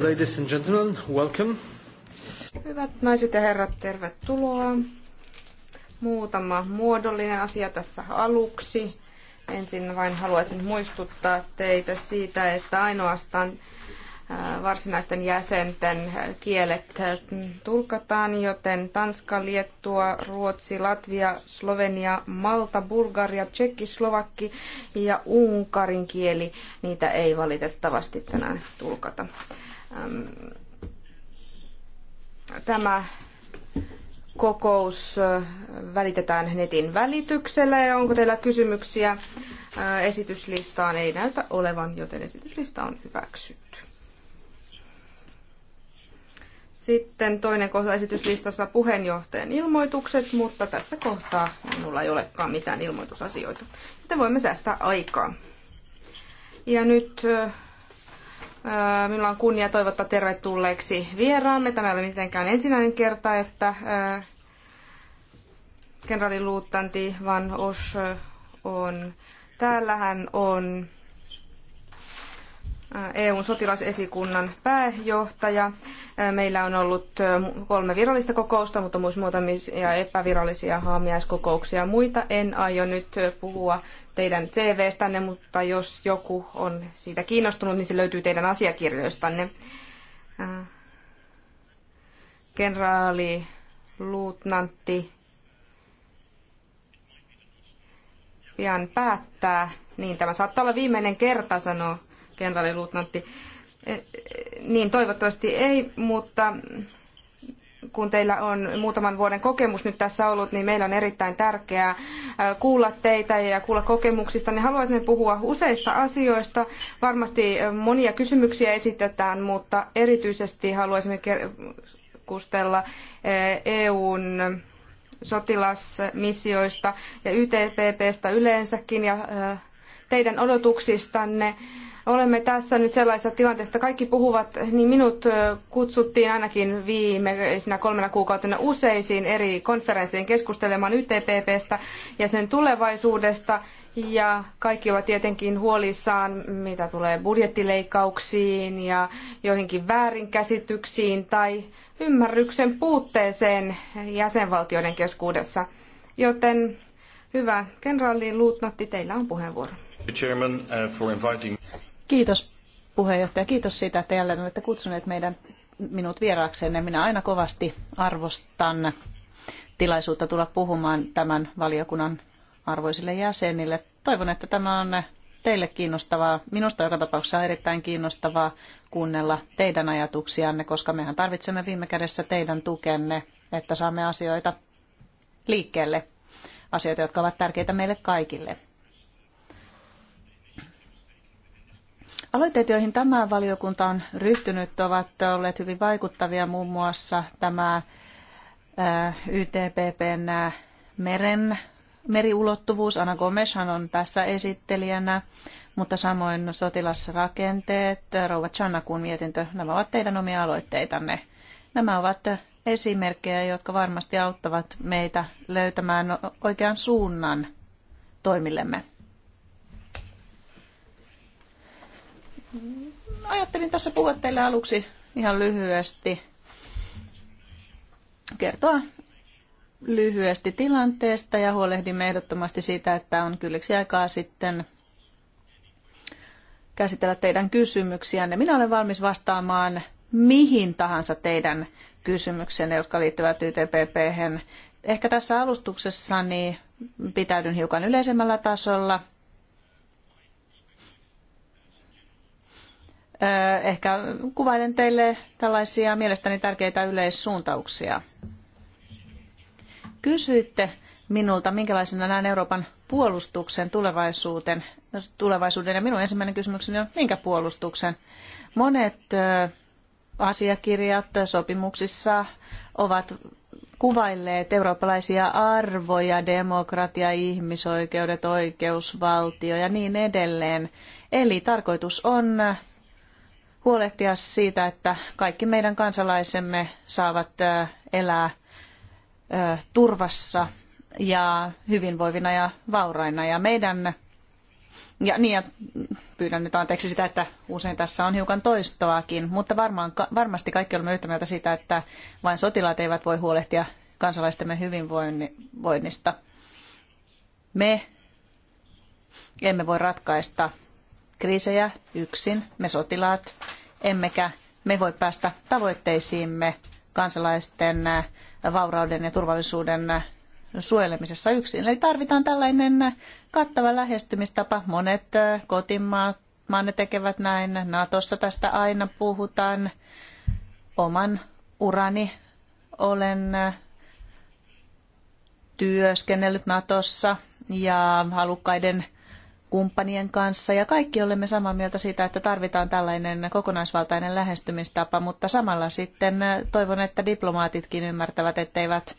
Ladies and gentlemen, welcome. Hyvät naiset ja herrat, tervetuloa. Muutama muodollinen asia tässä aluksi. Ensin vain haluaisin muistuttaa teitä siitä, että ainoastaan varsinaisten jäsenten kielet tulkataan, joten Tanska, Liettua, Ruotsi, Latvia, Slovenia, Malta, Bulgaria, Tsekki, Slovakki ja Unkarin kieli, niitä ei valitettavasti tänään tulkata. Tämä kokous välitetään netin välityksellä ja onko teillä kysymyksiä esityslistaan? Ei näytä olevan, joten esityslista on hyväksytty. Sitten toinen kohta esityslistassa puheenjohtajan ilmoitukset, mutta tässä kohtaa minulla ei olekaan mitään ilmoitusasioita. Joten voimme säästää aikaa. Ja nyt Minulla on kunnia toivottaa tervetulleeksi vieraamme. Tämä ei ole mitenkään ensimmäinen kerta, että kenraali luuttanti Van Osh on täällä. Hän on EUn sotilasesikunnan pääjohtaja Meillä on ollut kolme virallista kokousta, mutta myös muutamia epävirallisia haamiaiskokouksia. Muita en aio nyt puhua teidän CV-stänne, mutta jos joku on siitä kiinnostunut, niin se löytyy teidän asiakirjoistanne. Kenraali, luutnantti, pian päättää. Niin, tämä saattaa olla viimeinen kerta, sanoo kenraali luutnantti. Eh, niin toivottavasti ei, mutta kun teillä on muutaman vuoden kokemus nyt tässä ollut, niin meillä on erittäin tärkeää äh, kuulla teitä ja kuulla kokemuksista. Niin haluaisin puhua useista asioista. Varmasti äh, monia kysymyksiä esitetään, mutta erityisesti haluaisimme keskustella äh, EUn sotilasmissioista ja YTPPstä yleensäkin ja teidän odotuksistanne olemme tässä nyt sellaisessa tilanteessa, kaikki puhuvat, niin minut kutsuttiin ainakin viimeisinä kolmena kuukautena useisiin eri konferensseihin keskustelemaan YTPPstä ja sen tulevaisuudesta. Ja kaikki ovat tietenkin huolissaan, mitä tulee budjettileikkauksiin ja joihinkin väärinkäsityksiin tai ymmärryksen puutteeseen jäsenvaltioiden keskuudessa. Joten hyvä, kenraali Luutnantti, teillä on puheenvuoro. Chairman, uh, for inviting... Kiitos puheenjohtaja, kiitos siitä, että jälleen olette kutsuneet meidän minut vieraakseen. Minä aina kovasti arvostan tilaisuutta tulla puhumaan tämän valiokunnan arvoisille jäsenille. Toivon, että tämä on teille kiinnostavaa. Minusta joka tapauksessa on erittäin kiinnostavaa kuunnella teidän ajatuksianne, koska mehän tarvitsemme viime kädessä teidän tukenne, että saamme asioita liikkeelle. Asioita, jotka ovat tärkeitä meille kaikille. Aloitteet, joihin tämä valiokunta on ryhtynyt, ovat olleet hyvin vaikuttavia, muun muassa tämä YTPPn meren meriulottuvuus. Ana Gomeshan on tässä esittelijänä, mutta samoin sotilasrakenteet, Rouva Channakun mietintö, nämä ovat teidän omia aloitteitanne. Nämä ovat esimerkkejä, jotka varmasti auttavat meitä löytämään oikean suunnan toimillemme. ajattelin tässä puhua teille aluksi ihan lyhyesti, kertoa lyhyesti tilanteesta ja huolehdimme ehdottomasti siitä, että on kylliksi aikaa sitten käsitellä teidän kysymyksiänne. Minä olen valmis vastaamaan mihin tahansa teidän kysymyksenne, jotka liittyvät ytpp Ehkä tässä alustuksessani pitäydyn hiukan yleisemmällä tasolla Ehkä kuvailen teille tällaisia mielestäni tärkeitä yleissuuntauksia. Kysyitte minulta, minkälaisena näen Euroopan puolustuksen tulevaisuuden, tulevaisuuden. Ja minun ensimmäinen kysymykseni on, minkä puolustuksen? Monet asiakirjat sopimuksissa ovat kuvailleet eurooppalaisia arvoja, demokratia, ihmisoikeudet, oikeusvaltio ja niin edelleen. Eli tarkoitus on huolehtia siitä, että kaikki meidän kansalaisemme saavat elää turvassa ja hyvinvoivina ja vauraina. Ja meidän, ja, niin, ja pyydän nyt anteeksi sitä, että usein tässä on hiukan toistoakin, mutta varmaan, varmasti kaikki olemme yhtä mieltä siitä, että vain sotilaat eivät voi huolehtia kansalaistemme hyvinvoinnista. Me emme voi ratkaista kriisejä yksin, me sotilaat, emmekä me voi päästä tavoitteisiimme kansalaisten vaurauden ja turvallisuuden suojelemisessa yksin. Eli tarvitaan tällainen kattava lähestymistapa. Monet kotimaat ne tekevät näin. Natossa tästä aina puhutaan. Oman urani olen työskennellyt Natossa ja halukkaiden kumppanien kanssa ja kaikki olemme samaa mieltä siitä, että tarvitaan tällainen kokonaisvaltainen lähestymistapa, mutta samalla sitten toivon, että diplomaatitkin ymmärtävät, etteivät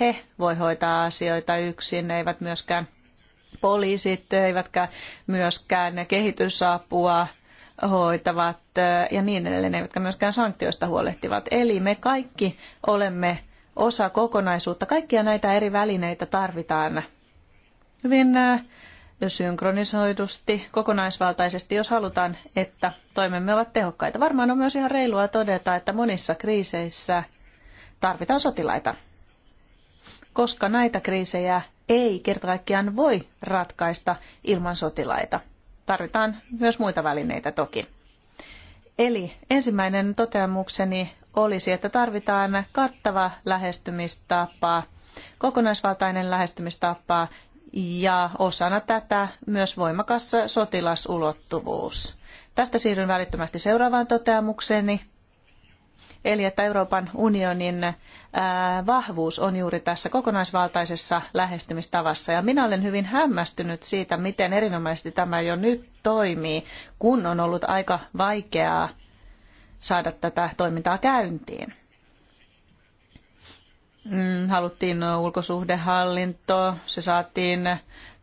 he voi hoitaa asioita yksin, eivät myöskään poliisit, eivätkä myöskään kehitysapua hoitavat ja niin edelleen, eivätkä myöskään sanktioista huolehtivat. Eli me kaikki olemme osa kokonaisuutta. Kaikkia näitä eri välineitä tarvitaan hyvin äh, synkronisoidusti, kokonaisvaltaisesti, jos halutaan, että toimemme ovat tehokkaita. Varmaan on myös ihan reilua todeta, että monissa kriiseissä tarvitaan sotilaita, koska näitä kriisejä ei kertakaikkiaan voi ratkaista ilman sotilaita. Tarvitaan myös muita välineitä toki. Eli ensimmäinen toteamukseni olisi, että tarvitaan kattava lähestymistapa, kokonaisvaltainen lähestymistapa, ja osana tätä myös voimakas sotilasulottuvuus. Tästä siirryn välittömästi seuraavaan toteamukseeni. Eli että Euroopan unionin vahvuus on juuri tässä kokonaisvaltaisessa lähestymistavassa. Ja minä olen hyvin hämmästynyt siitä, miten erinomaisesti tämä jo nyt toimii, kun on ollut aika vaikeaa saada tätä toimintaa käyntiin. Mm, haluttiin ulkosuhdehallinto, se saatiin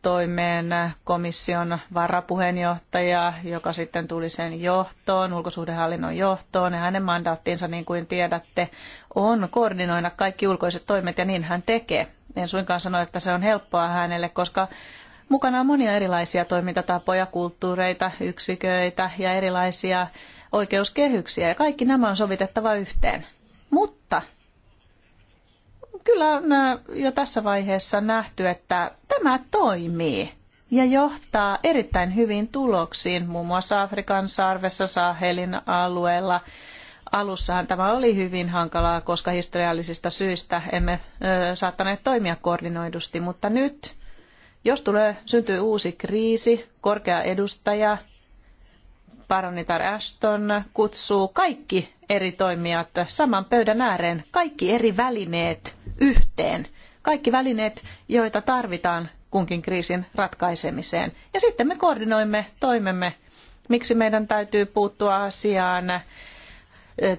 toimeen komission varapuheenjohtaja, joka sitten tuli sen johtoon, ulkosuhdehallinnon johtoon. Ja hänen mandaattinsa, niin kuin tiedätte, on koordinoida kaikki ulkoiset toimet ja niin hän tekee. En suinkaan sano, että se on helppoa hänelle, koska mukana on monia erilaisia toimintatapoja, kulttuureita, yksiköitä ja erilaisia oikeuskehyksiä. Ja kaikki nämä on sovitettava yhteen. Mutta kyllä on äh, jo tässä vaiheessa nähty, että tämä toimii ja johtaa erittäin hyvin tuloksiin, muun muassa Afrikan sarvessa Sahelin alueella. Alussahan tämä oli hyvin hankalaa, koska historiallisista syistä emme saattaneet toimia koordinoidusti, mutta nyt, jos tulee, syntyy uusi kriisi, korkea edustaja – Paronitar Ashton kutsuu kaikki eri toimijat saman pöydän ääreen, kaikki eri välineet yhteen, kaikki välineet, joita tarvitaan kunkin kriisin ratkaisemiseen. Ja sitten me koordinoimme toimemme, miksi meidän täytyy puuttua asiaan,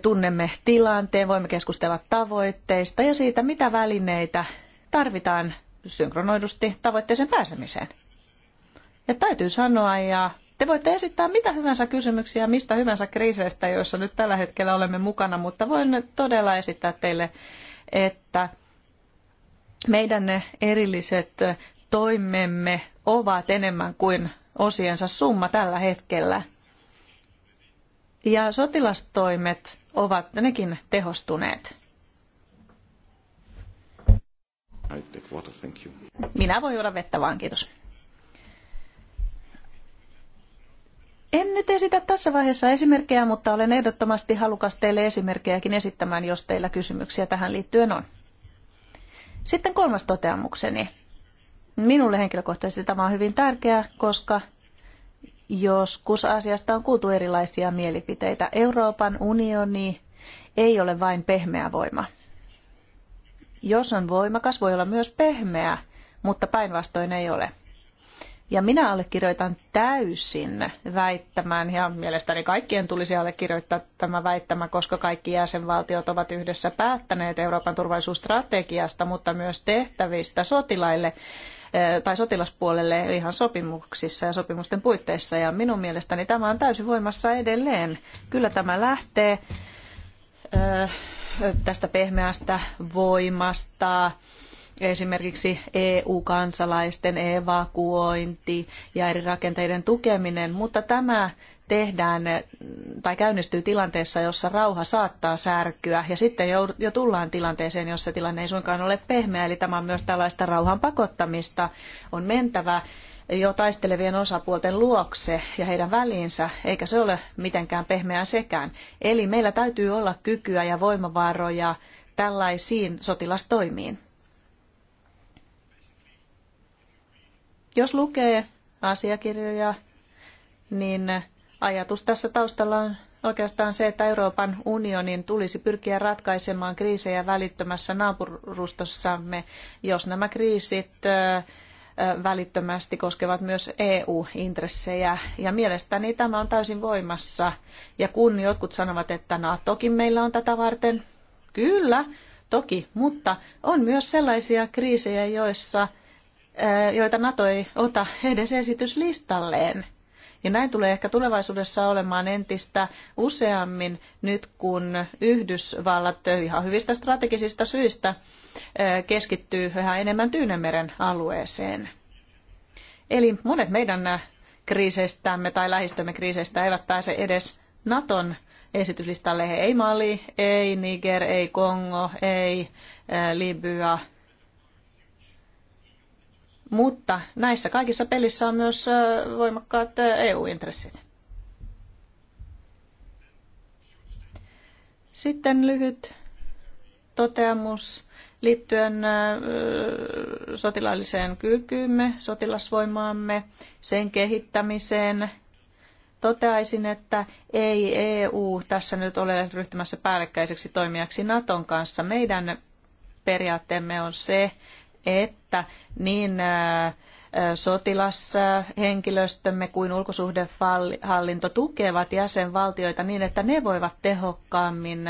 tunnemme tilanteen, voimme keskustella tavoitteista ja siitä, mitä välineitä tarvitaan synkronoidusti tavoitteeseen pääsemiseen. Ja täytyy sanoa, ja te voitte esittää mitä hyvänsä kysymyksiä mistä hyvänsä kriiseistä, joissa nyt tällä hetkellä olemme mukana, mutta voin todella esittää teille, että meidän ne erilliset toimemme ovat enemmän kuin osiensa summa tällä hetkellä. Ja sotilastoimet ovat nekin tehostuneet. Minä voin juoda vettä vaan, kiitos. En nyt esitä tässä vaiheessa esimerkkejä, mutta olen ehdottomasti halukas teille esimerkkejäkin esittämään, jos teillä kysymyksiä tähän liittyen on. Sitten kolmas toteamukseni. Minulle henkilökohtaisesti tämä on hyvin tärkeää, koska joskus asiasta on kuultu erilaisia mielipiteitä. Euroopan unioni ei ole vain pehmeä voima. Jos on voimakas, voi olla myös pehmeä, mutta päinvastoin ei ole. Ja minä allekirjoitan täysin väittämään, ja mielestäni kaikkien tulisi allekirjoittaa tämä väittämä, koska kaikki jäsenvaltiot ovat yhdessä päättäneet Euroopan turvallisuusstrategiasta, mutta myös tehtävistä sotilaille eh, tai sotilaspuolelle ihan sopimuksissa ja sopimusten puitteissa. Ja minun mielestäni tämä on täysin voimassa edelleen. Kyllä tämä lähtee eh, tästä pehmeästä voimasta, esimerkiksi EU-kansalaisten evakuointi ja eri rakenteiden tukeminen, mutta tämä tehdään tai käynnistyy tilanteessa, jossa rauha saattaa särkyä ja sitten jo, jo tullaan tilanteeseen, jossa tilanne ei suinkaan ole pehmeä, eli tämä on myös tällaista rauhan pakottamista. On mentävä jo taistelevien osapuolten luokse ja heidän väliinsä, eikä se ole mitenkään pehmeää sekään. Eli meillä täytyy olla kykyä ja voimavaroja tällaisiin sotilastoimiin. Jos lukee asiakirjoja, niin ajatus tässä taustalla on oikeastaan se, että Euroopan unionin tulisi pyrkiä ratkaisemaan kriisejä välittömässä naapurustossamme, jos nämä kriisit välittömästi koskevat myös EU-intressejä. Ja mielestäni tämä on täysin voimassa. Ja kun jotkut sanovat, että NATOkin no, meillä on tätä varten, kyllä, toki, mutta on myös sellaisia kriisejä, joissa – joita NATO ei ota edes esityslistalleen. Ja näin tulee ehkä tulevaisuudessa olemaan entistä useammin nyt, kun Yhdysvallat ihan hyvistä strategisista syistä keskittyy yhä enemmän Tyynemeren alueeseen. Eli monet meidän kriiseistämme tai lähistömme kriiseistä eivät pääse edes Naton esityslistalle. He ei Mali, ei Niger, ei Kongo, ei Libya – mutta näissä kaikissa pelissä on myös voimakkaat EU-intressit. Sitten lyhyt toteamus liittyen sotilaalliseen kykyymme, sotilasvoimaamme, sen kehittämiseen. Toteaisin, että ei EU tässä nyt ole ryhtymässä päällekkäiseksi toimijaksi Naton kanssa. Meidän periaatteemme on se, että niin sotilashenkilöstömme kuin ulkosuhdehallinto tukevat jäsenvaltioita niin, että ne voivat tehokkaammin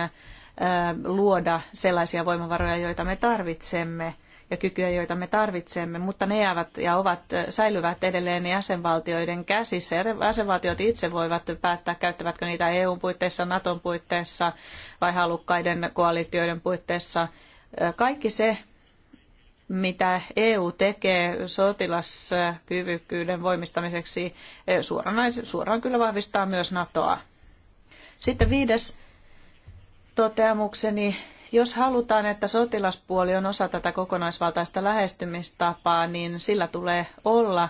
luoda sellaisia voimavaroja, joita me tarvitsemme ja kykyjä, joita me tarvitsemme, mutta ne jäävät ja ovat, säilyvät edelleen jäsenvaltioiden käsissä. Jäsenvaltiot itse voivat päättää, käyttävätkö niitä EUn puitteissa, Naton puitteissa vai halukkaiden koalitioiden puitteissa. Kaikki se, mitä EU tekee sotilaskyvykkyyden voimistamiseksi, eh, suoraan, kyllä vahvistaa myös NATOa. Sitten viides toteamukseni, jos halutaan, että sotilaspuoli on osa tätä kokonaisvaltaista lähestymistapaa, niin sillä tulee olla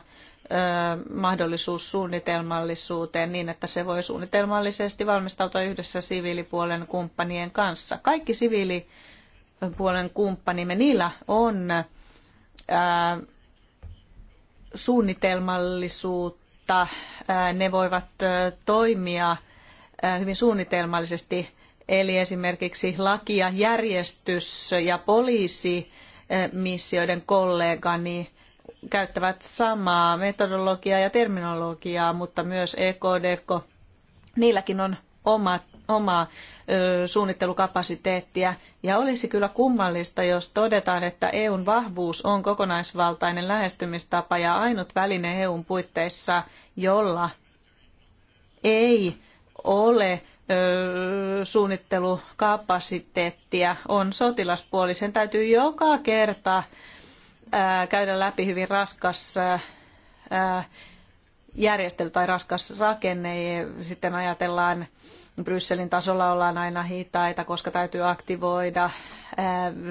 mahdollisuus suunnitelmallisuuteen niin, että se voi suunnitelmallisesti valmistautua yhdessä siviilipuolen kumppanien kanssa. Kaikki siviili puolen kumppanimme, niillä on ää, suunnitelmallisuutta. Ää, ne voivat ää, toimia ää, hyvin suunnitelmallisesti, eli esimerkiksi laki ja järjestys ja poliisimissioiden kollegani käyttävät samaa metodologiaa ja terminologiaa, mutta myös EKDK, niilläkin on omat omaa ö, suunnittelukapasiteettia. Ja olisi kyllä kummallista, jos todetaan, että EUn vahvuus on kokonaisvaltainen lähestymistapa ja ainut väline EUn puitteissa, jolla ei ole suunnittelukapasiteettia on sotilaspuoli. Sen täytyy joka kerta käydä läpi hyvin raskas järjestely tai raskas rakenne. Sitten ajatellaan Brysselin tasolla ollaan aina hitaita, koska täytyy aktivoida äh,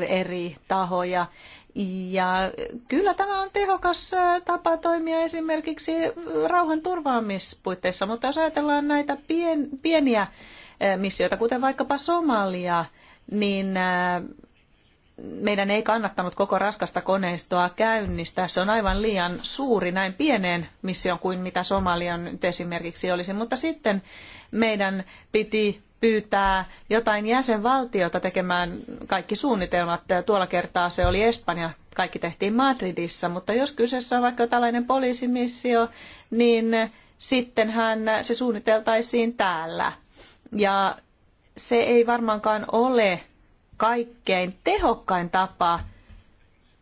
eri tahoja. Ja kyllä tämä on tehokas äh, tapa toimia esimerkiksi rauhan turvaamispuitteissa, mutta jos ajatellaan näitä pien, pieniä äh, missioita, kuten vaikkapa Somalia, niin meidän ei kannattanut koko raskasta koneistoa käynnistää. Se on aivan liian suuri näin pieneen missioon kuin mitä Somalia nyt esimerkiksi olisi. Mutta sitten meidän piti pyytää jotain jäsenvaltiota tekemään kaikki suunnitelmat. Tuolla kertaa se oli Espanja, kaikki tehtiin Madridissa, mutta jos kyseessä on vaikka tällainen poliisimissio, niin sittenhän se suunniteltaisiin täällä. Ja se ei varmaankaan ole kaikkein tehokkain tapa,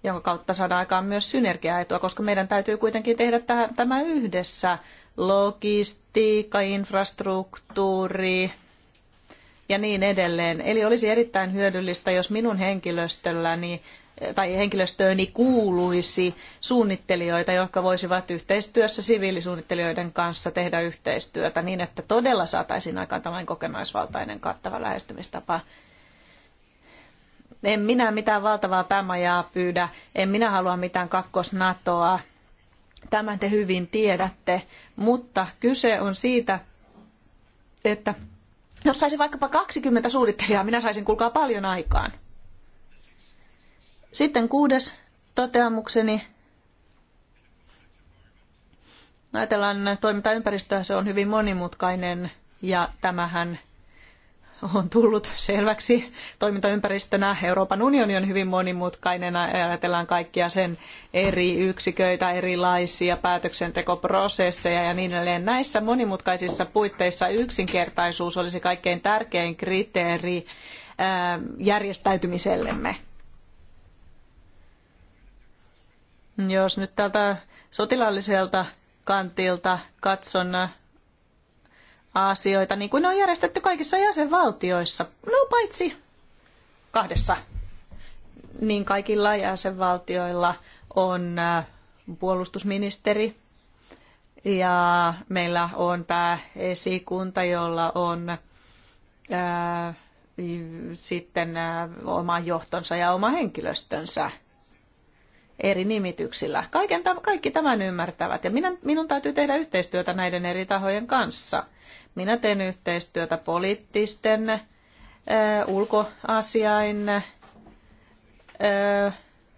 jonka kautta saadaan aikaan myös synergiaetua, koska meidän täytyy kuitenkin tehdä tämä yhdessä. Logistiikka, infrastruktuuri ja niin edelleen. Eli olisi erittäin hyödyllistä, jos minun henkilöstölläni tai henkilöstööni kuuluisi suunnittelijoita, jotka voisivat yhteistyössä siviilisuunnittelijoiden kanssa tehdä yhteistyötä niin, että todella saataisiin aikaan tällainen kokonaisvaltainen kattava lähestymistapa en minä mitään valtavaa päämajaa pyydä, en minä halua mitään kakkosnatoa. Tämän te hyvin tiedätte, mutta kyse on siitä, että jos saisin vaikkapa 20 suunnittelijaa, minä saisin kulkaa paljon aikaan. Sitten kuudes toteamukseni. Ajatellaan toimintaympäristöä, se on hyvin monimutkainen ja tämähän on tullut selväksi toimintaympäristönä. Euroopan unioni on hyvin monimutkainen, ajatellaan kaikkia sen eri yksiköitä, erilaisia päätöksentekoprosesseja ja niin edelleen. Näissä monimutkaisissa puitteissa yksinkertaisuus olisi kaikkein tärkein kriteeri järjestäytymisellemme. Jos nyt tältä sotilaalliselta kantilta katson asioita, niin kuin ne on järjestetty kaikissa jäsenvaltioissa. No paitsi kahdessa. Niin kaikilla jäsenvaltioilla on äh, puolustusministeri ja meillä on pääesikunta, jolla on ää, äh, sitten ää, äh, oma johtonsa ja oma henkilöstönsä eri nimityksillä. Kaiken, kaikki tämän ymmärtävät ja minä, minun täytyy tehdä yhteistyötä näiden eri tahojen kanssa. Minä teen yhteistyötä poliittisten, ulkoasiain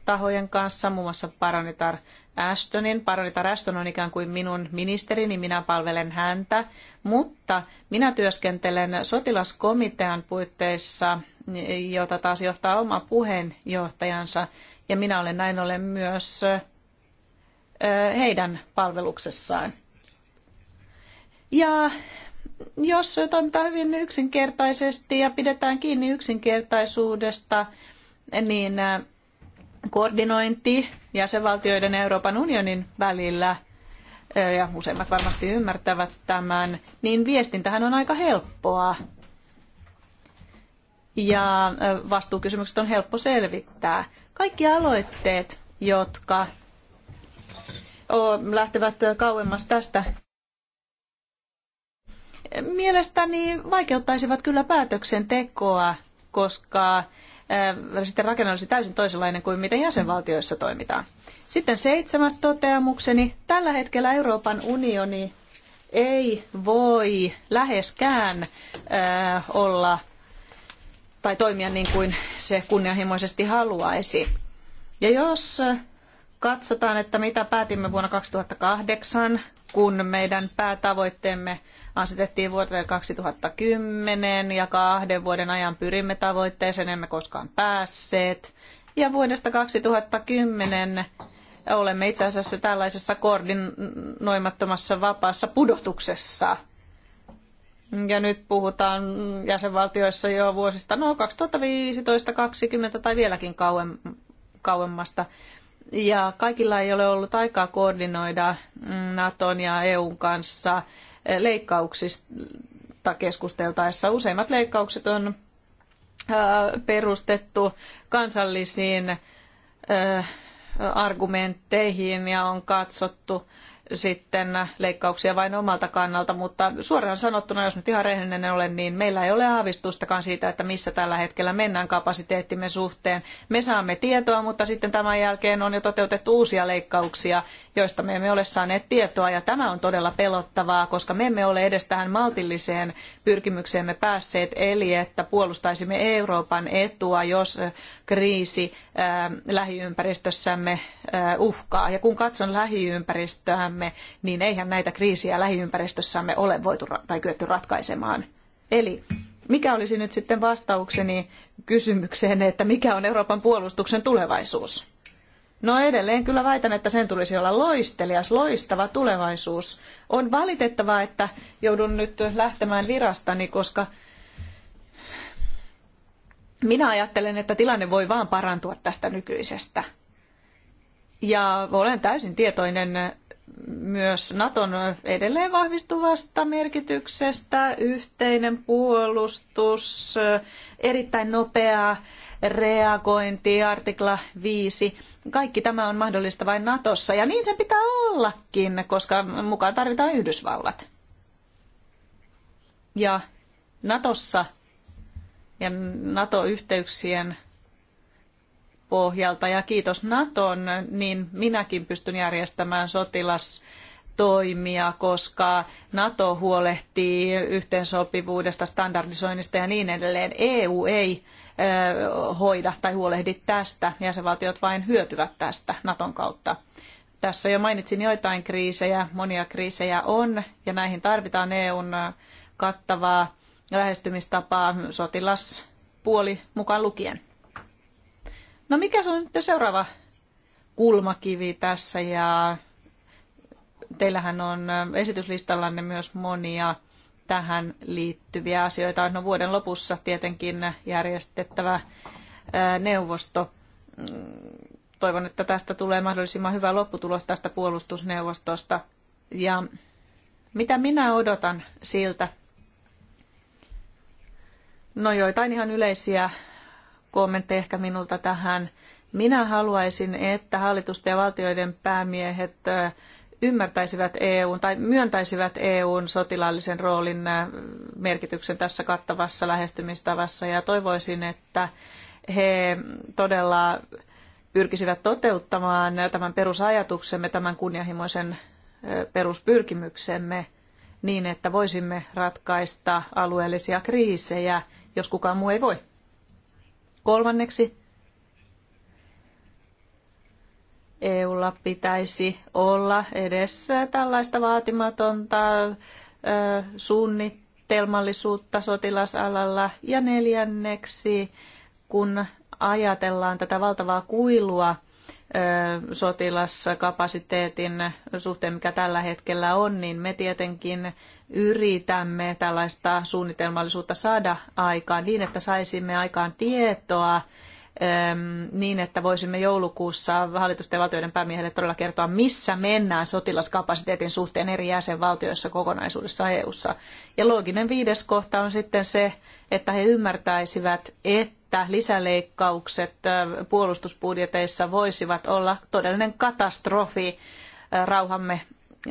tahojen kanssa, muun muassa Paranitar Ashtonin. Paranitar Ashton on ikään kuin minun ministerini, minä palvelen häntä, mutta minä työskentelen sotilaskomitean puitteissa, jota taas johtaa oma puheenjohtajansa, ja minä olen näin ollen myös heidän palveluksessaan. Ja jos toimitaan hyvin yksinkertaisesti ja pidetään kiinni yksinkertaisuudesta, niin äh, koordinointi jäsenvaltioiden ja Euroopan unionin välillä, äh, ja useimmat varmasti ymmärtävät tämän, niin viestintähän on aika helppoa. Ja äh, vastuukysymykset on helppo selvittää. Kaikki aloitteet, jotka lähtevät kauemmas tästä mielestäni vaikeuttaisivat kyllä päätöksentekoa, koska sitten rakenne olisi täysin toisenlainen kuin miten jäsenvaltioissa toimitaan. Sitten seitsemäs toteamukseni. Tällä hetkellä Euroopan unioni ei voi läheskään olla tai toimia niin kuin se kunnianhimoisesti haluaisi. Ja jos katsotaan, että mitä päätimme vuonna 2008, kun meidän päätavoitteemme asetettiin vuoteen 2010 ja kahden vuoden ajan pyrimme tavoitteeseen, emme koskaan päässeet. Ja vuodesta 2010 olemme itse asiassa tällaisessa koordinoimattomassa vapaassa pudotuksessa. Ja nyt puhutaan jäsenvaltioissa jo vuosista, no 2015, 2020 tai vieläkin kauem, kauemmasta ja kaikilla ei ole ollut aikaa koordinoida Naton ja EUn kanssa leikkauksista keskusteltaessa. Useimmat leikkaukset on perustettu kansallisiin argumentteihin ja on katsottu, sitten leikkauksia vain omalta kannalta, mutta suoraan sanottuna, jos nyt ihan rehellinen olen, niin meillä ei ole aavistustakaan siitä, että missä tällä hetkellä mennään kapasiteettimme suhteen. Me saamme tietoa, mutta sitten tämän jälkeen on jo toteutettu uusia leikkauksia, joista me emme ole saaneet tietoa, ja tämä on todella pelottavaa, koska me emme ole edes tähän maltilliseen pyrkimykseemme päässeet, eli että puolustaisimme Euroopan etua, jos äh, kriisi äh, lähiympäristössämme äh, uhkaa. Ja kun katson lähiympäristöä, ympärillämme, niin eihän näitä kriisiä lähiympäristössämme ole voitu tai kyetty ratkaisemaan. Eli mikä olisi nyt sitten vastaukseni kysymykseen, että mikä on Euroopan puolustuksen tulevaisuus? No edelleen kyllä väitän, että sen tulisi olla loistelias, loistava tulevaisuus. On valitettavaa, että joudun nyt lähtemään virastani, koska minä ajattelen, että tilanne voi vaan parantua tästä nykyisestä. Ja olen täysin tietoinen myös Naton edelleen vahvistuvasta merkityksestä, yhteinen puolustus, erittäin nopea reagointi, artikla 5. Kaikki tämä on mahdollista vain Natossa ja niin se pitää ollakin, koska mukaan tarvitaan Yhdysvallat. Ja Natossa ja NATO-yhteyksien pohjalta ja kiitos Naton, niin minäkin pystyn järjestämään sotilas toimia, koska NATO huolehtii yhteensopivuudesta, standardisoinnista ja niin edelleen. EU ei hoida tai huolehdi tästä, jäsenvaltiot vain hyötyvät tästä Naton kautta. Tässä jo mainitsin joitain kriisejä, monia kriisejä on, ja näihin tarvitaan EUn kattavaa lähestymistapaa sotilaspuoli mukaan lukien. No mikä se on nyt seuraava kulmakivi tässä ja teillähän on esityslistallanne myös monia tähän liittyviä asioita. No vuoden lopussa tietenkin järjestettävä neuvosto. Mm, toivon, että tästä tulee mahdollisimman hyvä lopputulos tästä puolustusneuvostosta. Ja mitä minä odotan siltä? No joitain ihan yleisiä kommentti ehkä minulta tähän. Minä haluaisin, että hallitusten ja valtioiden päämiehet ymmärtäisivät EUn tai myöntäisivät EUn sotilaallisen roolin merkityksen tässä kattavassa lähestymistavassa ja toivoisin, että he todella pyrkisivät toteuttamaan tämän perusajatuksemme, tämän kunnianhimoisen peruspyrkimyksemme niin, että voisimme ratkaista alueellisia kriisejä, jos kukaan muu ei voi. Kolmanneksi EUlla pitäisi olla edessä tällaista vaatimatonta suunnittelmallisuutta sotilasalalla. Ja neljänneksi, kun ajatellaan tätä valtavaa kuilua sotilaskapasiteetin suhteen, mikä tällä hetkellä on, niin me tietenkin yritämme tällaista suunnitelmallisuutta saada aikaan niin, että saisimme aikaan tietoa niin, että voisimme joulukuussa hallitusten ja valtioiden päämiehelle todella kertoa, missä mennään sotilaskapasiteetin suhteen eri jäsenvaltioissa kokonaisuudessa EU:ssa. Ja looginen viides kohta on sitten se, että he ymmärtäisivät, että että lisäleikkaukset puolustusbudjeteissa voisivat olla todellinen katastrofi rauhamme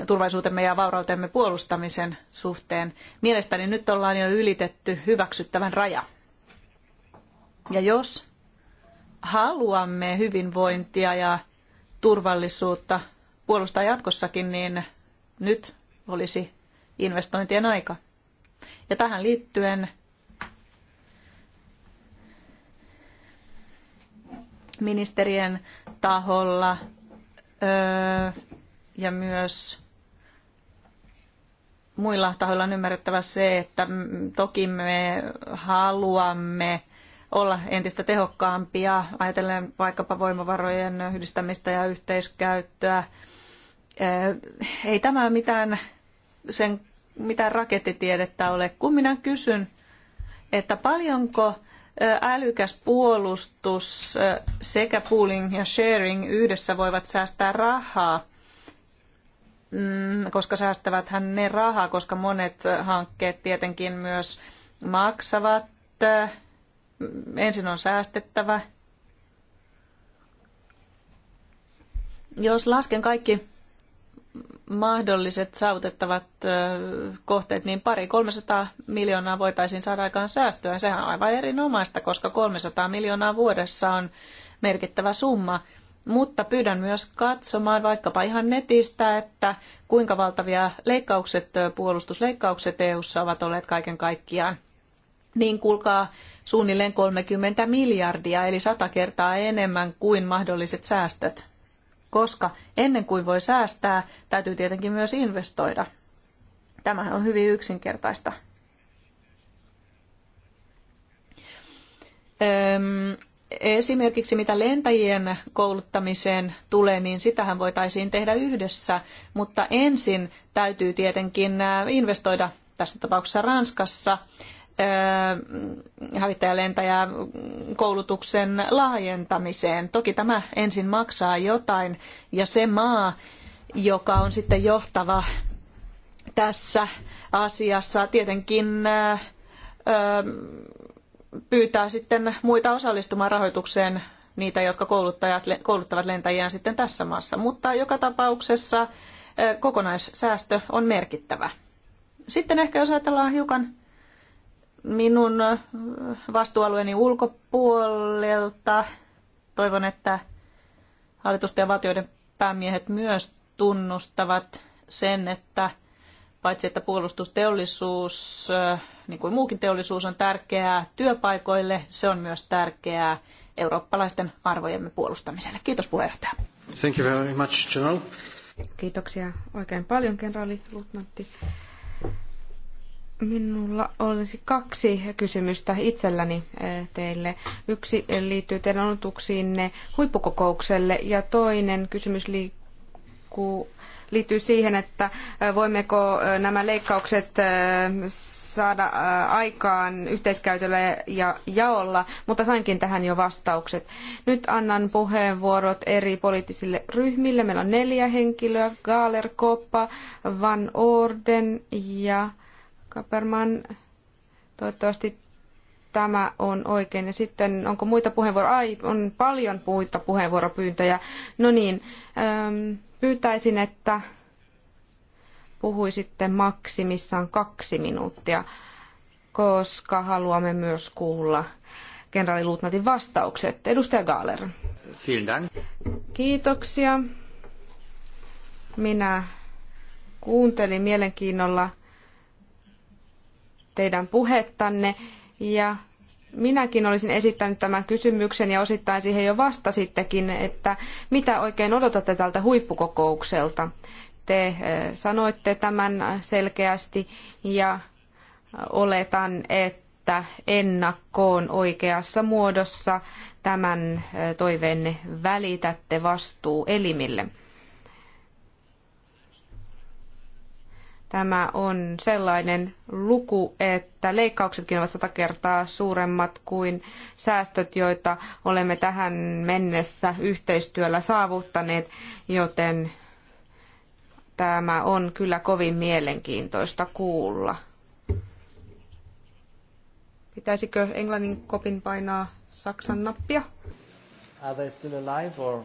turvallisuutemme ja vaurautemme puolustamisen suhteen. Mielestäni nyt ollaan jo ylitetty hyväksyttävän raja. Ja jos haluamme hyvinvointia ja turvallisuutta puolustaa jatkossakin, niin nyt olisi investointien aika. Ja tähän liittyen ministerien taholla ja myös muilla tahoilla on ymmärrettävä se, että toki me haluamme olla entistä tehokkaampia, ajatellen vaikkapa voimavarojen yhdistämistä ja yhteiskäyttöä. Ei tämä mitään, sen, mitään rakettitiedettä ole. Kun minä kysyn, että paljonko älykäs puolustus sekä pooling ja sharing yhdessä voivat säästää rahaa, mm, koska säästävät hän ne rahaa, koska monet hankkeet tietenkin myös maksavat. Ensin on säästettävä. Jos lasken kaikki mahdolliset saavutettavat kohteet, niin pari 300 miljoonaa voitaisiin saada aikaan säästöä. Sehän on aivan erinomaista, koska 300 miljoonaa vuodessa on merkittävä summa. Mutta pyydän myös katsomaan vaikkapa ihan netistä, että kuinka valtavia leikkaukset, puolustusleikkaukset EU:ssa ovat olleet kaiken kaikkiaan. Niin kuulkaa suunnilleen 30 miljardia, eli sata kertaa enemmän kuin mahdolliset säästöt koska ennen kuin voi säästää, täytyy tietenkin myös investoida. Tämä on hyvin yksinkertaista. Esimerkiksi mitä lentäjien kouluttamiseen tulee, niin sitähän voitaisiin tehdä yhdessä, mutta ensin täytyy tietenkin investoida tässä tapauksessa Ranskassa hävittäjälentäjää koulutuksen laajentamiseen. Toki tämä ensin maksaa jotain ja se maa, joka on sitten johtava tässä asiassa, tietenkin pyytää sitten muita osallistumaan rahoitukseen niitä, jotka kouluttajat, kouluttavat lentäjiään sitten tässä maassa. Mutta joka tapauksessa kokonaissäästö on merkittävä. Sitten ehkä jos ajatellaan hiukan minun vastuualueeni ulkopuolelta. Toivon, että hallitusten ja valtioiden päämiehet myös tunnustavat sen, että paitsi että puolustusteollisuus, niin kuin muukin teollisuus on tärkeää työpaikoille, se on myös tärkeää eurooppalaisten arvojemme puolustamiselle. Kiitos puheenjohtaja. Thank you very much, General. Kiitoksia oikein paljon, kenraali, Lutnantti. Minulla olisi kaksi kysymystä itselläni eh, teille. Yksi liittyy teidän odotuksiinne huippukokoukselle ja toinen kysymys liikkuu liittyy siihen, että eh, voimmeko eh, nämä leikkaukset saada aikaan yhteiskäytöllä ja jaolla, mutta sainkin tähän jo vastaukset. Nyt annan puheenvuorot eri poliittisille ryhmille. Meillä on neljä henkilöä, Gaaler, Koppa, Van Orden ja Kaperman, toivottavasti tämä on oikein. Ja sitten onko muita puheenvuoroja? Ai, on paljon muita puheenvuoropyyntöjä. No niin, ähm, pyytäisin, että puhuisitte maksimissaan kaksi minuuttia, koska haluamme myös kuulla kenraaliluutnatin vastaukset. Edustaja Gaaler. Kiitoksia. Minä kuuntelin mielenkiinnolla – teidän puhettanne ja minäkin olisin esittänyt tämän kysymyksen ja osittain siihen jo vastasittekin, että mitä oikein odotatte tältä huippukokoukselta? Te eh, sanoitte tämän selkeästi ja oletan, että ennakkoon oikeassa muodossa tämän eh, toiveenne välitätte vastuu elimille. Tämä on sellainen luku, että leikkauksetkin ovat sata kertaa suuremmat kuin säästöt, joita olemme tähän mennessä yhteistyöllä saavuttaneet, joten tämä on kyllä kovin mielenkiintoista kuulla. Pitäisikö Englannin kopin painaa Saksan nappia? Are they still alive or...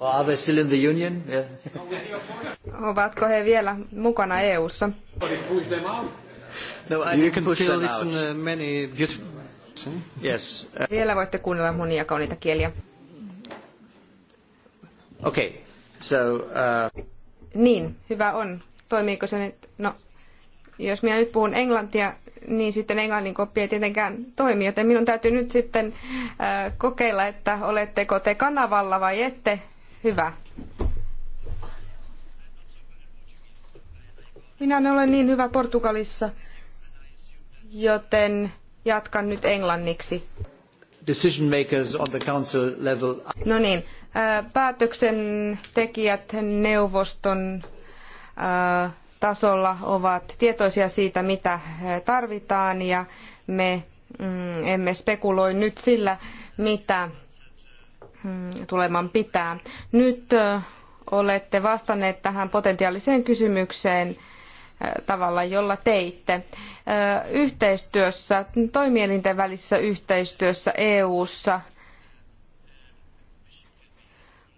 Or are they still in the union? Yeah. Ovatko he vielä mukana EU:ssa? No, I you can still listen uh, many beautiful... Yes. Vielä voitte kuunnella monia kauniita kieliä. Okay. So, uh... Niin, hyvä on. Toimiiko se nyt? No, jos minä nyt puhun englantia, niin sitten englannin koppi ei tietenkään toimi, joten minun täytyy nyt sitten äh, kokeilla, että oletteko te kanavalla vai ette. Hyvä. Minä en ole niin hyvä Portugalissa, joten jatkan nyt englanniksi. Decision makers on the council level. No niin, päätöksentekijät neuvoston tasolla ovat tietoisia siitä, mitä tarvitaan ja me mm, emme spekuloi nyt sillä, mitä Mm, tuleman pitää. Nyt olette vastanneet tähän potentiaaliseen kysymykseen tavalla, jolla teitte. Yhteistyössä, toimielinten välisessä yhteistyössä EU:ssa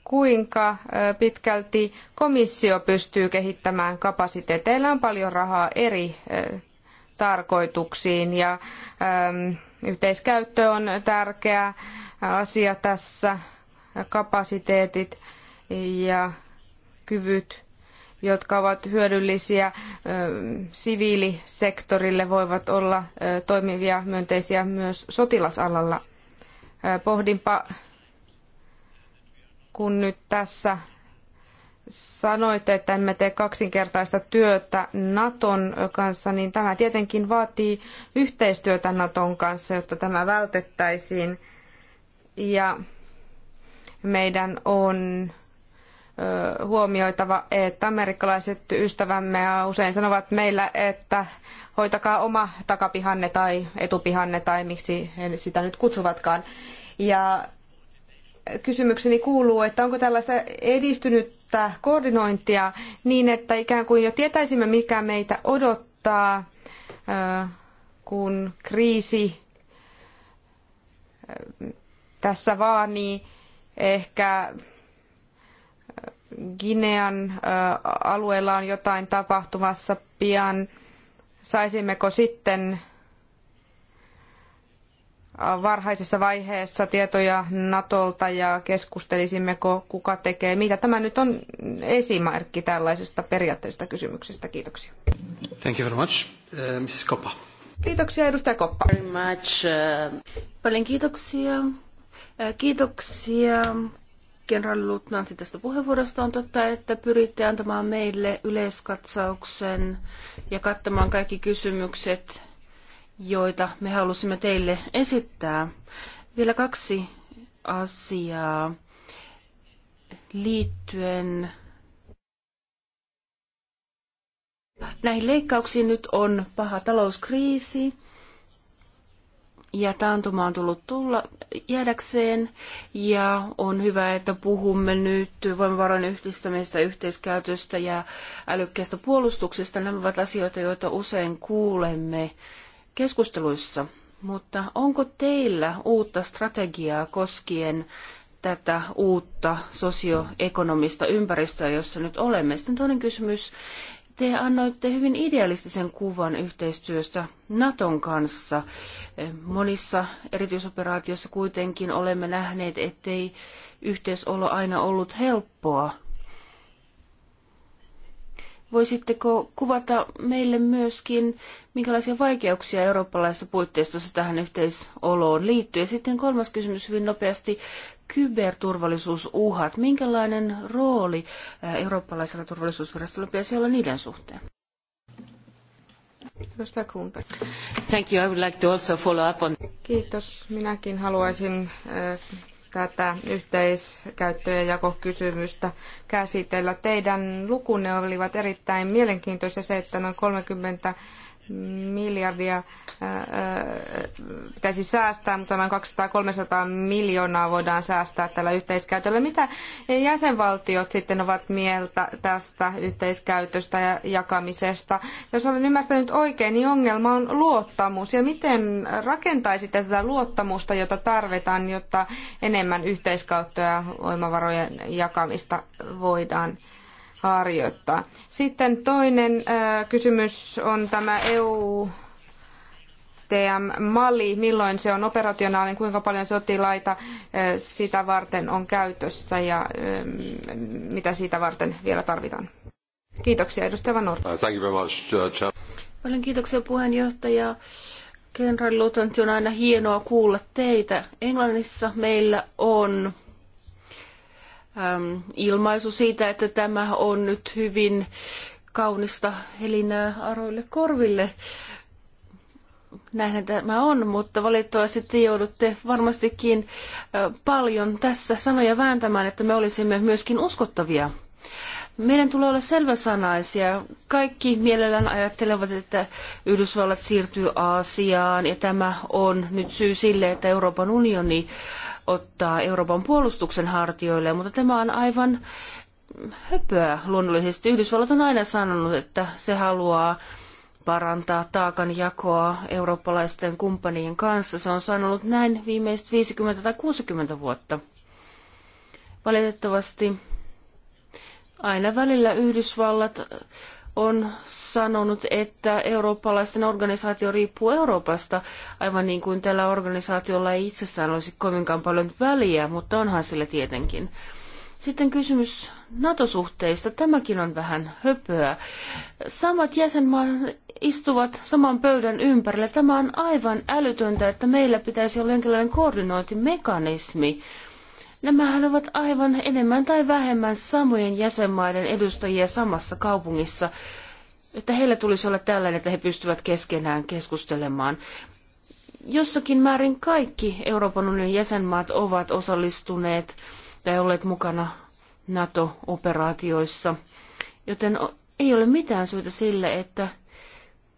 kuinka pitkälti komissio pystyy kehittämään kapasiteeteilla on paljon rahaa eri tarkoituksiin ja yhteiskäyttö on tärkeää asia tässä, kapasiteetit ja kyvyt, jotka ovat hyödyllisiä siviilisektorille, voivat olla toimivia myönteisiä myös sotilasalalla. Pohdinpa, kun nyt tässä sanoitte, että emme tee kaksinkertaista työtä Naton kanssa, niin tämä tietenkin vaatii yhteistyötä Naton kanssa, jotta tämä vältettäisiin. Ja meidän on huomioitava, että amerikkalaiset ystävämme usein sanovat meillä, että hoitakaa oma takapihanne tai etupihanne tai miksi he sitä nyt kutsuvatkaan. Ja kysymykseni kuuluu, että onko tällaista edistynyttä koordinointia niin, että ikään kuin jo tietäisimme, mikä meitä odottaa, kun kriisi tässä vaan niin ehkä äh, Ginean äh, alueella on jotain tapahtumassa pian. Saisimmeko sitten äh, varhaisessa vaiheessa tietoja Natolta ja keskustelisimmeko, kuka tekee mitä. Tämä nyt on esimerkki tällaisesta periaatteellisesta kysymyksestä. Kiitoksia. Thank you very much. Uh, Mrs. Koppa. Kiitoksia, edustaja Koppa. Very much. Uh, Paljon kiitoksia. Kiitoksia kenraaliluutnantti tästä puheenvuorosta. On totta, että pyritte antamaan meille yleiskatsauksen ja kattamaan kaikki kysymykset, joita me halusimme teille esittää. Vielä kaksi asiaa liittyen näihin leikkauksiin nyt on paha talouskriisi ja taantuma on tullut tulla jäädäkseen ja on hyvä, että puhumme nyt voimavarojen yhdistämisestä, yhteiskäytöstä ja älykkäästä puolustuksesta. Nämä ovat asioita, joita usein kuulemme keskusteluissa, mutta onko teillä uutta strategiaa koskien tätä uutta sosioekonomista ympäristöä, jossa nyt olemme? Sitten toinen kysymys, te annoitte hyvin idealistisen kuvan yhteistyöstä Naton kanssa. Monissa erityisoperaatioissa kuitenkin olemme nähneet, ettei yhteisolo aina ollut helppoa. Voisitteko kuvata meille myöskin, minkälaisia vaikeuksia eurooppalaisessa puitteistossa tähän yhteisoloon liittyy? Ja sitten kolmas kysymys hyvin nopeasti kyberturvallisuusuhat. Minkälainen rooli eurooppalaisella turvallisuusvirastolla pitäisi olla niiden suhteen? Thank you. I would like to also follow up on... Kiitos. Minäkin haluaisin tätä yhteiskäyttö- ja jakokysymystä käsitellä. Teidän lukunne olivat erittäin mielenkiintoisia se, että noin 30 miljardia pitäisi säästää, mutta noin 200-300 miljoonaa voidaan säästää tällä yhteiskäytöllä. Mitä jäsenvaltiot sitten ovat mieltä tästä yhteiskäytöstä ja jakamisesta? Jos olen ymmärtänyt oikein, niin ongelma on luottamus. Ja miten rakentaisitte tätä luottamusta, jota tarvitaan, jotta enemmän yhteiskäyttöä ja voimavarojen jakamista voidaan harjoittaa. Sitten toinen äh, kysymys on tämä EU STM-malli, milloin se on operationaalinen, kuinka paljon sotilaita äh, sitä varten on käytössä ja ähm, mitä sitä varten vielä tarvitaan. Kiitoksia, edustaja Van Thank you very much, uh, Paljon kiitoksia puheenjohtaja. Kenraali Lutontti on aina hienoa kuulla teitä. Englannissa meillä on Ähm, ilmaisu siitä, että tämä on nyt hyvin kaunista helinää aroille korville. Näinhän tämä on, mutta valitettavasti te joudutte varmastikin paljon tässä sanoja vääntämään, että me olisimme myöskin uskottavia. Meidän tulee olla selväsanaisia. Kaikki mielellään ajattelevat, että Yhdysvallat siirtyy Aasiaan ja tämä on nyt syy sille, että Euroopan unioni ottaa Euroopan puolustuksen hartioille, mutta tämä on aivan höpöä luonnollisesti. Yhdysvallat on aina sanonut, että se haluaa parantaa taakanjakoa eurooppalaisten kumppanien kanssa. Se on sanonut näin viimeiset 50 tai 60 vuotta. Valitettavasti aina välillä Yhdysvallat on sanonut, että eurooppalaisten organisaatio riippuu Euroopasta, aivan niin kuin tällä organisaatiolla ei itsessään olisi kovinkaan paljon väliä, mutta onhan sillä tietenkin. Sitten kysymys NATO-suhteista. Tämäkin on vähän höpöä. Samat jäsenmaat istuvat saman pöydän ympärillä. Tämä on aivan älytöntä, että meillä pitäisi olla jonkinlainen koordinointimekanismi. Nämähän ovat aivan enemmän tai vähemmän samojen jäsenmaiden edustajia samassa kaupungissa, että heillä tulisi olla tällainen, että he pystyvät keskenään keskustelemaan. Jossakin määrin kaikki Euroopan unionin jäsenmaat ovat osallistuneet tai olleet mukana NATO-operaatioissa, joten ei ole mitään syytä sille, että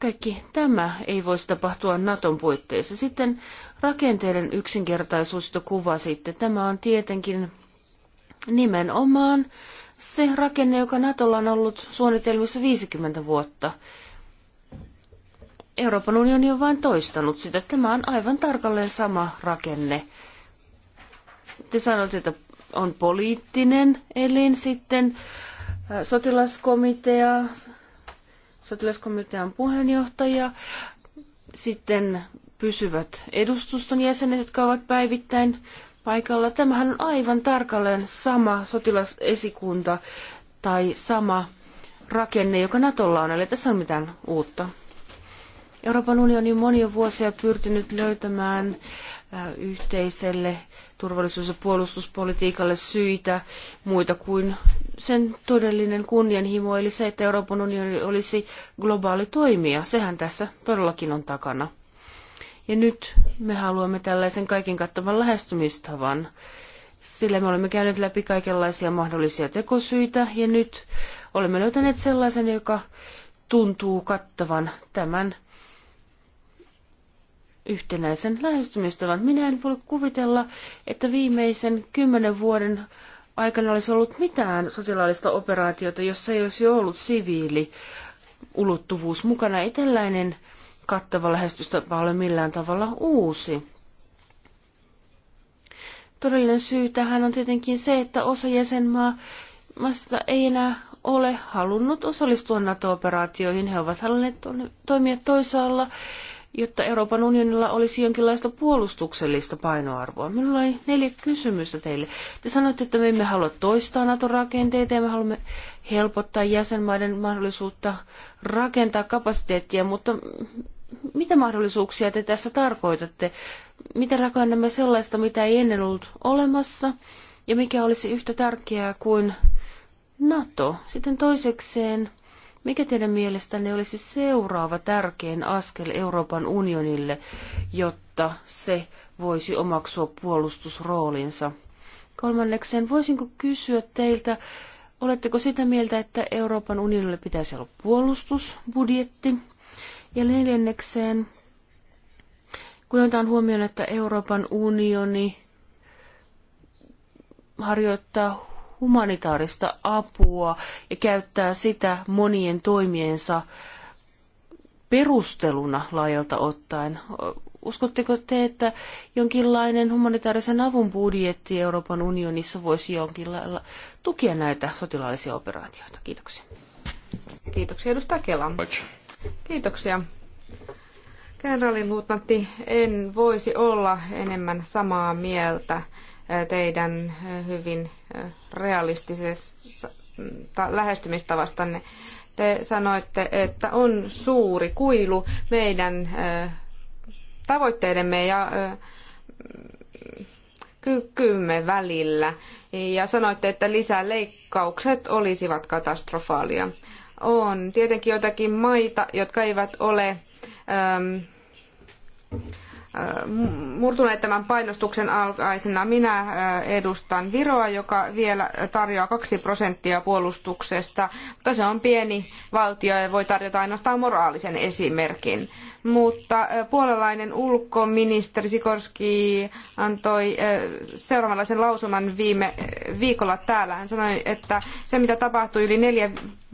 kaikki tämä ei voisi tapahtua Naton puitteissa. Sitten rakenteiden yksinkertaisuus, jota kuvasitte. Tämä on tietenkin nimenomaan se rakenne, joka Natolla on ollut suunnitelmissa 50 vuotta. Euroopan unioni on vain toistanut sitä. Tämä on aivan tarkalleen sama rakenne. Te sanoitte, että on poliittinen elin sitten, sotilaskomitea, sotilaskomitean puheenjohtaja, sitten pysyvät edustuston jäsenet, jotka ovat päivittäin paikalla. Tämähän on aivan tarkalleen sama sotilasesikunta tai sama rakenne, joka Natolla on, eli tässä on mitään uutta. Euroopan unioni on monia vuosia pyrkinyt löytämään äh, yhteiselle turvallisuus- ja puolustuspolitiikalle syitä muita kuin sen todellinen kunnianhimo, eli se, että Euroopan unioni olisi globaali toimija. Sehän tässä todellakin on takana. Ja nyt me haluamme tällaisen kaiken kattavan lähestymistavan, sillä me olemme käyneet läpi kaikenlaisia mahdollisia tekosyitä, ja nyt olemme löytäneet sellaisen, joka tuntuu kattavan tämän yhtenäisen lähestymistavan. Minä en voi kuvitella, että viimeisen kymmenen vuoden aikana olisi ollut mitään sotilaallista operaatiota, jossa ei olisi ollut siviili ulottuvuus mukana. Ei tällainen kattava lähestystapa ole millään tavalla uusi. Todellinen syy tähän on tietenkin se, että osa jäsenmaa ei enää ole halunnut osallistua NATO-operaatioihin. He ovat halunneet toimia toisaalla jotta Euroopan unionilla olisi jonkinlaista puolustuksellista painoarvoa. Minulla oli neljä kysymystä teille. Te sanoitte, että me emme halua toistaa NATO-rakenteita ja me haluamme helpottaa jäsenmaiden mahdollisuutta rakentaa kapasiteettia, mutta mitä mahdollisuuksia te tässä tarkoitatte? Miten rakennamme sellaista, mitä ei ennen ollut olemassa? Ja mikä olisi yhtä tärkeää kuin NATO? Sitten toisekseen mikä teidän mielestänne olisi seuraava tärkein askel Euroopan unionille, jotta se voisi omaksua puolustusroolinsa? Kolmannekseen, voisinko kysyä teiltä, oletteko sitä mieltä, että Euroopan unionille pitäisi olla puolustusbudjetti? Ja neljännekseen, kun otetaan huomioon, että Euroopan unioni harjoittaa humanitaarista apua ja käyttää sitä monien toimiensa perusteluna laajalta ottaen. Uskotteko te, että jonkinlainen humanitaarisen avun budjetti Euroopan unionissa voisi jonkin lailla tukea näitä sotilaallisia operaatioita? Kiitoksia. Kiitoksia edustaja Kela. Kiitoksia. Kenraalin luutnantti, en voisi olla enemmän samaa mieltä teidän hyvin realistisesta mm, lähestymistavastanne. Te sanoitte, että on suuri kuilu meidän tavoitteidemme ja mm, kykymme välillä. Ja sanoitte, että lisäleikkaukset olisivat katastrofaalia. On tietenkin joitakin maita, jotka eivät ole ähm, murtuneet tämän painostuksen alkaisena. Minä äh, edustan Viroa, joka vielä tarjoaa kaksi prosenttia puolustuksesta, mutta se on pieni valtio ja voi tarjota ainoastaan moraalisen esimerkin. Mutta äh, puolalainen ulkoministeri Sikorski antoi äh, seuraavanlaisen lausuman viime viikolla täällä. Hän sanoi, että se mitä tapahtui yli neljä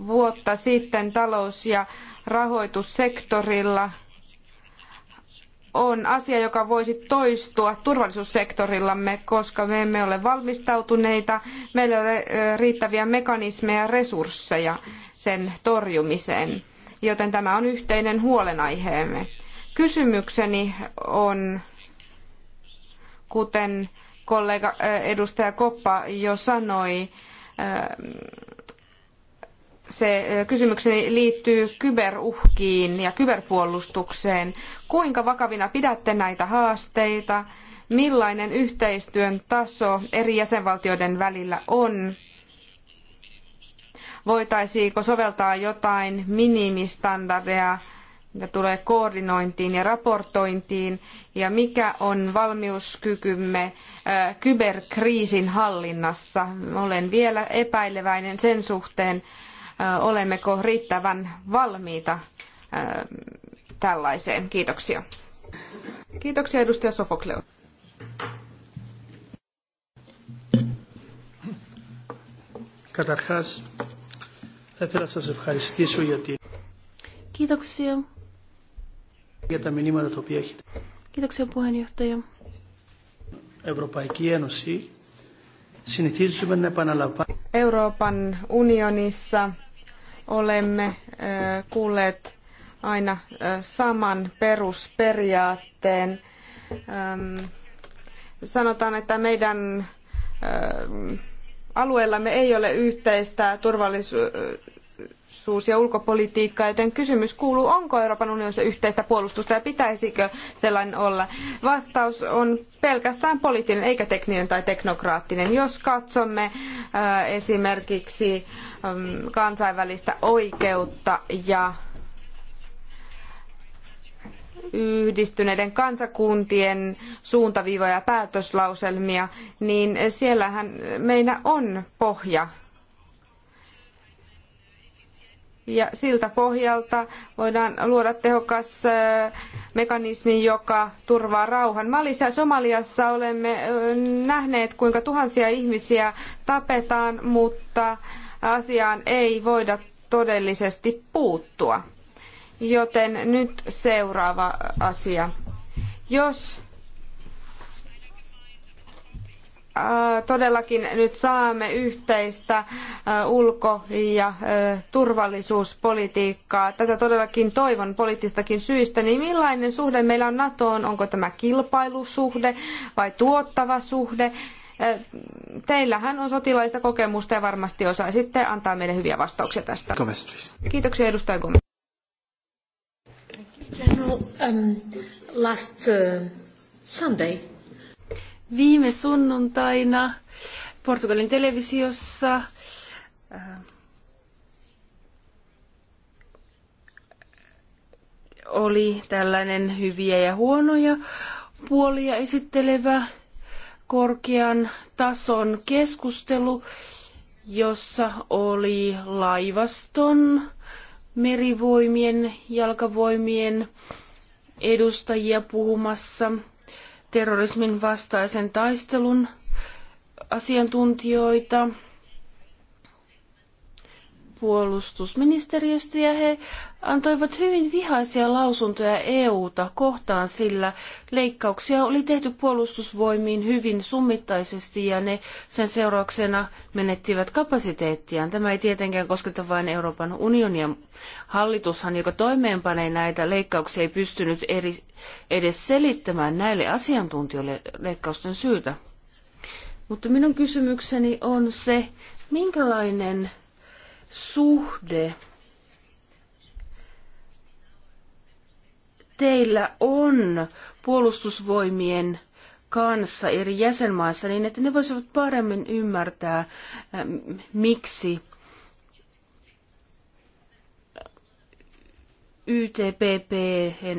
vuotta sitten talous- ja rahoitussektorilla – on asia, joka voisi toistua turvallisuussektorillamme, koska me emme ole valmistautuneita, meillä ei ole riittäviä mekanismeja ja resursseja sen torjumiseen, joten tämä on yhteinen huolenaiheemme. Kysymykseni on, kuten kollega edustaja Koppa jo sanoi, se kysymykseni liittyy kyberuhkiin ja kyberpuolustukseen. Kuinka vakavina pidätte näitä haasteita? Millainen yhteistyön taso eri jäsenvaltioiden välillä on? Voitaisiinko soveltaa jotain minimistandardeja, mitä tulee koordinointiin ja raportointiin? Ja mikä on valmiuskykymme kyberkriisin hallinnassa? Olen vielä epäileväinen sen suhteen, olemmeko riittävän valmiita tällaiseen. Kiitoksia. Kiitoksia edustaja Sofokleo. Kiitoksia. Kiitoksia puheenjohtaja. Euroopan unionissa olemme kuulleet aina saman perusperiaatteen. Sanotaan, että meidän alueellamme ei ole yhteistä turvallisuus- ja ulkopolitiikkaa, joten kysymys kuuluu, onko Euroopan unionissa yhteistä puolustusta ja pitäisikö sellainen olla. Vastaus on pelkästään poliittinen eikä tekninen tai teknokraattinen. Jos katsomme esimerkiksi Ähm, kansainvälistä oikeutta ja yhdistyneiden kansakuntien suuntaviivoja ja päätöslauselmia, niin siellähän meillä on pohja. Ja siltä pohjalta voidaan luoda tehokas äh, mekanismi, joka turvaa rauhan. Malissa ja Somaliassa olemme äh, nähneet, kuinka tuhansia ihmisiä tapetaan, mutta asiaan ei voida todellisesti puuttua. Joten nyt seuraava asia. Jos äh, todellakin nyt saamme yhteistä äh, ulko- ja äh, turvallisuuspolitiikkaa. Tätä todellakin toivon poliittistakin syistä. Niin millainen suhde meillä on NATOon? Onko tämä kilpailusuhde vai tuottava suhde? Teillähän on sotilaista kokemusta ja varmasti osaisitte antaa meille hyviä vastauksia tästä. Gomez, please. Kiitoksia edustaja Gomez. General, um, last uh, Sunday. Viime sunnuntaina Portugalin televisiossa äh, oli tällainen hyviä ja huonoja puolia esittelevä korkean tason keskustelu, jossa oli laivaston, merivoimien, jalkavoimien edustajia puhumassa terrorismin vastaisen taistelun asiantuntijoita, puolustusministeriöstä ja he antoivat hyvin vihaisia lausuntoja EU: ta kohtaan, sillä leikkauksia oli tehty puolustusvoimiin hyvin summittaisesti ja ne sen seurauksena menettivät kapasiteettiaan. Tämä ei tietenkään kosketa vain Euroopan unionia. Hallitushan, joka toimeenpanee näitä leikkauksia, ei pystynyt eri, edes selittämään näille asiantuntijoille leikkausten syytä. Mutta minun kysymykseni on se, minkälainen suhde teillä on puolustusvoimien kanssa eri jäsenmaissa niin, että ne voisivat paremmin ymmärtää, miksi YTPP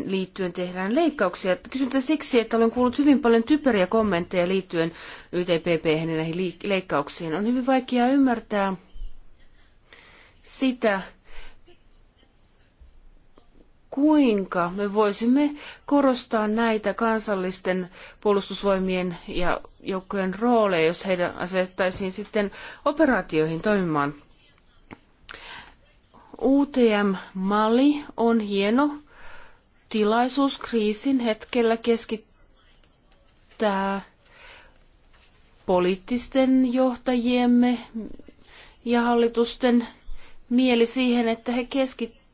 liittyen tehdään leikkauksia. Kysyn siksi, että olen kuullut hyvin paljon typeriä kommentteja liittyen YTPP ja näihin leikkauksiin. On hyvin vaikea ymmärtää, sitä, kuinka me voisimme korostaa näitä kansallisten puolustusvoimien ja joukkojen rooleja, jos heidän asettaisiin sitten operaatioihin toimimaan. utm Mali on hieno tilaisuus kriisin hetkellä keskittää poliittisten johtajiemme ja hallitusten mieli siihen, että he keskittyisivät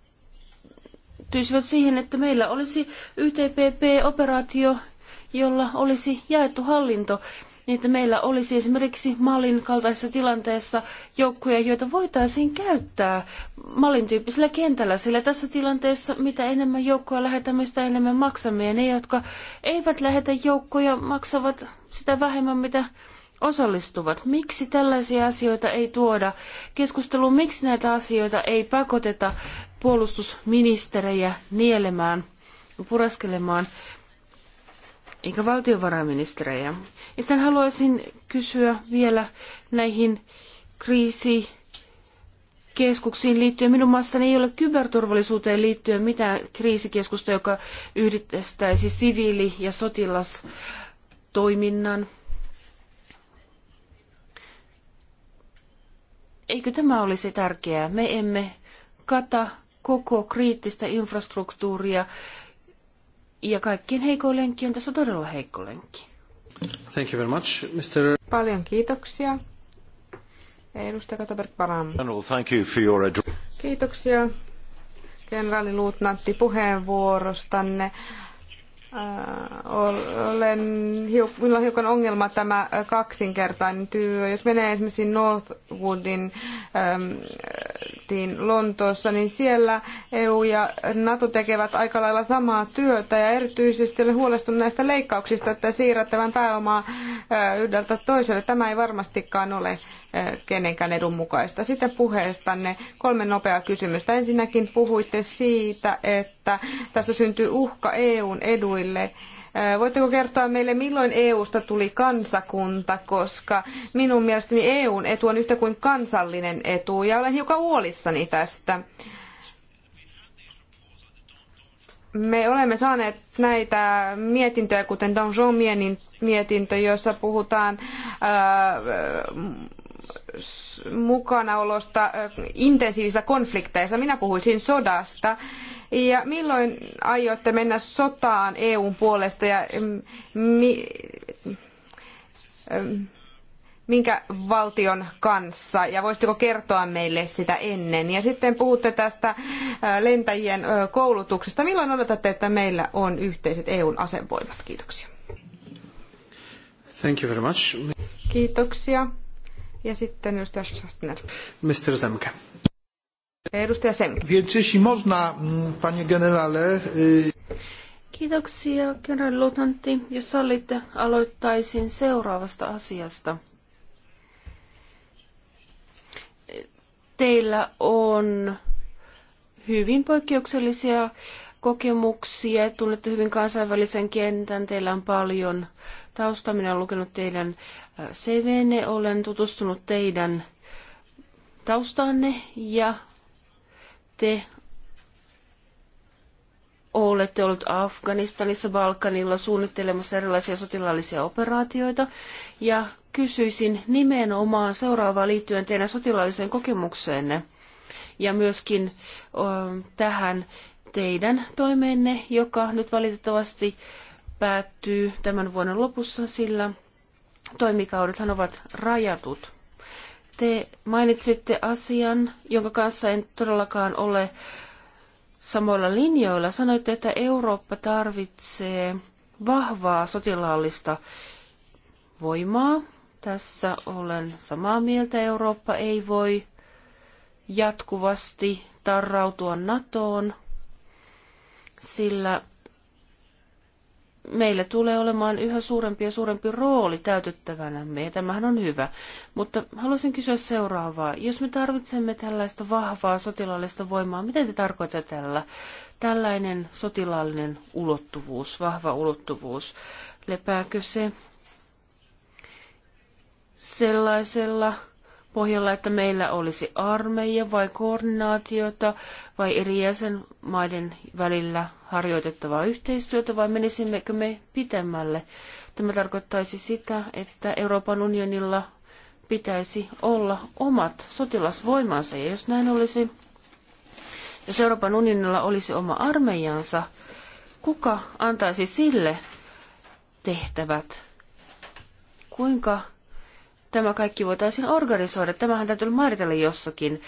siihen, että meillä olisi YTPP-operaatio, jolla olisi jaettu hallinto niin että meillä olisi esimerkiksi Malin kaltaisessa tilanteessa joukkoja, joita voitaisiin käyttää mallin tyyppisellä kentällä, sillä tässä tilanteessa mitä enemmän joukkoja lähetämme, sitä enemmän maksamme, ja ne, jotka eivät lähetä joukkoja, maksavat sitä vähemmän, mitä osallistuvat. Miksi tällaisia asioita ei tuoda keskusteluun? Miksi näitä asioita ei pakoteta puolustusministerejä nielemään, pureskelemaan, eikä valtiovarainministerejä? Ja sitten haluaisin kysyä vielä näihin kriisi keskuksiin liittyen. Minun maassani ei ole kyberturvallisuuteen liittyen mitään kriisikeskusta, joka yhdistäisi siviili- ja sotilastoiminnan. Eikö tämä olisi tärkeää? Me emme kata koko kriittistä infrastruktuuria ja kaikkien heikko lenkki on tässä todella heikko lenkki. Thank you very much, Mr. Paljon kiitoksia. Edustaja Kataberg General, Thank you for your... Kiitoksia kenraali Luutnantti puheenvuorostanne. Äh, olen, minulla on hiukan ongelma tämä äh, kaksinkertainen työ. Jos menee esimerkiksi Northwoodin ähm, äh, Lontoossa, niin siellä EU ja NATO tekevät aika lailla samaa työtä ja erityisesti olen huolestunut näistä leikkauksista, että siirrettävän pääomaa yhdeltä toiselle. Tämä ei varmastikaan ole kenenkään edun mukaista. Sitten puheestanne kolme nopeaa kysymystä. Ensinnäkin puhuitte siitä, että tästä syntyy uhka EUn eduille. Voitteko kertoa meille, milloin EUsta tuli kansakunta, koska minun mielestäni EUn etu on yhtä kuin kansallinen etu, ja olen hiukan huolissani tästä me olemme saaneet näitä mietintöjä, kuten Don Jean mietintö, jossa puhutaan ää, mukanaolosta intensiivisissä konflikteissa. Minä puhuisin sodasta. Ja milloin aiotte mennä sotaan EUn puolesta ja mm, mi, mm, minkä valtion kanssa ja voisitteko kertoa meille sitä ennen? Ja sitten puhutte tästä lentäjien koulutuksesta. Milloin odotatte, että meillä on yhteiset EUn asevoimat? Kiitoksia. Thank you very much. Kiitoksia. Ja sitten edustaja Schastner. Mr. Zemke. Edustaja Semke. Więc jeśli można, mm, panie generale... Kiitoksia, kenraali luutnantti. Jos sallitte, aloittaisin seuraavasta asiasta. Teillä on hyvin poikkeuksellisia kokemuksia, tunnette hyvin kansainvälisen kentän, teillä on paljon tausta. Minä olen lukenut teidän CVnne, olen tutustunut teidän taustanne ja te olette ollut Afganistanissa, Balkanilla suunnittelemassa erilaisia sotilaallisia operaatioita ja kysyisin nimenomaan seuraavaa liittyen teidän sotilaalliseen kokemukseenne ja myöskin tähän teidän toimeenne, joka nyt valitettavasti päättyy tämän vuoden lopussa, sillä toimikaudethan ovat rajatut. Te mainitsitte asian, jonka kanssa en todellakaan ole samoilla linjoilla. Sanoitte, että Eurooppa tarvitsee vahvaa sotilaallista voimaa. Tässä olen samaa mieltä. Eurooppa ei voi jatkuvasti tarrautua NATOon, sillä meillä tulee olemaan yhä suurempi ja suurempi rooli käytettävänämme, ja tämähän on hyvä. Mutta haluaisin kysyä seuraavaa. Jos me tarvitsemme tällaista vahvaa sotilaallista voimaa, miten te tarkoitatte tällä? Tällainen sotilaallinen ulottuvuus, vahva ulottuvuus, lepääkö se sellaisella pohjalla, että meillä olisi armeija vai koordinaatiota vai eri jäsenmaiden välillä harjoitettavaa yhteistyötä vai menisimmekö me pitemmälle? Tämä tarkoittaisi sitä, että Euroopan unionilla pitäisi olla omat sotilasvoimansa ja jos näin olisi, jos Euroopan unionilla olisi oma armeijansa, kuka antaisi sille tehtävät? Kuinka tämä kaikki voitaisiin organisoida. Tämähän täytyy määritellä jossakin.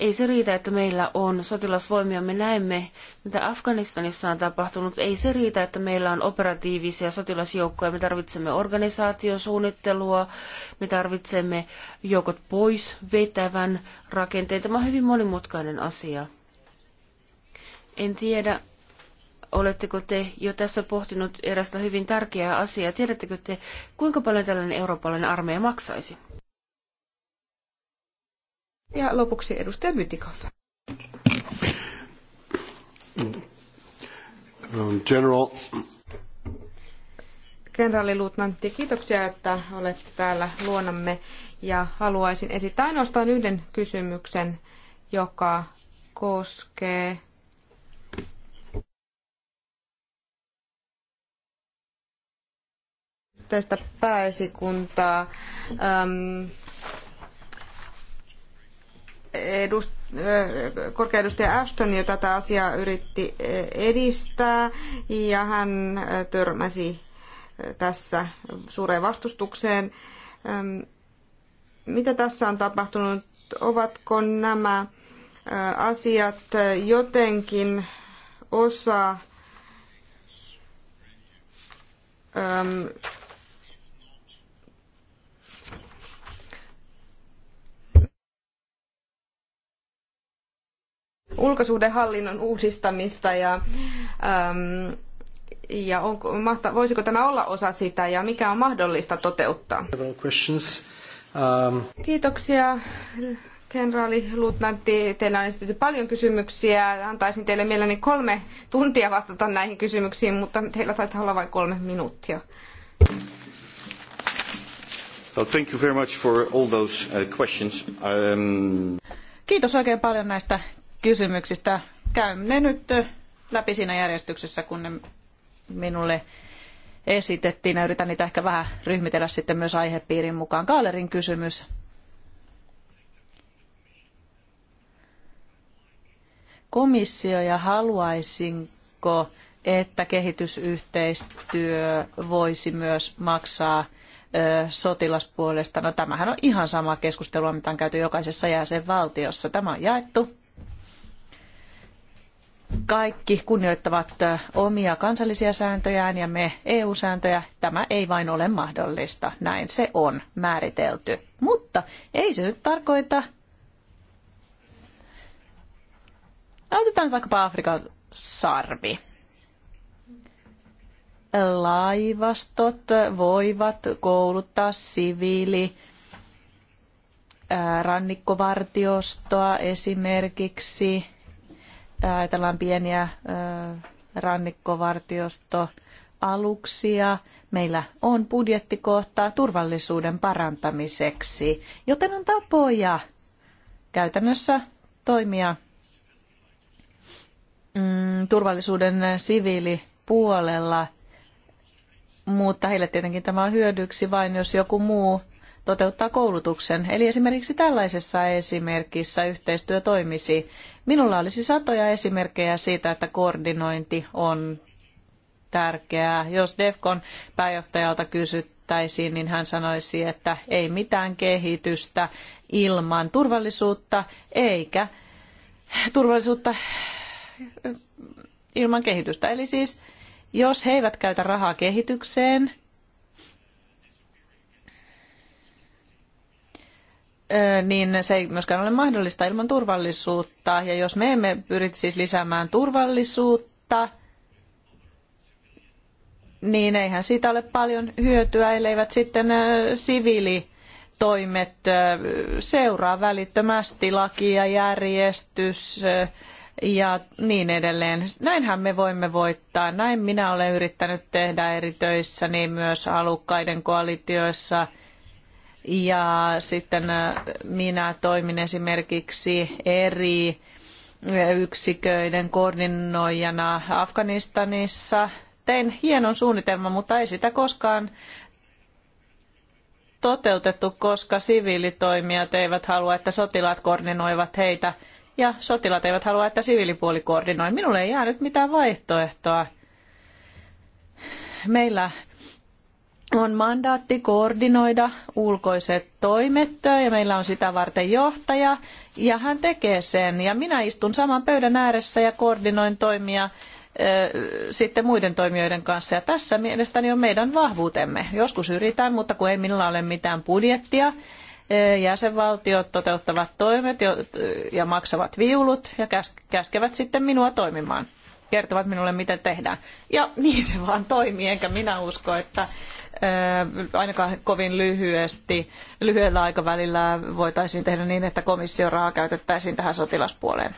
Ei se riitä, että meillä on sotilasvoimia, me näemme, mitä Afganistanissa on tapahtunut. Ei se riitä, että meillä on operatiivisia sotilasjoukkoja, me tarvitsemme organisaatiosuunnittelua, me tarvitsemme joukot pois vetävän rakenteen. Tämä on hyvin monimutkainen asia. En tiedä, Oletteko te jo tässä pohtinut erästä hyvin tärkeää asiaa? Tiedättekö te, kuinka paljon tällainen eurooppalainen armeija maksaisi? Ja lopuksi edustaja Mytikoff. Um, General. Kenraaliluutnantti, kiitoksia, että olette täällä luonamme ja haluaisin esittää ainoastaan yhden kysymyksen, joka koskee suhteesta pääesikuntaa. Ähm, edust, äh, korkeaedustaja Ashton jo tätä asiaa yritti äh, edistää ja hän äh, törmäsi tässä suureen vastustukseen. Ähm, mitä tässä on tapahtunut? Ovatko nämä asiat jotenkin osa ähm, ulkosuhdehallinnon uudistamista ja, äm, ja onko, mahta, voisiko tämä olla osa sitä ja mikä on mahdollista toteuttaa? Um, Kiitoksia. Kenraali Lutnantti, teillä on esitetty paljon kysymyksiä. Antaisin teille mielelläni kolme tuntia vastata näihin kysymyksiin, mutta teillä taitaa olla vain kolme minuuttia. Uh, um, Kiitos oikein paljon näistä kysymyksistä. Käyn ne nyt läpi siinä järjestyksessä, kun ne minulle esitettiin ja yritän niitä ehkä vähän ryhmitellä sitten myös aihepiirin mukaan. Kaalerin kysymys. Komissio ja haluaisinko, että kehitysyhteistyö voisi myös maksaa sotilaspuolesta. No tämähän on ihan sama keskustelua, mitä on käyty jokaisessa jäsenvaltiossa. Tämä on jaettu kaikki kunnioittavat omia kansallisia sääntöjään ja me EU-sääntöjä. Tämä ei vain ole mahdollista. Näin se on määritelty. Mutta ei se nyt tarkoita. Otetaan nyt vaikkapa Afrikan sarvi. Laivastot voivat kouluttaa siviili rannikkovartiostoa esimerkiksi ajatellaan pieniä rannikkovartiostoaluksia. Meillä on budjettikohtaa turvallisuuden parantamiseksi, joten on tapoja käytännössä toimia mm, turvallisuuden siviilipuolella, mutta heille tietenkin tämä on hyödyksi vain, jos joku muu toteuttaa koulutuksen. Eli esimerkiksi tällaisessa esimerkissä yhteistyö toimisi. Minulla olisi satoja esimerkkejä siitä, että koordinointi on tärkeää. Jos DEFCON pääjohtajalta kysyttäisiin, niin hän sanoisi, että ei mitään kehitystä ilman turvallisuutta, eikä turvallisuutta ilman kehitystä. Eli siis jos he eivät käytä rahaa kehitykseen, niin se ei myöskään ole mahdollista ilman turvallisuutta. Ja jos me emme pyri siis lisäämään turvallisuutta, niin eihän siitä ole paljon hyötyä, elleivät sitten siviilitoimet seuraa välittömästi laki ja järjestys ja niin edelleen. Näinhän me voimme voittaa. Näin minä olen yrittänyt tehdä eri töissäni niin myös halukkaiden koalitioissa – ja sitten äh, minä toimin esimerkiksi eri äh, yksiköiden koordinoijana Afganistanissa. Tein hienon suunnitelman, mutta ei sitä koskaan toteutettu, koska siviilitoimijat eivät halua, että sotilaat koordinoivat heitä ja sotilaat eivät halua, että siviilipuoli koordinoi. Minulle ei jäänyt mitään vaihtoehtoa. Meillä on mandaatti koordinoida ulkoiset toimet ja meillä on sitä varten johtaja ja hän tekee sen ja minä istun saman pöydän ääressä ja koordinoin toimia sitten muiden toimijoiden kanssa. Ja tässä mielestäni on meidän vahvuutemme. Joskus yritän, mutta kun ei minulla ole mitään budjettia, jäsenvaltiot toteuttavat toimet ja maksavat viulut ja käskevät sitten minua toimimaan kertovat minulle, miten tehdään. Ja niin se vaan toimii, enkä minä usko, että ainakaan kovin lyhyesti, lyhyellä aikavälillä voitaisiin tehdä niin, että komission rahaa käytettäisiin tähän sotilaspuoleen.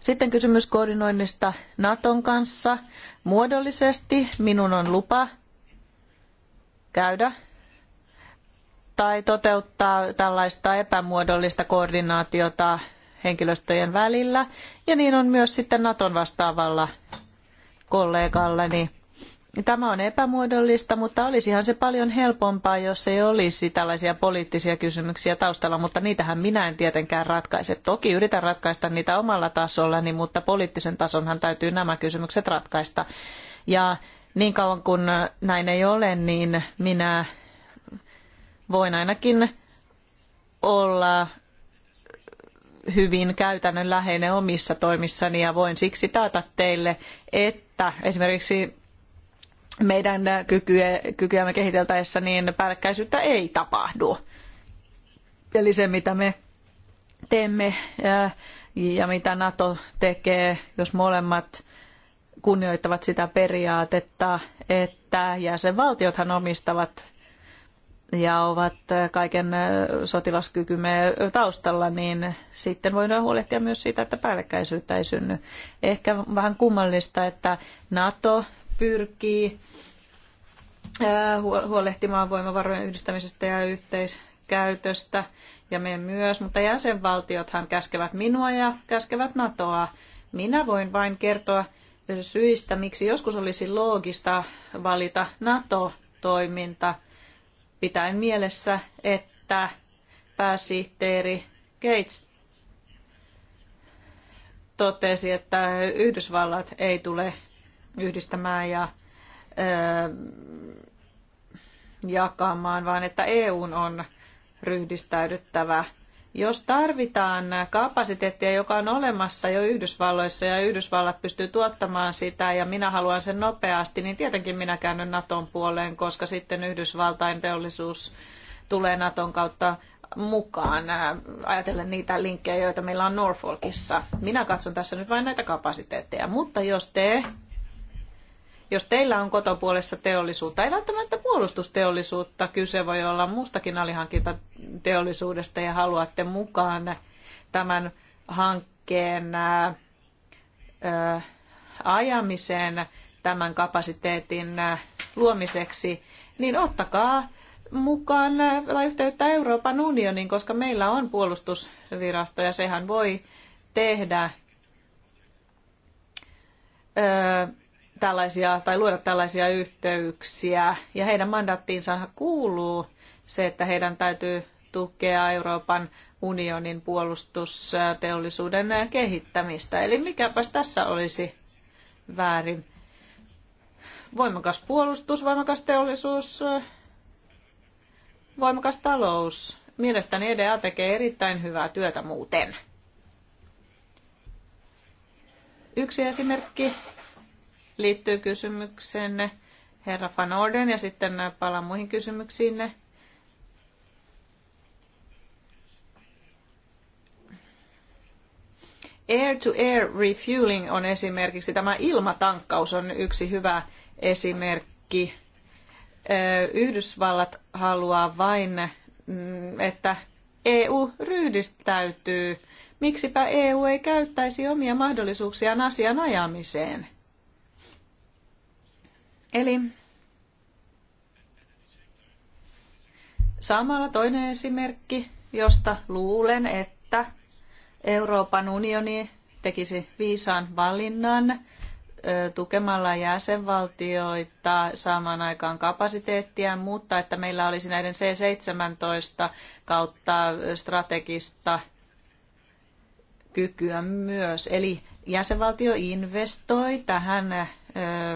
Sitten kysymys koordinoinnista Naton kanssa. Muodollisesti minun on lupa käydä tai toteuttaa tällaista epämuodollista koordinaatiota henkilöstöjen välillä. Ja niin on myös sitten Naton vastaavalla kollegallani. Tämä on epämuodollista, mutta olisihan se paljon helpompaa, jos ei olisi tällaisia poliittisia kysymyksiä taustalla, mutta niitähän minä en tietenkään ratkaise. Toki yritän ratkaista niitä omalla tasollani, mutta poliittisen tasonhan täytyy nämä kysymykset ratkaista. Ja niin kauan kuin näin ei ole, niin minä voin ainakin olla hyvin käytännönläheinen omissa toimissani ja voin siksi taata teille, että esimerkiksi meidän kykyä, kykyämme kehiteltäessä niin päällekkäisyyttä ei tapahdu. Eli se mitä me teemme äh, ja mitä NATO tekee, jos molemmat kunnioittavat sitä periaatetta, että jäsenvaltiothan omistavat ja ovat kaiken sotilaskykymme taustalla, niin sitten voidaan huolehtia myös siitä, että päällekkäisyyttä ei synny. Ehkä vähän kummallista, että NATO pyrkii huolehtimaan voimavarojen yhdistämisestä ja yhteiskäytöstä ja me myös, mutta jäsenvaltiothan käskevät minua ja käskevät NATOa. Minä voin vain kertoa syistä, miksi joskus olisi loogista valita NATO-toiminta – pitäen mielessä, että pääsihteeri Gates totesi, että Yhdysvallat ei tule yhdistämään ja jakamaan, vaan että EUn on ryhdistäydyttävä – jos tarvitaan kapasiteettia, joka on olemassa jo Yhdysvalloissa ja Yhdysvallat pystyy tuottamaan sitä ja minä haluan sen nopeasti, niin tietenkin minä käännyn Naton puoleen, koska sitten Yhdysvaltain teollisuus tulee Naton kautta mukaan, äh, ajatellen niitä linkkejä, joita meillä on Norfolkissa. Minä katson tässä nyt vain näitä kapasiteetteja, mutta jos te jos teillä on kotopuolessa teollisuutta, ei välttämättä puolustusteollisuutta, kyse voi olla muustakin alihankintateollisuudesta ja haluatte mukaan tämän hankkeen ää, ajamiseen tämän kapasiteetin luomiseksi, niin ottakaa mukaan tai yhteyttä Euroopan unionin, koska meillä on puolustusvirasto ja sehän voi tehdä tällaisia tai luoda tällaisia yhteyksiä. Ja heidän mandaattiinsa kuuluu se, että heidän täytyy tukea Euroopan unionin puolustusteollisuuden kehittämistä. Eli mikäpäs tässä olisi väärin. Voimakas puolustus, voimakas teollisuus, voimakas talous. Mielestäni EDA tekee erittäin hyvää työtä muuten. Yksi esimerkki liittyy kysymyksenne herra Van Orden ja sitten palaan muihin kysymyksiinne. Air-to-air refueling on esimerkiksi, tämä ilmatankkaus on yksi hyvä esimerkki. Yhdysvallat haluaa vain, mm, että EU ryhdistäytyy. Miksipä EU ei käyttäisi omia mahdollisuuksiaan asian ajamiseen? Eli samalla toinen esimerkki, josta luulen, että Euroopan unioni tekisi viisaan valinnan tukemalla jäsenvaltioita saamaan aikaan kapasiteettia, mutta että meillä olisi näiden C17 kautta strategista kykyä myös. Eli jäsenvaltio investoi tähän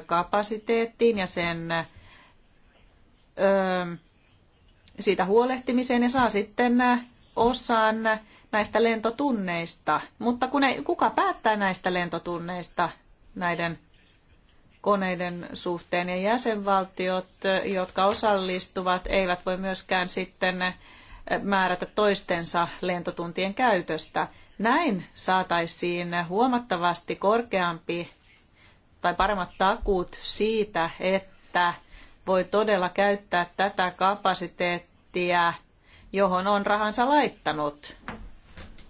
kapasiteettiin ja sen siitä huolehtimiseen ja saa sitten osan näistä lentotunneista. Mutta kun ei, kuka päättää näistä lentotunneista näiden koneiden suhteen ja jäsenvaltiot, jotka osallistuvat, eivät voi myöskään sitten määrätä toistensa lentotuntien käytöstä. Näin saataisiin huomattavasti korkeampi tai paremmat takuut siitä, että voi todella käyttää tätä kapasiteettia, johon on rahansa laittanut.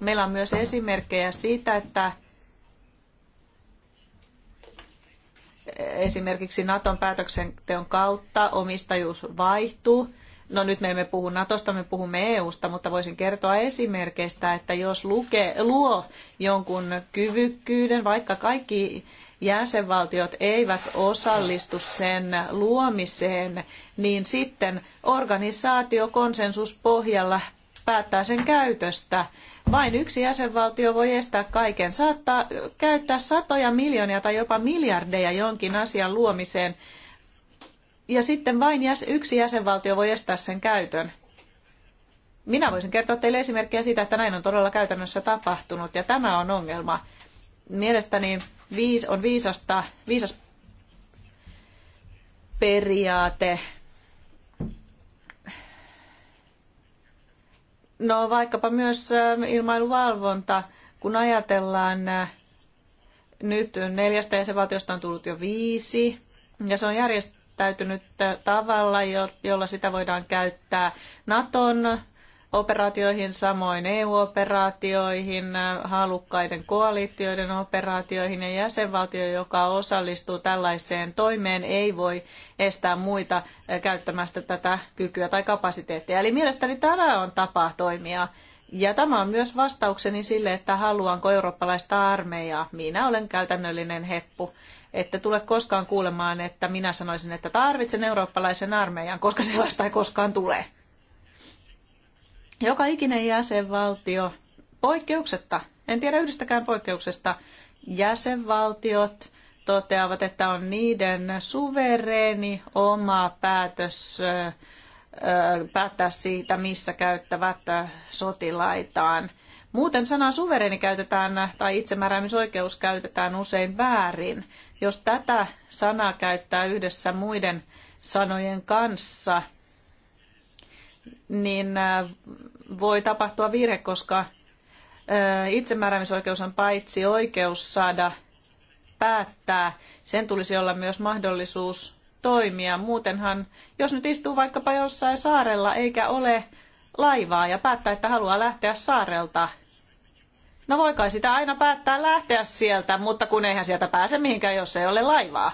Meillä on myös esimerkkejä siitä, että esimerkiksi Naton päätöksenteon kautta omistajuus vaihtuu No nyt me emme puhu Natosta, me puhumme EUsta, mutta voisin kertoa esimerkeistä, että jos luke, luo jonkun kyvykkyyden, vaikka kaikki jäsenvaltiot eivät osallistu sen luomiseen, niin sitten organisaatio konsensuspohjalla päättää sen käytöstä. Vain yksi jäsenvaltio voi estää kaiken. Saattaa käyttää satoja miljoonia tai jopa miljardeja jonkin asian luomiseen ja sitten vain yksi jäsenvaltio voi estää sen käytön. Minä voisin kertoa teille esimerkkejä siitä, että näin on todella käytännössä tapahtunut ja tämä on ongelma. Mielestäni viis on viisasta, viisas periaate. No vaikkapa myös äh, ilmailuvalvonta, kun ajatellaan äh, nyt neljästä jäsenvaltiosta on tullut jo viisi, ja se on järjestetty käyttäytynyt tavalla, jolla sitä voidaan käyttää Naton operaatioihin, samoin EU-operaatioihin, halukkaiden koalitioiden operaatioihin ja jäsenvaltio, joka osallistuu tällaiseen toimeen, ei voi estää muita käyttämästä tätä kykyä tai kapasiteettia. Eli mielestäni tämä on tapa toimia ja tämä on myös vastaukseni sille, että haluanko eurooppalaista armeijaa. Minä olen käytännöllinen heppu. Että tule koskaan kuulemaan, että minä sanoisin, että tarvitsen eurooppalaisen armeijan, koska sellaista ei koskaan tule. Joka ikinen jäsenvaltio, poikkeuksetta, en tiedä yhdestäkään poikkeuksesta, jäsenvaltiot toteavat, että on niiden suvereeni oma päätös päättää siitä, missä käyttävät sotilaitaan. Muuten sanaa suvereni käytetään tai itsemääräämisoikeus käytetään usein väärin. Jos tätä sanaa käyttää yhdessä muiden sanojen kanssa, niin voi tapahtua virhe, koska itsemääräämisoikeus on paitsi oikeus saada päättää, sen tulisi olla myös mahdollisuus toimia. Muutenhan, jos nyt istuu vaikkapa jossain saarella eikä ole laivaa ja päättää, että haluaa lähteä saarelta, No voikai sitä aina päättää lähteä sieltä, mutta kun eihän sieltä pääse mihinkään, jos ei ole laivaa.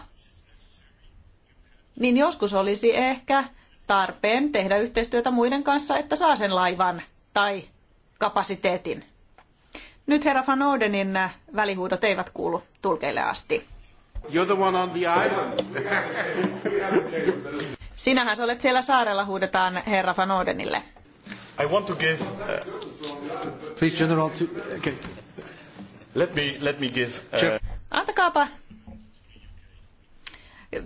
Niin joskus olisi ehkä tarpeen tehdä yhteistyötä muiden kanssa, että saa sen laivan tai kapasiteetin. Nyt herra Van Odenin välihuudot eivät kuulu tulkeille asti. You're the one on the island. Sinähän sä olet siellä saarella, huudetaan herra Van Odenille. I want to give... Uh, Please, General, to, okay. Let me, let me give... Uh, Antakaapa.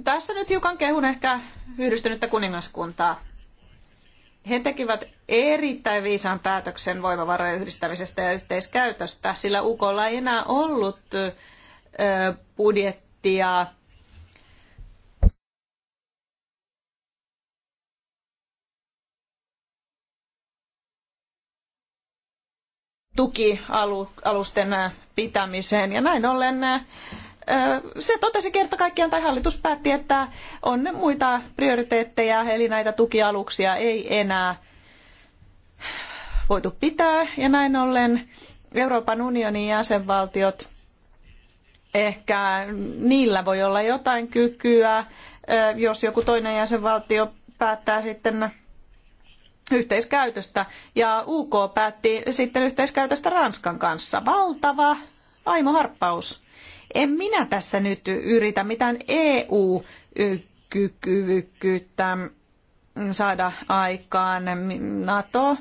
Tässä nyt hiukan kehun ehkä yhdistynyttä kuningaskuntaa. He tekivät erittäin viisaan päätöksen voimavarojen yhdistämisestä ja yhteiskäytöstä, sillä UKlla ei enää ollut budjetti prosenttia tukialusten pitämiseen. Ja näin ollen se totesi kerta kaikkiaan, tai hallitus päätti, että on muita prioriteetteja, eli näitä tukialuksia ei enää voitu pitää. Ja näin ollen Euroopan unionin jäsenvaltiot ehkä niillä voi olla jotain kykyä, jos joku toinen jäsenvaltio päättää sitten yhteiskäytöstä. Ja UK päätti sitten yhteiskäytöstä Ranskan kanssa. Valtava aimoharppaus. En minä tässä nyt yritä mitään EU-kyvykkyyttä saada aikaan. NATO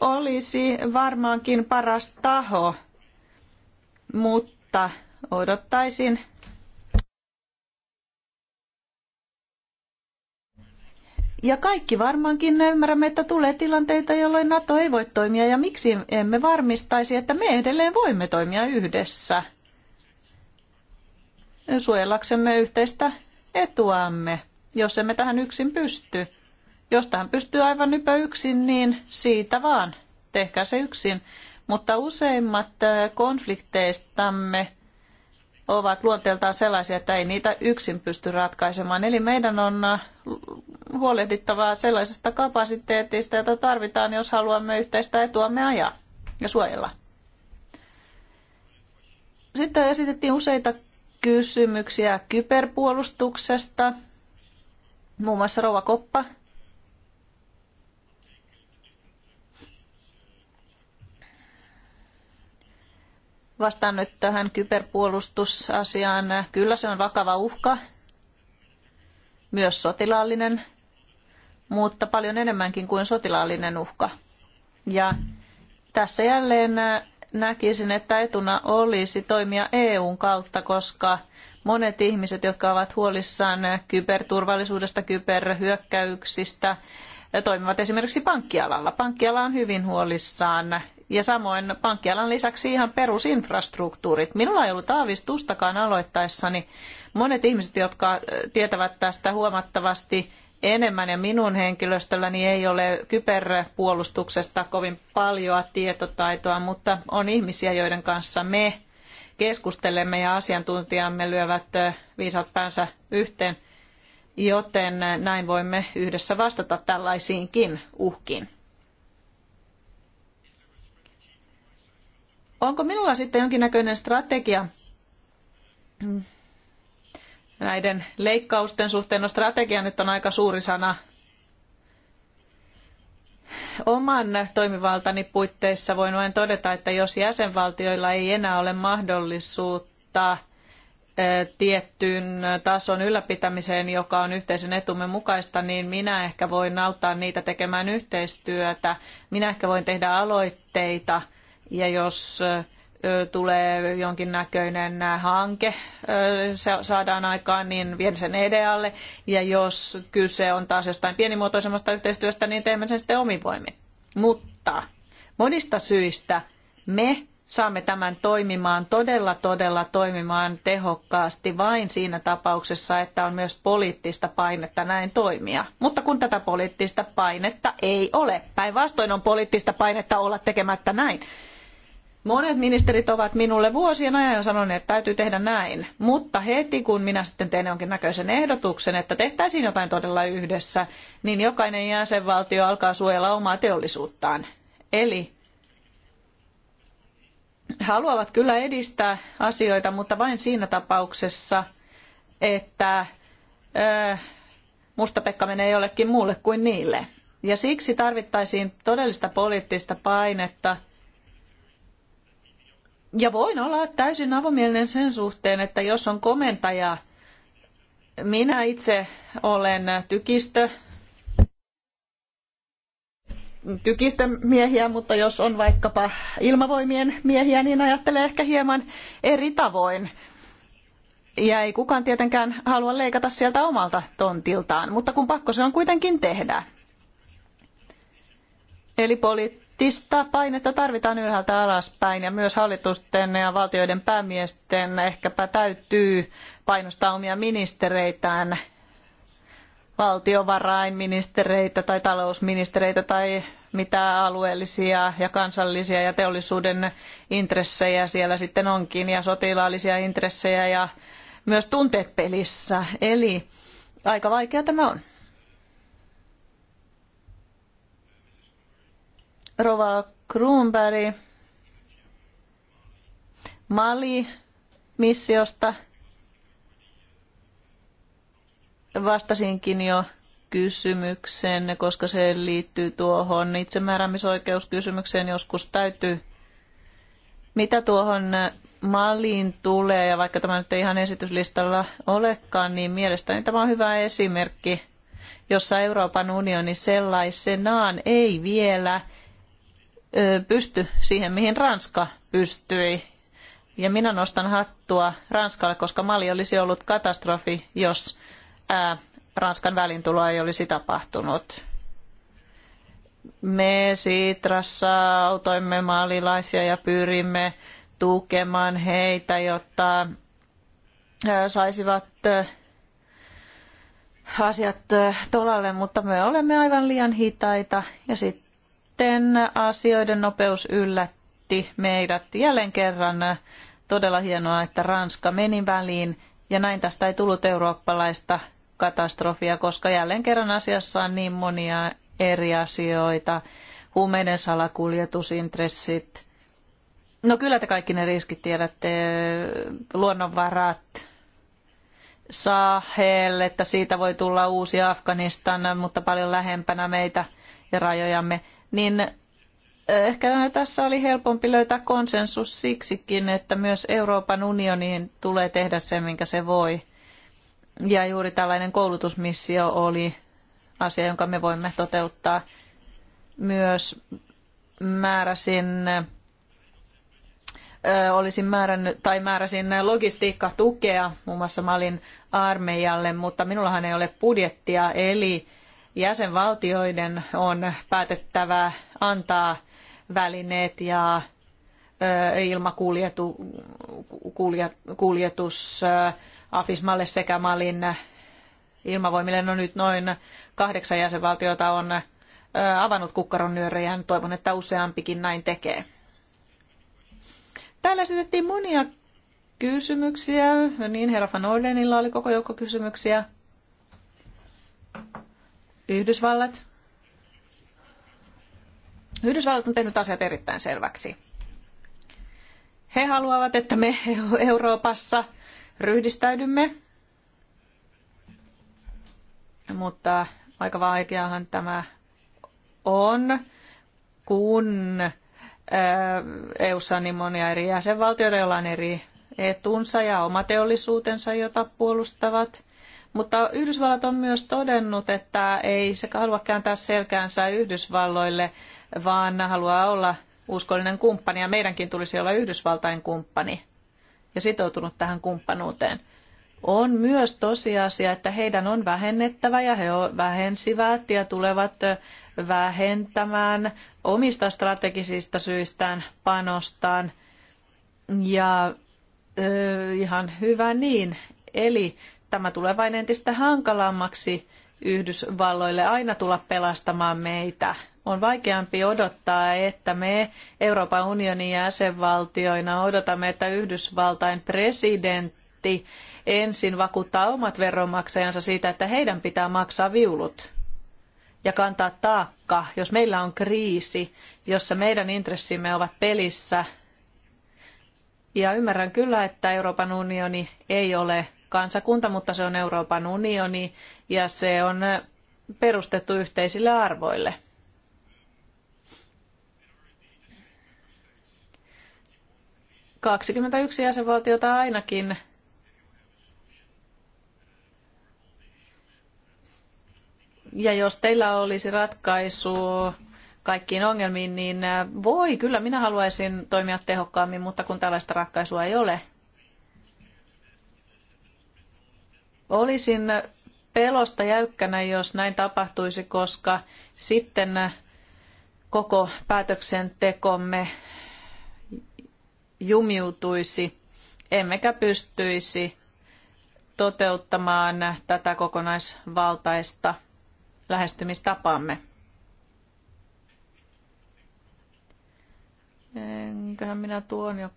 olisi varmaankin paras taho, mutta odottaisin Ja kaikki varmaankin ymmärrämme, että tulee tilanteita, jolloin NATO ei voi toimia ja miksi emme varmistaisi, että me edelleen voimme toimia yhdessä suojellaksemme yhteistä etuamme, jos emme tähän yksin pysty. Jos tähän pystyy aivan ypä yksin, niin siitä vaan, tehkää se yksin. Mutta useimmat äh, konflikteistamme ovat luonteeltaan sellaisia, että ei niitä yksin pysty ratkaisemaan. Eli meidän on äh, huolehdittava sellaisesta kapasiteetista, jota tarvitaan, jos haluamme yhteistä etuamme ajaa ja suojella. Sitten esitettiin useita kysymyksiä kyberpuolustuksesta. Muun muassa Rouva Koppa Vastaan nyt tähän kyberpuolustusasiaan. Kyllä se on vakava uhka, myös sotilaallinen, mutta paljon enemmänkin kuin sotilaallinen uhka. Ja tässä jälleen näkisin, että etuna olisi toimia EUn kautta, koska monet ihmiset, jotka ovat huolissaan kyberturvallisuudesta, kyberhyökkäyksistä, toimivat esimerkiksi pankkialalla. Pankkiala on hyvin huolissaan ja samoin pankkialan lisäksi ihan perusinfrastruktuurit. Minulla ei ollut aavistustakaan aloittaessani. Monet ihmiset, jotka äh, tietävät tästä huomattavasti enemmän ja minun henkilöstölläni ei ole kyberpuolustuksesta kovin paljoa tietotaitoa, mutta on ihmisiä, joiden kanssa me keskustelemme ja asiantuntijamme lyövät äh, viisat päänsä yhteen, joten äh, näin voimme yhdessä vastata tällaisiinkin uhkiin. Onko minulla sitten jonkinnäköinen strategia näiden leikkausten suhteen? No strategia nyt on aika suuri sana. Oman toimivaltani puitteissa voin vain todeta, että jos jäsenvaltioilla ei enää ole mahdollisuutta tiettyyn tason ylläpitämiseen, joka on yhteisen etumme mukaista, niin minä ehkä voin auttaa niitä tekemään yhteistyötä. Minä ehkä voin tehdä aloitteita ja jos tulee jonkinnäköinen hanke saadaan aikaan, niin vien sen edealle. Ja jos kyse on taas jostain pienimuotoisemmasta yhteistyöstä, niin teemme sen sitten omin voimin. Mutta monista syistä me saamme tämän toimimaan todella, todella toimimaan tehokkaasti vain siinä tapauksessa, että on myös poliittista painetta näin toimia. Mutta kun tätä poliittista painetta ei ole, päinvastoin on poliittista painetta olla tekemättä näin, Monet ministerit ovat minulle vuosien ajan sanoneet, että täytyy tehdä näin, mutta heti kun minä sitten teen näköisen ehdotuksen, että tehtäisiin jotain todella yhdessä, niin jokainen jäsenvaltio alkaa suojella omaa teollisuuttaan. Eli haluavat kyllä edistää asioita, mutta vain siinä tapauksessa, että ö, Musta-Pekka menee jollekin muulle kuin niille. Ja siksi tarvittaisiin todellista poliittista painetta – ja voin olla täysin avomielinen sen suhteen, että jos on komentaja, minä itse olen tykistö, tykistön miehiä, mutta jos on vaikkapa ilmavoimien miehiä, niin ajattelee ehkä hieman eri tavoin. Ja ei kukaan tietenkään halua leikata sieltä omalta tontiltaan, mutta kun pakko se on kuitenkin tehdä. Eli poli- poliittista painetta tarvitaan ylhäältä alaspäin ja myös hallitusten ja valtioiden päämiesten ehkäpä täytyy painostaa omia ministereitään, valtiovarainministereitä tai talousministereitä tai mitä alueellisia ja kansallisia ja teollisuuden intressejä siellä sitten onkin ja sotilaallisia intressejä ja myös tunteet pelissä. Eli aika vaikea tämä on. Rova Kruunberg Mali-missiosta vastasinkin jo kysymykseen, koska se liittyy tuohon itsemääräämisoikeuskysymykseen. Joskus täytyy, mitä tuohon Maliin tulee, ja vaikka tämä nyt ei ihan esityslistalla olekaan, niin mielestäni tämä on hyvä esimerkki, jossa Euroopan unioni sellaisenaan ei vielä – pysty siihen, mihin Ranska pystyi. Ja minä nostan hattua Ranskalle, koska Mali olisi ollut katastrofi, jos Ranskan välintuloa ei olisi tapahtunut. Me Siitrassa autoimme maalilaisia ja pyrimme tukemaan heitä, jotta saisivat asiat tolalle, mutta me olemme aivan liian hitaita ja sitten sitten asioiden nopeus yllätti meidät jälleen kerran. Todella hienoa, että Ranska meni väliin ja näin tästä ei tullut eurooppalaista katastrofia, koska jälleen kerran asiassa on niin monia eri asioita. Huumeiden salakuljetusintressit. No kyllä te kaikki ne riskit tiedätte. Luonnonvarat, Sahel, että siitä voi tulla uusi Afganistan, mutta paljon lähempänä meitä ja rajojamme niin eh, ehkä tässä oli helpompi löytää konsensus siksikin, että myös Euroopan unioniin tulee tehdä se, minkä se voi. Ja juuri tällainen koulutusmissio oli asia, jonka me voimme toteuttaa. Myös määräsin eh, olisin määrännyt, tai määräsin tukea muun muassa Malin armeijalle, mutta minullahan ei ole budjettia, eli jäsenvaltioiden on päätettävä antaa välineet ja ilmakuljetus Afismalle sekä Malin ilmavoimille. No nyt noin kahdeksan jäsenvaltiota on avannut kukkaronyörejään. Toivon, että useampikin näin tekee. Täällä esitettiin monia kysymyksiä. Niin herra Van Ordenilla oli koko joukko kysymyksiä. Yhdysvallat. Yhdysvallat on tehnyt asiat erittäin selväksi. He haluavat, että me Euroopassa ryhdistäydymme, mutta aika vaikeahan tämä on, kun EU:ssa on niin monia eri jäsenvaltioita, joilla on eri etunsa ja oma teollisuutensa, jota puolustavat. Mutta Yhdysvallat on myös todennut, että ei se halua kääntää selkäänsä Yhdysvalloille, vaan haluaa olla uskollinen kumppani ja meidänkin tulisi olla Yhdysvaltain kumppani ja sitoutunut tähän kumppanuuteen. On myös tosiasia, että heidän on vähennettävä ja he vähensivät ja tulevat vähentämään omista strategisista syistään panostaan. Ja ö, ihan hyvä niin. Eli tämä tulee vain entistä hankalammaksi Yhdysvalloille aina tulla pelastamaan meitä. On vaikeampi odottaa, että me Euroopan unionin jäsenvaltioina odotamme, että Yhdysvaltain presidentti ensin vakuuttaa omat veronmaksajansa siitä, että heidän pitää maksaa viulut ja kantaa taakka, jos meillä on kriisi, jossa meidän intressimme ovat pelissä. Ja ymmärrän kyllä, että Euroopan unioni ei ole kansakunta, mutta se on Euroopan unioni ja se on perustettu yhteisille arvoille. Kaksikymmentäyksi jäsenvaltiota ainakin ja jos teillä olisi ratkaisu kaikkiin ongelmiin, niin voi, kyllä minä haluaisin toimia tehokkaammin, mutta kun tällaista ratkaisua ei ole, Olisin pelosta jäykkänä, jos näin tapahtuisi, koska sitten koko päätöksentekomme jumiutuisi, emmekä pystyisi toteuttamaan tätä kokonaisvaltaista lähestymistapaamme. Enköhän minä tuon jo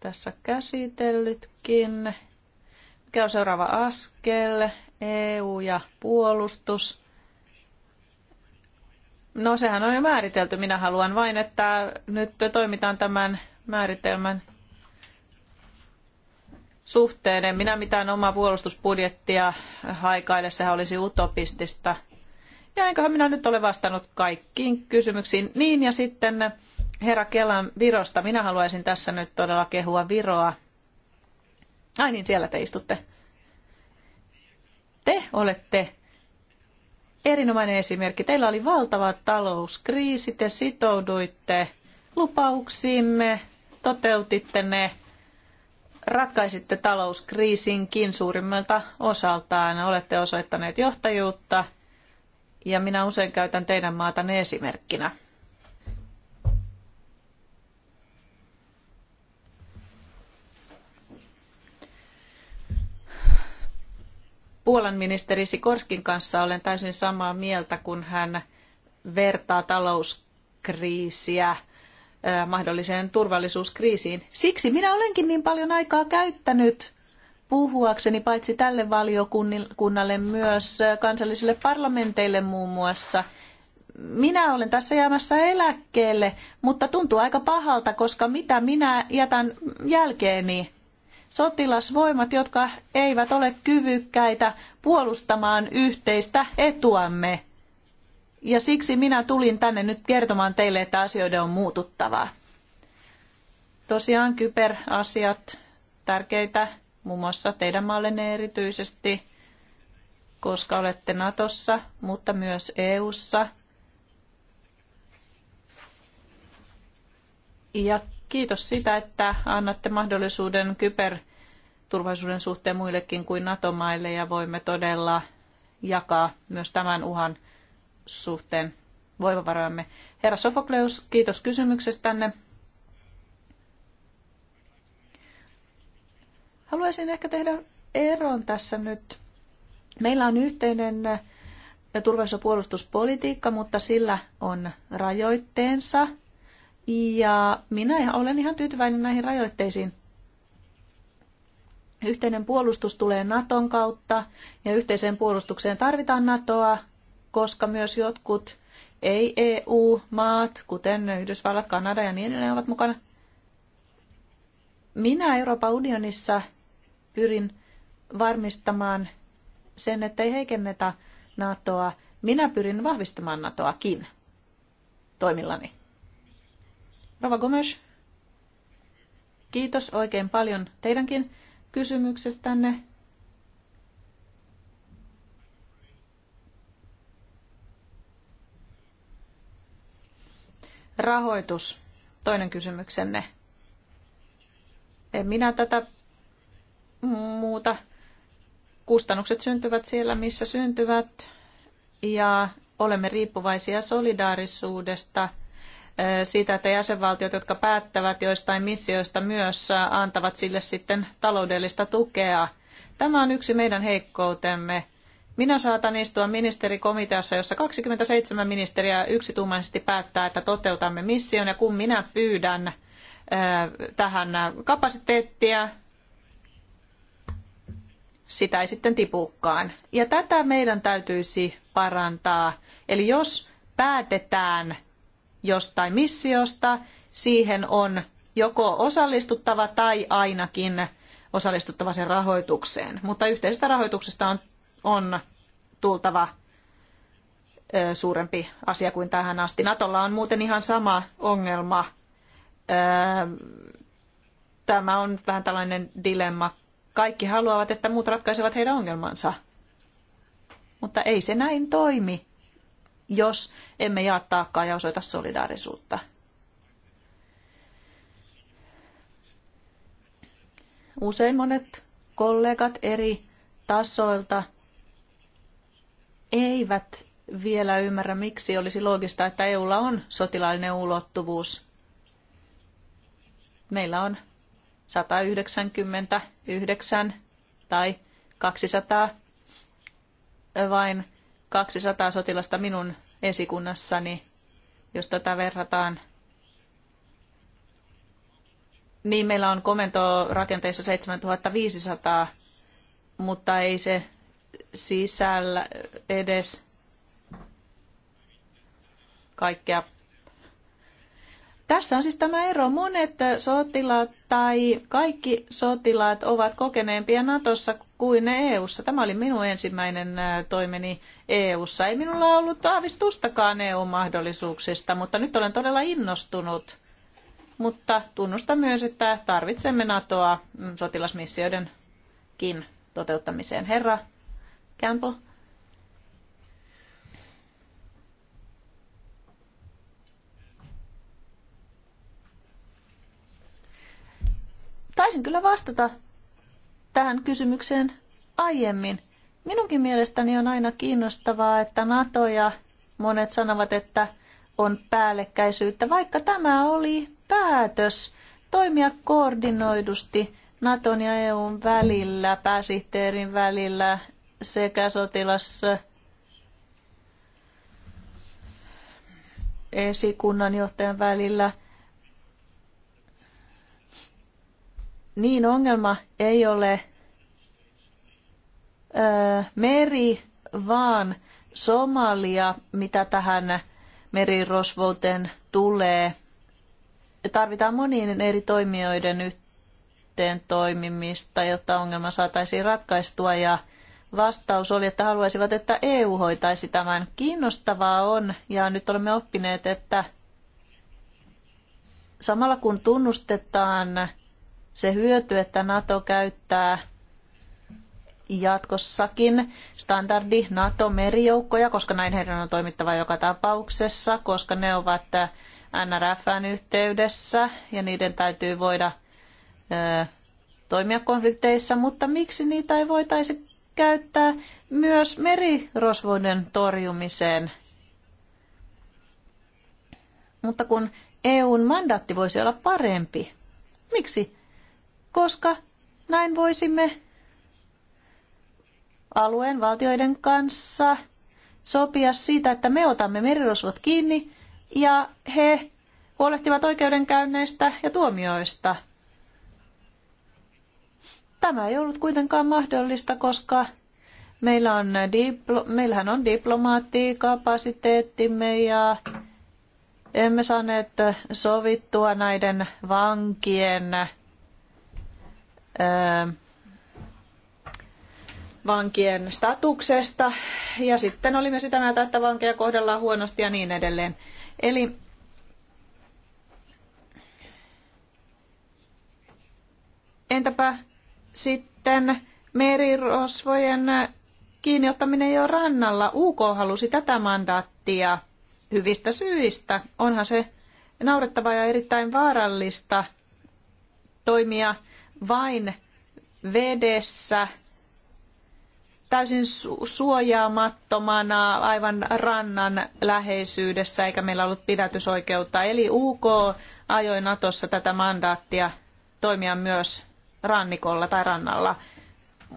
tässä käsitellytkin. Mikä on seuraava askel? EU ja puolustus. No sehän on jo määritelty. Minä haluan vain, että nyt toimitaan tämän määritelmän suhteen. En minä mitään omaa puolustusbudjettia haikaile, sehän olisi utopistista. Ja enköhän minä nyt ole vastannut kaikkiin kysymyksiin. Niin ja sitten herra Kelan Virosta. Minä haluaisin tässä nyt todella kehua Viroa. Ai niin, siellä te istutte. Te olette erinomainen esimerkki. Teillä oli valtava talouskriisi, te sitouduitte lupauksiimme, toteutitte ne, ratkaisitte talouskriisinkin suurimmalta osaltaan. Olette osoittaneet johtajuutta ja minä usein käytän teidän maatanne esimerkkinä. Puolan ministeri Sikorskin kanssa olen täysin samaa mieltä, kun hän vertaa talouskriisiä mahdolliseen turvallisuuskriisiin. Siksi minä olenkin niin paljon aikaa käyttänyt puhuakseni paitsi tälle valiokunnalle myös kansallisille parlamenteille muun muassa. Minä olen tässä jäämässä eläkkeelle, mutta tuntuu aika pahalta, koska mitä minä jätän jälkeeni sotilasvoimat, jotka eivät ole kyvykkäitä puolustamaan yhteistä etuamme. Ja siksi minä tulin tänne nyt kertomaan teille, että asioiden on muututtavaa. Tosiaan kyberasiat tärkeitä, muun muassa teidän maallenne erityisesti, koska olette Natossa, mutta myös EUssa. Ja kiitos sitä, että annatte mahdollisuuden kyberturvallisuuden suhteen muillekin kuin NATO-maille ja voimme todella jakaa myös tämän uhan suhteen voimavarojamme. Herra Sofokleus, kiitos kysymyksestänne. Haluaisin ehkä tehdä eron tässä nyt. Meillä on yhteinen eh, turvallisuus- ja puolustuspolitiikka, mutta sillä on rajoitteensa ja minä olen ihan tyytyväinen näihin rajoitteisiin. Yhteinen puolustus tulee Naton kautta ja yhteiseen puolustukseen tarvitaan Natoa, koska myös jotkut ei-EU-maat, kuten Yhdysvallat, Kanada ja niin edelleen, ovat mukana. Minä Euroopan unionissa pyrin varmistamaan sen, että ei heikennetä NATOa. Minä pyrin vahvistamaan NATOakin toimillani. Rova Gomes, kiitos oikein paljon teidänkin kysymyksestänne. Rahoitus, toinen kysymyksenne. En minä tätä muuta. Kustannukset syntyvät siellä, missä syntyvät, ja olemme riippuvaisia solidaarisuudesta – siitä, että jäsenvaltiot, jotka päättävät joistain missioista, myös antavat sille sitten taloudellista tukea. Tämä on yksi meidän heikkoutemme. Minä saatan istua ministerikomiteassa, jossa 27 ministeriä yksituumaisesti päättää, että toteutamme mission, ja kun minä pyydän tähän kapasiteettia, sitä ei sitten tipukaan. Ja tätä meidän täytyisi parantaa. Eli jos päätetään jostain missiosta, siihen on joko osallistuttava tai ainakin osallistuttava sen rahoitukseen. Mutta yhteisestä rahoituksesta on, on tultava ö, suurempi asia kuin tähän asti. Natolla on muuten ihan sama ongelma. Ö, tämä on vähän tällainen dilemma. Kaikki haluavat, että muut ratkaisevat heidän ongelmansa. Mutta ei se näin toimi jos emme jaa taakkaa ja osoita solidaarisuutta. Usein monet kollegat eri tasoilta eivät vielä ymmärrä, miksi olisi loogista, että EUlla on sotilaallinen ulottuvuus. Meillä on 199 tai 200 vain 200 sotilasta minun esikunnassani, niin jos tätä verrataan niin meillä on rakenteessa 7500, mutta ei se sisällä edes kaikkea. Tässä on siis tämä ero. Monet sotilaat tai kaikki sotilaat ovat kokeneempia Natossa kuin EU:ssa. Tämä oli minun ensimmäinen toimeni EU:ssa. Ei minulla ollut aavistustakaan EU-mahdollisuuksista, mutta nyt olen todella innostunut. Mutta tunnustan myös, että tarvitsemme NATOa mm, sotilasmissioidenkin toteuttamiseen. Herra Campbell. Taisin kyllä vastata tähän kysymykseen aiemmin. Minunkin mielestäni on aina kiinnostavaa, että NATO ja monet sanovat, että on päällekkäisyyttä, vaikka tämä oli päätös toimia koordinoidusti Naton ja EUn välillä, pääsihteerin välillä sekä sotilas johtajan välillä. Niin ongelma ei ole meri, vaan Somalia, mitä tähän merirosvouteen tulee. Tarvitaan monien eri toimijoiden yhteen toimimista, jotta ongelma saataisiin ratkaistua ja vastaus oli, että haluaisivat, että EU hoitaisi tämän. Kiinnostavaa on, ja nyt olemme oppineet, että samalla kun tunnustetaan se hyöty, että NATO käyttää jatkossakin standardi NATO-merijoukkoja, koska näin heidän on toimittava joka tapauksessa, koska ne ovat NRFn yhteydessä ja niiden täytyy voida toimia konflikteissa, mutta miksi niitä ei voitaisi käyttää myös merirosvoiden torjumiseen? Mutta kun EUn mandaatti voisi olla parempi. Miksi? Koska näin voisimme alueen valtioiden kanssa sopia siitä, että me otamme merirosvot kiinni ja he huolehtivat oikeudenkäynneistä ja tuomioista. Tämä ei ollut kuitenkaan mahdollista, koska meillä on diplo- meillähän on diplomaattikapasiteettimme ja emme saaneet sovittua näiden vankien ää, vankien statuksesta ja sitten olimme sitä mieltä, että vankeja kohdellaan huonosti ja niin edelleen. Eli entäpä sitten merirosvojen kiinniottaminen jo rannalla? UK halusi tätä mandaattia hyvistä syistä. Onhan se naurettava ja erittäin vaarallista toimia vain vedessä – täysin suojaamattomana aivan rannan läheisyydessä, eikä meillä ollut pidätysoikeutta. Eli UK ajoi Natossa tätä mandaattia toimia myös rannikolla tai rannalla.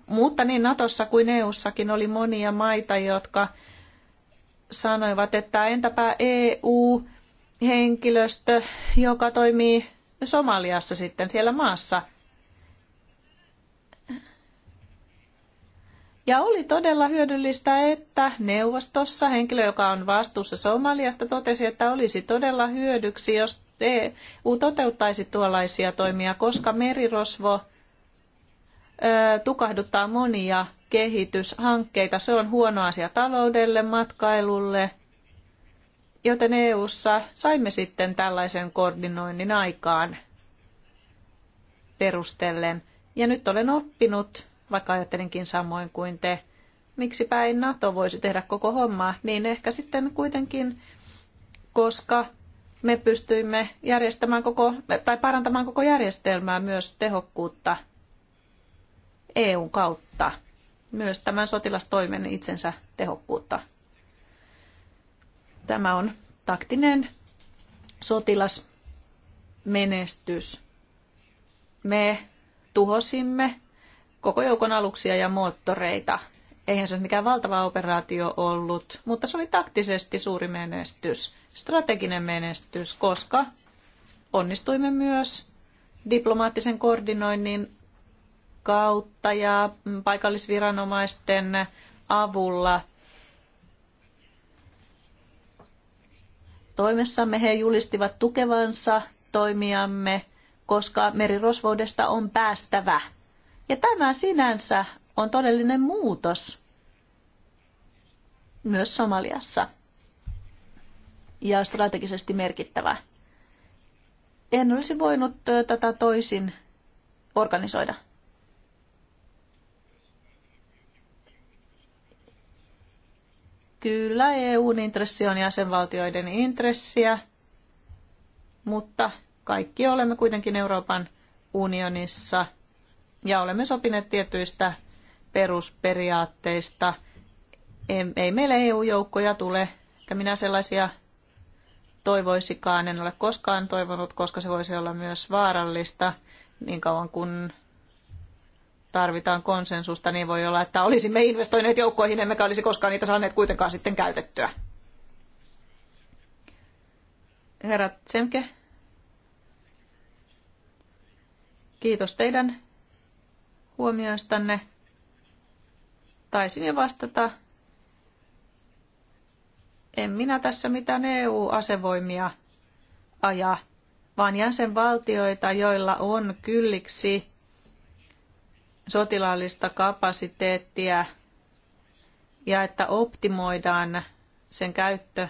Mutta niin Natossa kuin EUssakin oli monia maita, jotka sanoivat, että entäpä EU-henkilöstö, joka toimii Somaliassa sitten siellä maassa. Ja oli todella hyödyllistä, että neuvostossa henkilö, joka on vastuussa Somaliasta, totesi, että olisi todella hyödyksi, jos EU toteuttaisi tuollaisia toimia, koska merirosvo ö, tukahduttaa monia kehityshankkeita. Se on huono asia taloudelle, matkailulle, joten EU:ssa saimme sitten tällaisen koordinoinnin aikaan perustellen. Ja nyt olen oppinut vaikka ajattelinkin samoin kuin te, miksipä ei NATO voisi tehdä koko hommaa, niin ehkä sitten kuitenkin, koska me pystyimme järjestämään koko, tai parantamaan koko järjestelmää myös tehokkuutta EUn kautta, myös tämän sotilastoimen itsensä tehokkuutta. Tämä on taktinen sotilasmenestys. Me tuhosimme koko joukon aluksia ja moottoreita. Eihän se mikään valtava operaatio ollut, mutta se oli taktisesti suuri menestys, strateginen menestys, koska onnistuimme myös diplomaattisen koordinoinnin kautta ja paikallisviranomaisten avulla Toimessamme he julistivat tukevansa toimiamme, koska merirosvoudesta on päästävä ja tämä sinänsä on todellinen muutos myös Somaliassa ja strategisesti merkittävä. En olisi voinut tätä toisin organisoida. Kyllä EUn intressi on jäsenvaltioiden intressiä, mutta kaikki olemme kuitenkin Euroopan unionissa – ja olemme sopineet tietyistä perusperiaatteista. Ei meille EU-joukkoja tule, eikä minä sellaisia toivoisikaan, en ole koskaan toivonut, koska se voisi olla myös vaarallista niin kauan kun tarvitaan konsensusta, niin voi olla, että olisimme investoineet joukkoihin, emmekä olisi koskaan niitä saaneet kuitenkaan sitten käytettyä. Herra Tsemke, kiitos teidän huomioistanne. Taisin jo vastata. En minä tässä mitään EU-asevoimia aja, vaan jäsenvaltioita, joilla on kylliksi sotilaallista kapasiteettia ja että optimoidaan sen käyttö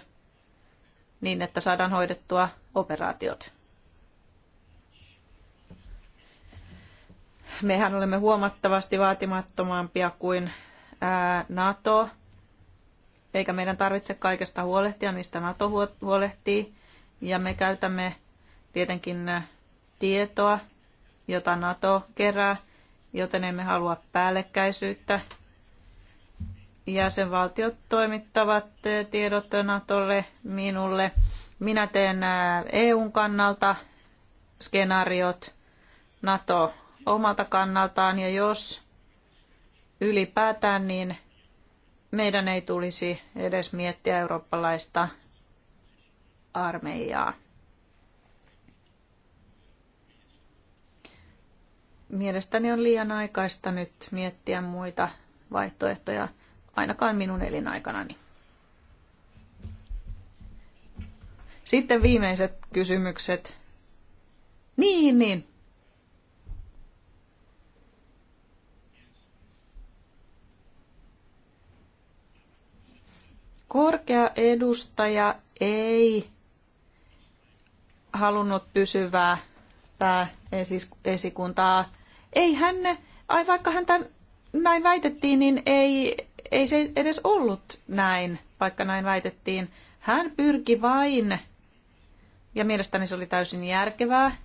niin, että saadaan hoidettua operaatiot. mehän olemme huomattavasti vaatimattomampia kuin NATO, eikä meidän tarvitse kaikesta huolehtia, mistä NATO huolehtii. Ja me käytämme tietenkin tietoa, jota NATO kerää, joten emme halua päällekkäisyyttä. Jäsenvaltiot toimittavat tiedot NATOlle, minulle. Minä teen EUn kannalta skenaariot. NATO omalta kannaltaan ja jos ylipäätään, niin meidän ei tulisi edes miettiä eurooppalaista armeijaa. Mielestäni on liian aikaista nyt miettiä muita vaihtoehtoja, ainakaan minun elinaikanani. Sitten viimeiset kysymykset. Niin, niin. Korkea edustaja ei halunnut pysyvää pääesikuntaa. Ei hän, ai vaikka häntä näin väitettiin, niin ei, ei se edes ollut näin, vaikka näin väitettiin. Hän pyrki vain, ja mielestäni se oli täysin järkevää,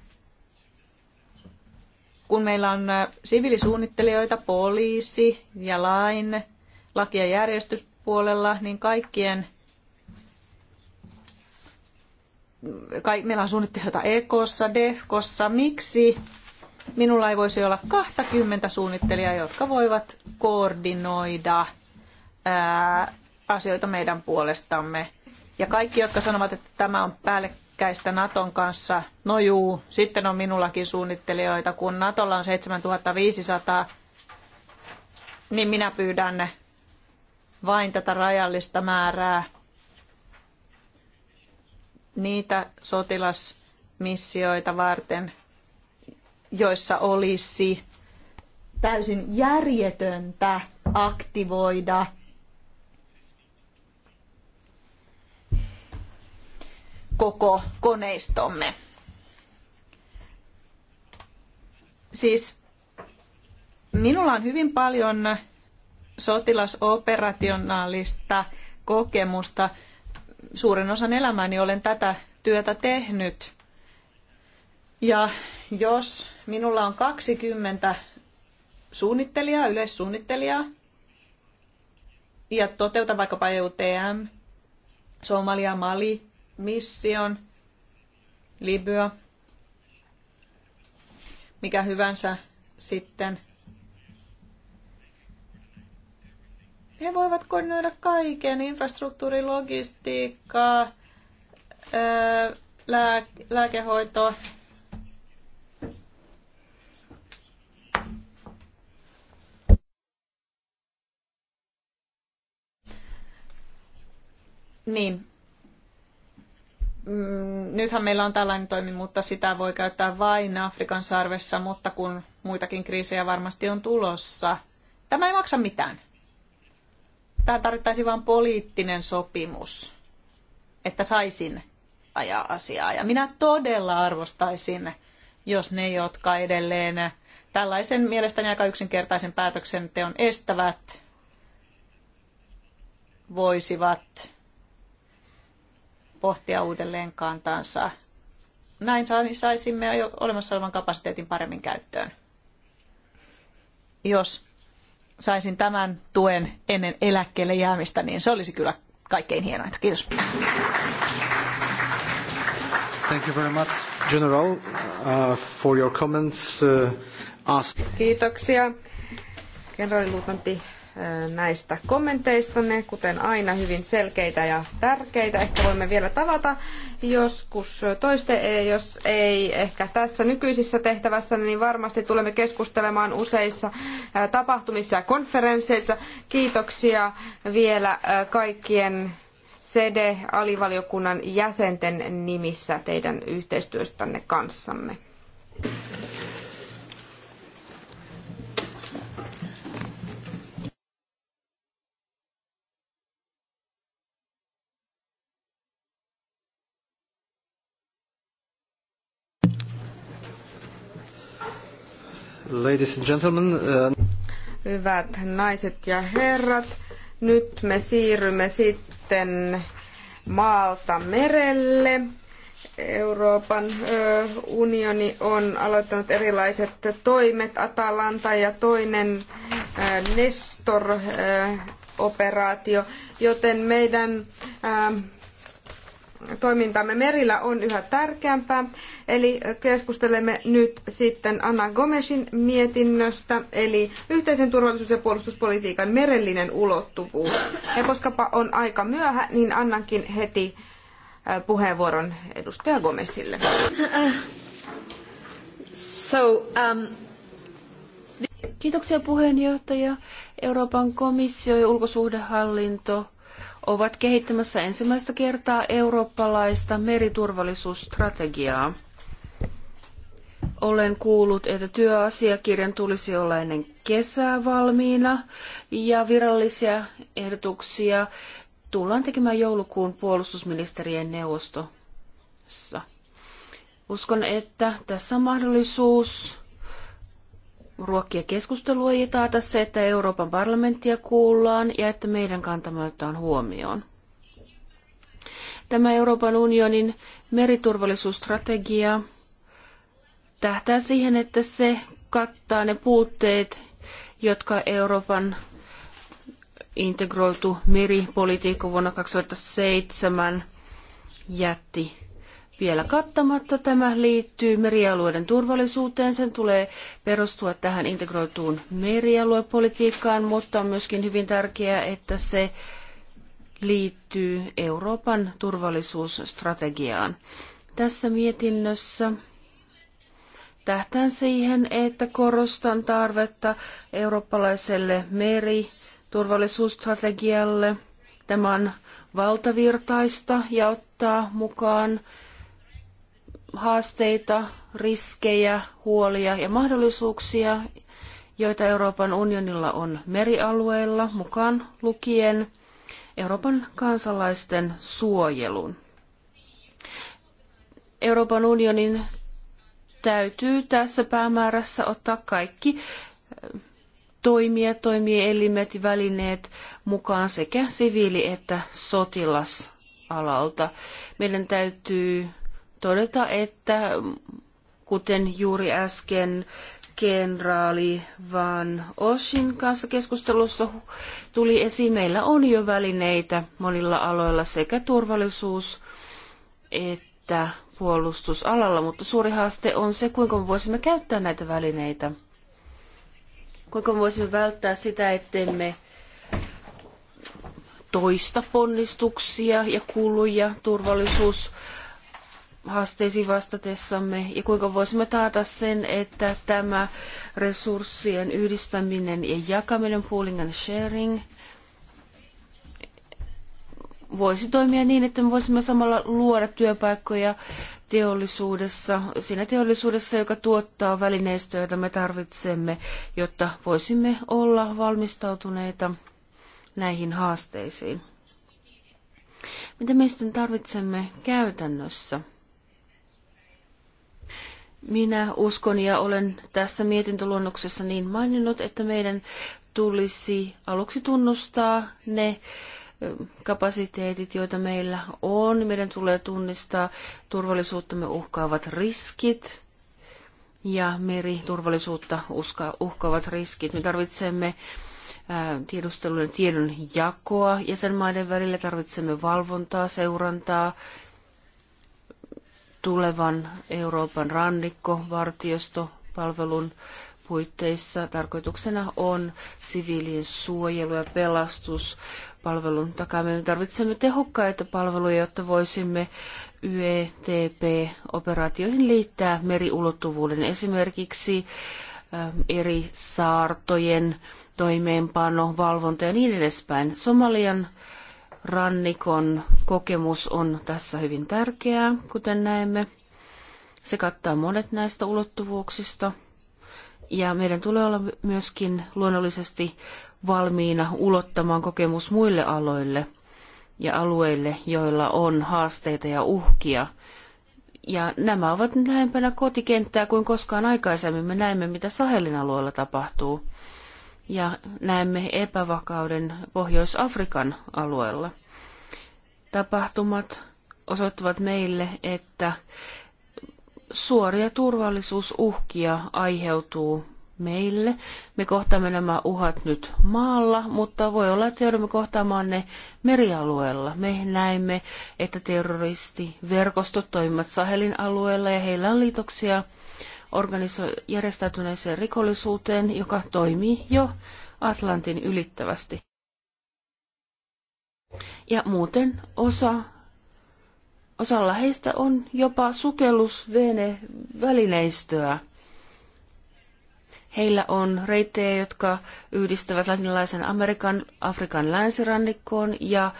kun meillä on äh, siviilisuunnittelijoita, poliisi ja lain, laki- ja järjestys, puolella, niin kaikkien meillä on suunnittelijoita ekossa, DEFKossa. Miksi minulla ei voisi olla 20 suunnittelijaa, jotka voivat koordinoida ää, asioita meidän puolestamme? Ja kaikki, jotka sanovat, että tämä on päällekkäistä Naton kanssa, no juu, sitten on minullakin suunnittelijoita, kun Natolla on 7500, niin minä pyydän vain tätä rajallista määrää niitä sotilasmissioita varten, joissa olisi täysin järjetöntä aktivoida koko koneistomme. Siis minulla on hyvin paljon sotilasoperationaalista kokemusta. Suuren osan elämäni olen tätä työtä tehnyt. Ja jos minulla on 20 suunnittelijaa, yleissuunnittelijaa, ja toteutan vaikkapa EUTM, Somalia, Mali, Mission, Libya, mikä hyvänsä sitten He voivat koordinoida kaiken, infrastruktuuri, logistiikkaa, lää, lääkehoitoa. Niin. Mm, nythän meillä on tällainen toimi, mutta sitä voi käyttää vain Afrikan sarvessa, mutta kun muitakin kriisejä varmasti on tulossa. Tämä ei maksa mitään tähän tarvittaisiin vain poliittinen sopimus, että saisin ajaa asiaa. Ja minä todella arvostaisin, jos ne, jotka edelleen tällaisen mielestäni aika yksinkertaisen päätöksenteon estävät, voisivat pohtia uudelleen kantansa. Näin saisimme jo olemassa olevan kapasiteetin paremmin käyttöön. Jos saisin tämän tuen ennen eläkkeelle jäämistä, niin se olisi kyllä kaikkein hienointa. Kiitos. Thank you very much, General, uh, for your comments. Uh, Kiitoksia, kenraaliluutnantti näistä kommenteistanne, kuten aina hyvin selkeitä ja tärkeitä. Ehkä voimme vielä tavata joskus toiste, e, jos ei ehkä tässä nykyisissä tehtävässä, niin varmasti tulemme keskustelemaan useissa tapahtumissa ja konferensseissa. Kiitoksia vielä kaikkien CD-alivaliokunnan jäsenten nimissä teidän yhteistyöstänne kanssamme. Ladies and gentlemen. Uh... Hyvät naiset ja herrat, nyt me siirrymme sitten maalta merelle. Euroopan unioni on aloittanut erilaiset toimet, Atalanta ja toinen Nestor-operaatio, joten meidän toimintamme merillä on yhä tärkeämpää. Eli keskustelemme nyt sitten Anna Gomesin mietinnöstä, eli yhteisen turvallisuus- ja puolustuspolitiikan merellinen ulottuvuus. Ja koskapa on aika myöhä, niin annankin heti äh, puheenvuoron edustaja Gomesille. So, um... Kiitoksia puheenjohtaja. Euroopan komissio ja ulkosuhdehallinto ovat kehittämässä ensimmäistä kertaa eurooppalaista meriturvallisuusstrategiaa. Olen kuullut, että työasiakirjan tulisi olla ennen kesää valmiina ja virallisia ehdotuksia tullaan tekemään joulukuun puolustusministerien neuvostossa. Uskon, että tässä on mahdollisuus ruokkia keskustelua ja taata se, että Euroopan parlamenttia kuullaan ja että meidän kantamme otetaan huomioon. Tämä Euroopan unionin meriturvallisuusstrategia tähtää siihen, että se kattaa ne puutteet, jotka Euroopan integroitu meripolitiikka vuonna 2007 jätti vielä kattamatta. Tämä liittyy merialueiden turvallisuuteen. Sen tulee perustua tähän integroituun merialuepolitiikkaan, mutta on myöskin hyvin tärkeää, että se liittyy Euroopan turvallisuusstrategiaan. Tässä mietinnössä tähtään siihen, että korostan tarvetta eurooppalaiselle meriturvallisuusstrategialle. Tämä on valtavirtaista ja ottaa mukaan haasteita, riskejä, huolia ja mahdollisuuksia, joita Euroopan unionilla on merialueilla, mukaan lukien Euroopan kansalaisten suojelun. Euroopan unionin täytyy tässä päämäärässä ottaa kaikki eh, toimijat, toimielimet ja välineet mukaan sekä siviili- että sotilasalalta. Meidän täytyy todeta, että kuten juuri äsken kenraali Van Oshin kanssa keskustelussa tuli esiin, meillä on jo välineitä monilla aloilla sekä turvallisuus että puolustusalalla, mutta suuri haaste on se, kuinka me voisimme käyttää näitä välineitä. Kuinka me voisimme välttää sitä, ettemme toista ponnistuksia ja kuluja turvallisuus haasteisiin vastatessamme ja kuinka voisimme taata sen, että tämä resurssien yhdistäminen ja jakaminen, pooling and sharing, voisi toimia niin, että me voisimme samalla luoda työpaikkoja teollisuudessa, siinä teollisuudessa, joka tuottaa välineistöä, jota me tarvitsemme, jotta voisimme olla valmistautuneita näihin haasteisiin. Mitä me sitten tarvitsemme käytännössä? Minä uskon ja olen tässä mietintöluonnoksessa niin maininnut, että meidän tulisi aluksi tunnustaa ne kapasiteetit, joita meillä on. Meidän tulee tunnistaa turvallisuuttamme uhkaavat riskit ja meriturvallisuutta uhkaavat riskit. Me tarvitsemme tiedustelun ja tiedon jakoa jäsenmaiden välillä, tarvitsemme valvontaa, seurantaa, tulevan Euroopan rannikkovartiostopalvelun puitteissa. Tarkoituksena on siviilien suojelu ja pelastuspalvelun takaaminen. Me tarvitsemme tehokkaita palveluja, jotta voisimme YETP-operaatioihin liittää meriulottuvuuden esimerkiksi ähm, eri saartojen toimeenpano, valvonta ja niin edespäin. Somalian rannikon kokemus on tässä hyvin tärkeää, kuten näemme. Se kattaa monet näistä ulottuvuuksista. Ja meidän tulee olla myöskin luonnollisesti valmiina ulottamaan kokemus muille aloille ja alueille, joilla on haasteita ja uhkia. Ja nämä ovat lähempänä kotikenttää kuin koskaan aikaisemmin. Me näemme, mitä Sahelin alueella tapahtuu ja näemme epävakauden Pohjois-Afrikan alueella. Tapahtumat osoittavat meille, että suoria turvallisuusuhkia aiheutuu meille. Me kohtaamme nämä uhat nyt maalla, mutta voi olla, että joudumme kohtaamaan ne merialueella. Me näemme, että terroristiverkostot toimivat Sahelin alueella ja heillä on liitoksia organiso- järjestäytyneeseen rikollisuuteen, joka toimii jo Atlantin ylittävästi. Ja muuten osa, osalla heistä on jopa sukellusvene-välineistöä. Heillä on reittejä, jotka yhdistävät latinalaisen Amerikan, Afrikan länsirannikkoon ja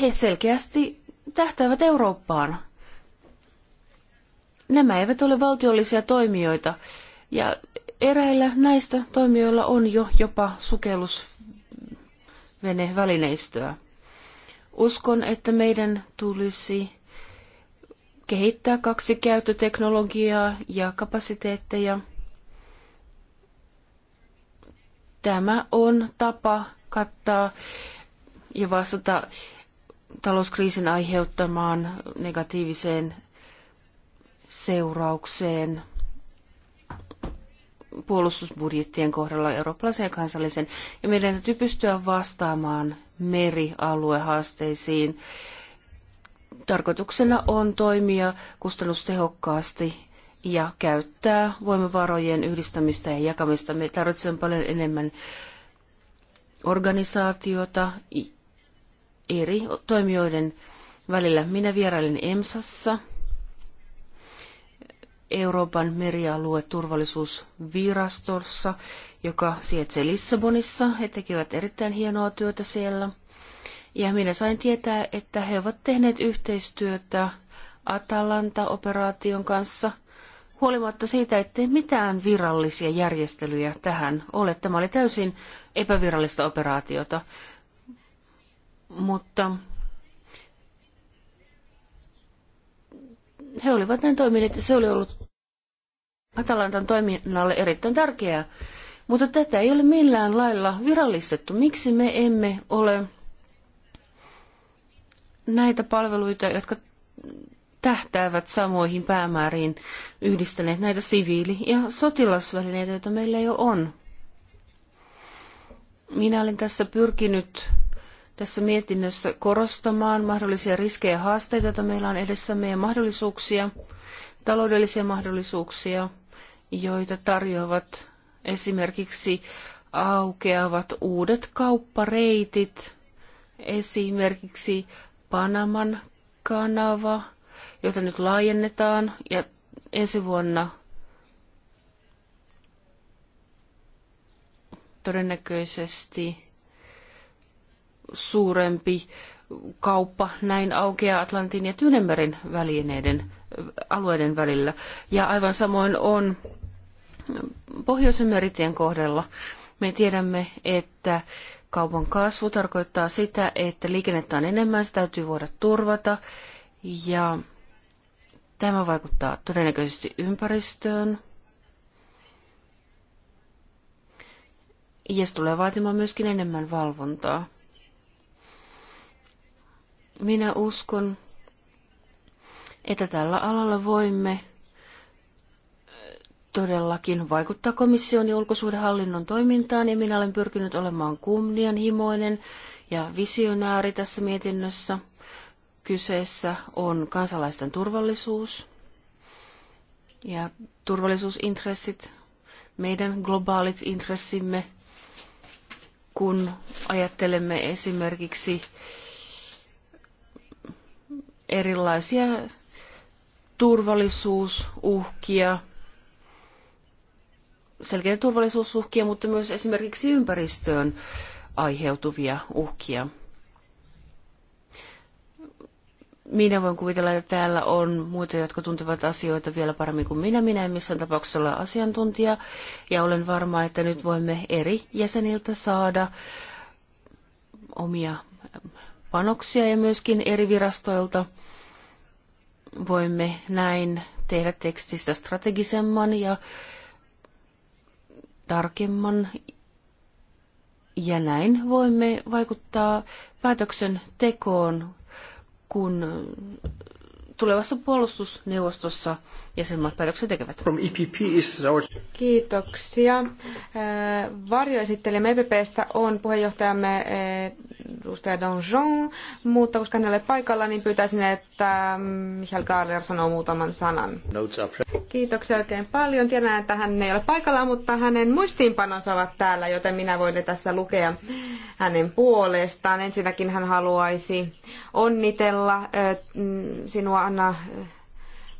he selkeästi tähtäävät Eurooppaan nämä eivät ole valtiollisia toimijoita. Ja eräillä näistä toimijoilla on jo jopa sukellusvenevälineistöä. Uskon, että meidän tulisi kehittää kaksi käyttöteknologiaa ja kapasiteetteja. Tämä on tapa kattaa ja vastata talouskriisin aiheuttamaan negatiiviseen seuraukseen puolustusbudjettien kohdalla eurooppalaisen ja kansallisen. Ja meidän täytyy pystyä vastaamaan merialuehaasteisiin. Tarkoituksena on toimia kustannustehokkaasti ja käyttää voimavarojen yhdistämistä ja jakamista. Me tarvitsemme paljon enemmän organisaatiota eri toimijoiden välillä. Minä vierailin EMSassa – Euroopan merialueturvallisuusvirastossa, joka sijaitsee Lissabonissa. He tekevät erittäin hienoa työtä siellä. Ja minä sain tietää, että he ovat tehneet yhteistyötä Atalanta-operaation kanssa, huolimatta siitä, ettei mitään virallisia järjestelyjä tähän ole. Tämä oli täysin epävirallista operaatiota, mutta he olivat näin toimineet ja se oli ollut Atalantan toiminnalle erittäin tärkeää. Mutta tätä ei ole millään lailla virallistettu. Miksi me emme ole näitä palveluita, jotka tähtäävät samoihin päämääriin yhdistäneet näitä siviili- ja sotilasvälineitä, joita meillä jo on. Minä olen tässä pyrkinyt tässä mietinnössä korostamaan mahdollisia riskejä ja haasteita, joita meillä on edessämme ja mahdollisuuksia, taloudellisia mahdollisuuksia, joita tarjoavat esimerkiksi aukeavat uudet kauppareitit, esimerkiksi Panaman kanava, jota nyt laajennetaan ja ensi vuonna todennäköisesti suurempi kauppa näin aukeaa Atlantin ja Tyynemeren välineiden alueiden välillä. Ja aivan samoin on Pohjoisen meritien kohdalla. Me tiedämme, että kaupan kasvu tarkoittaa sitä, että liikennettä on enemmän, se täytyy voida turvata ja tämä vaikuttaa todennäköisesti ympäristöön. Ja se tulee vaatimaan myöskin enemmän valvontaa. Minä uskon, että tällä alalla voimme äh, todellakin vaikuttaa komission ja ulkosuhdehallinnon toimintaan, ja minä olen pyrkinyt olemaan kunnianhimoinen ja visionääri tässä mietinnössä. Kyseessä on kansalaisten turvallisuus ja turvallisuusintressit, meidän globaalit intressimme, kun ajattelemme esimerkiksi erilaisia turvallisuusuhkia, selkeitä turvallisuusuhkia, mutta myös esimerkiksi ympäristöön aiheutuvia uhkia. Minä voin kuvitella, että täällä on muita, jotka tuntevat asioita vielä paremmin kuin minä. Minä en missään tapauksessa ole asiantuntija ja olen varma, että nyt voimme eri jäseniltä saada omia panoksia ja myöskin eri virastoilta voimme näin tehdä tekstistä strategisemman ja tarkemman. Ja näin voimme vaikuttaa päätöksentekoon, kun tulevassa puolustusneuvostossa jäsenmaat päätöksen tekevät. From EPP is our... Kiitoksia. Äh, Varjoesittelemme EPPstä on puheenjohtajamme äh, edustaja Donjon, mutta koska ole paikalla, niin pyytäisin, että ähm, Michael Gardner sanoo muutaman sanan. Kiitoksia oikein paljon. Tiedän, että hän ei ole paikalla, mutta hänen muistiinpanonsa ovat täällä, joten minä voin ne tässä lukea hänen puolestaan. Ensinnäkin hän haluaisi onnitella äh, sinua Anna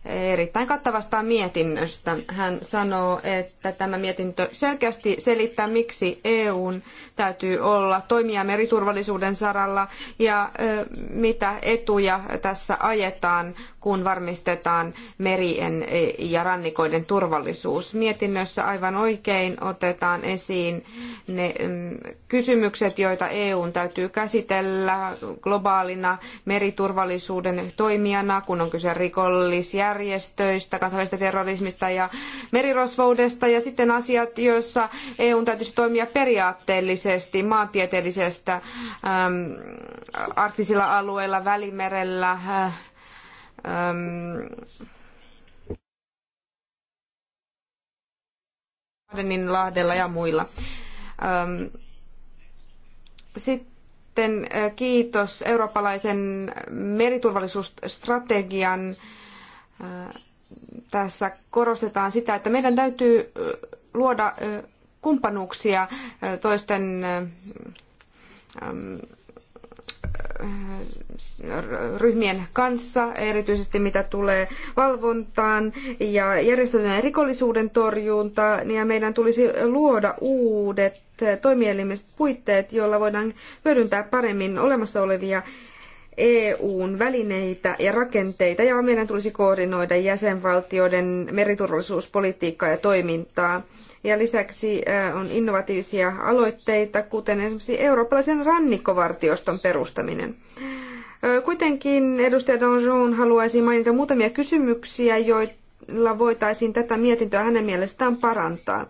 erittäin kattavasta mietinnöstä. Hän sanoo, että tämä mietintö selkeästi selittää, miksi EUn täytyy olla toimija meriturvallisuuden saralla ja mitä etuja tässä ajetaan kun varmistetaan merien ja rannikoiden turvallisuus. Mietinnössä aivan oikein otetaan esiin ne mm, kysymykset, joita EUn täytyy käsitellä globaalina meriturvallisuuden toimijana, kun on kyse rikollisjärjestöistä, kansainvälisestä terrorismista ja merirosvoudesta, ja sitten asiat, joissa EUn täytyisi toimia periaatteellisesti, maantieteellisestä, arktisilla alueilla, välimerellä, Adenin lahdella ja muilla. Sitten kiitos eurooppalaisen meriturvallisuusstrategian. Tässä korostetaan sitä, että meidän täytyy luoda kumppanuuksia toisten Äh, ryhmien kanssa, erityisesti mitä tulee valvontaan ja järjestäytyneen rikollisuuden torjuntaan, niin ja meidän tulisi luoda uudet toimielimiset puitteet, joilla voidaan hyödyntää paremmin olemassa olevia EUn välineitä ja rakenteita, ja meidän tulisi koordinoida jäsenvaltioiden meriturvallisuuspolitiikkaa ja toimintaa. Ja lisäksi äh, on innovatiivisia aloitteita, kuten esimerkiksi eurooppalaisen rannikkovartioston perustaminen. Äh, kuitenkin edustaja Donjon haluaisi mainita muutamia kysymyksiä, joilla voitaisiin tätä mietintöä hänen mielestään parantaa.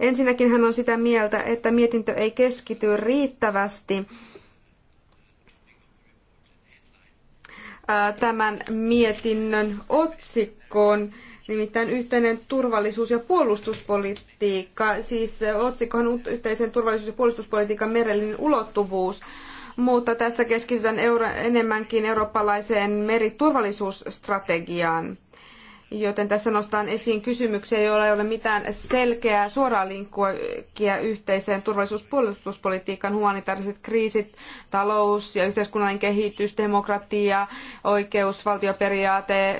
Ensinnäkin hän on sitä mieltä, että mietintö ei keskity riittävästi äh, tämän mietinnön otsikkoon nimittäin yhteinen turvallisuus- ja puolustuspolitiikka, siis on yhteisen turvallisuus- ja puolustuspolitiikan merellinen ulottuvuus, mutta tässä keskitytään euro- enemmänkin eurooppalaiseen meriturvallisuusstrategiaan. Joten tässä nostan esiin kysymyksiä, joilla ei ole mitään selkeää suoraa linkkiä yhteiseen turvallisuuspuolustuspolitiikan humanitaariset kriisit, talous ja yhteiskunnallinen kehitys, demokratia, oikeusvaltioperiaate,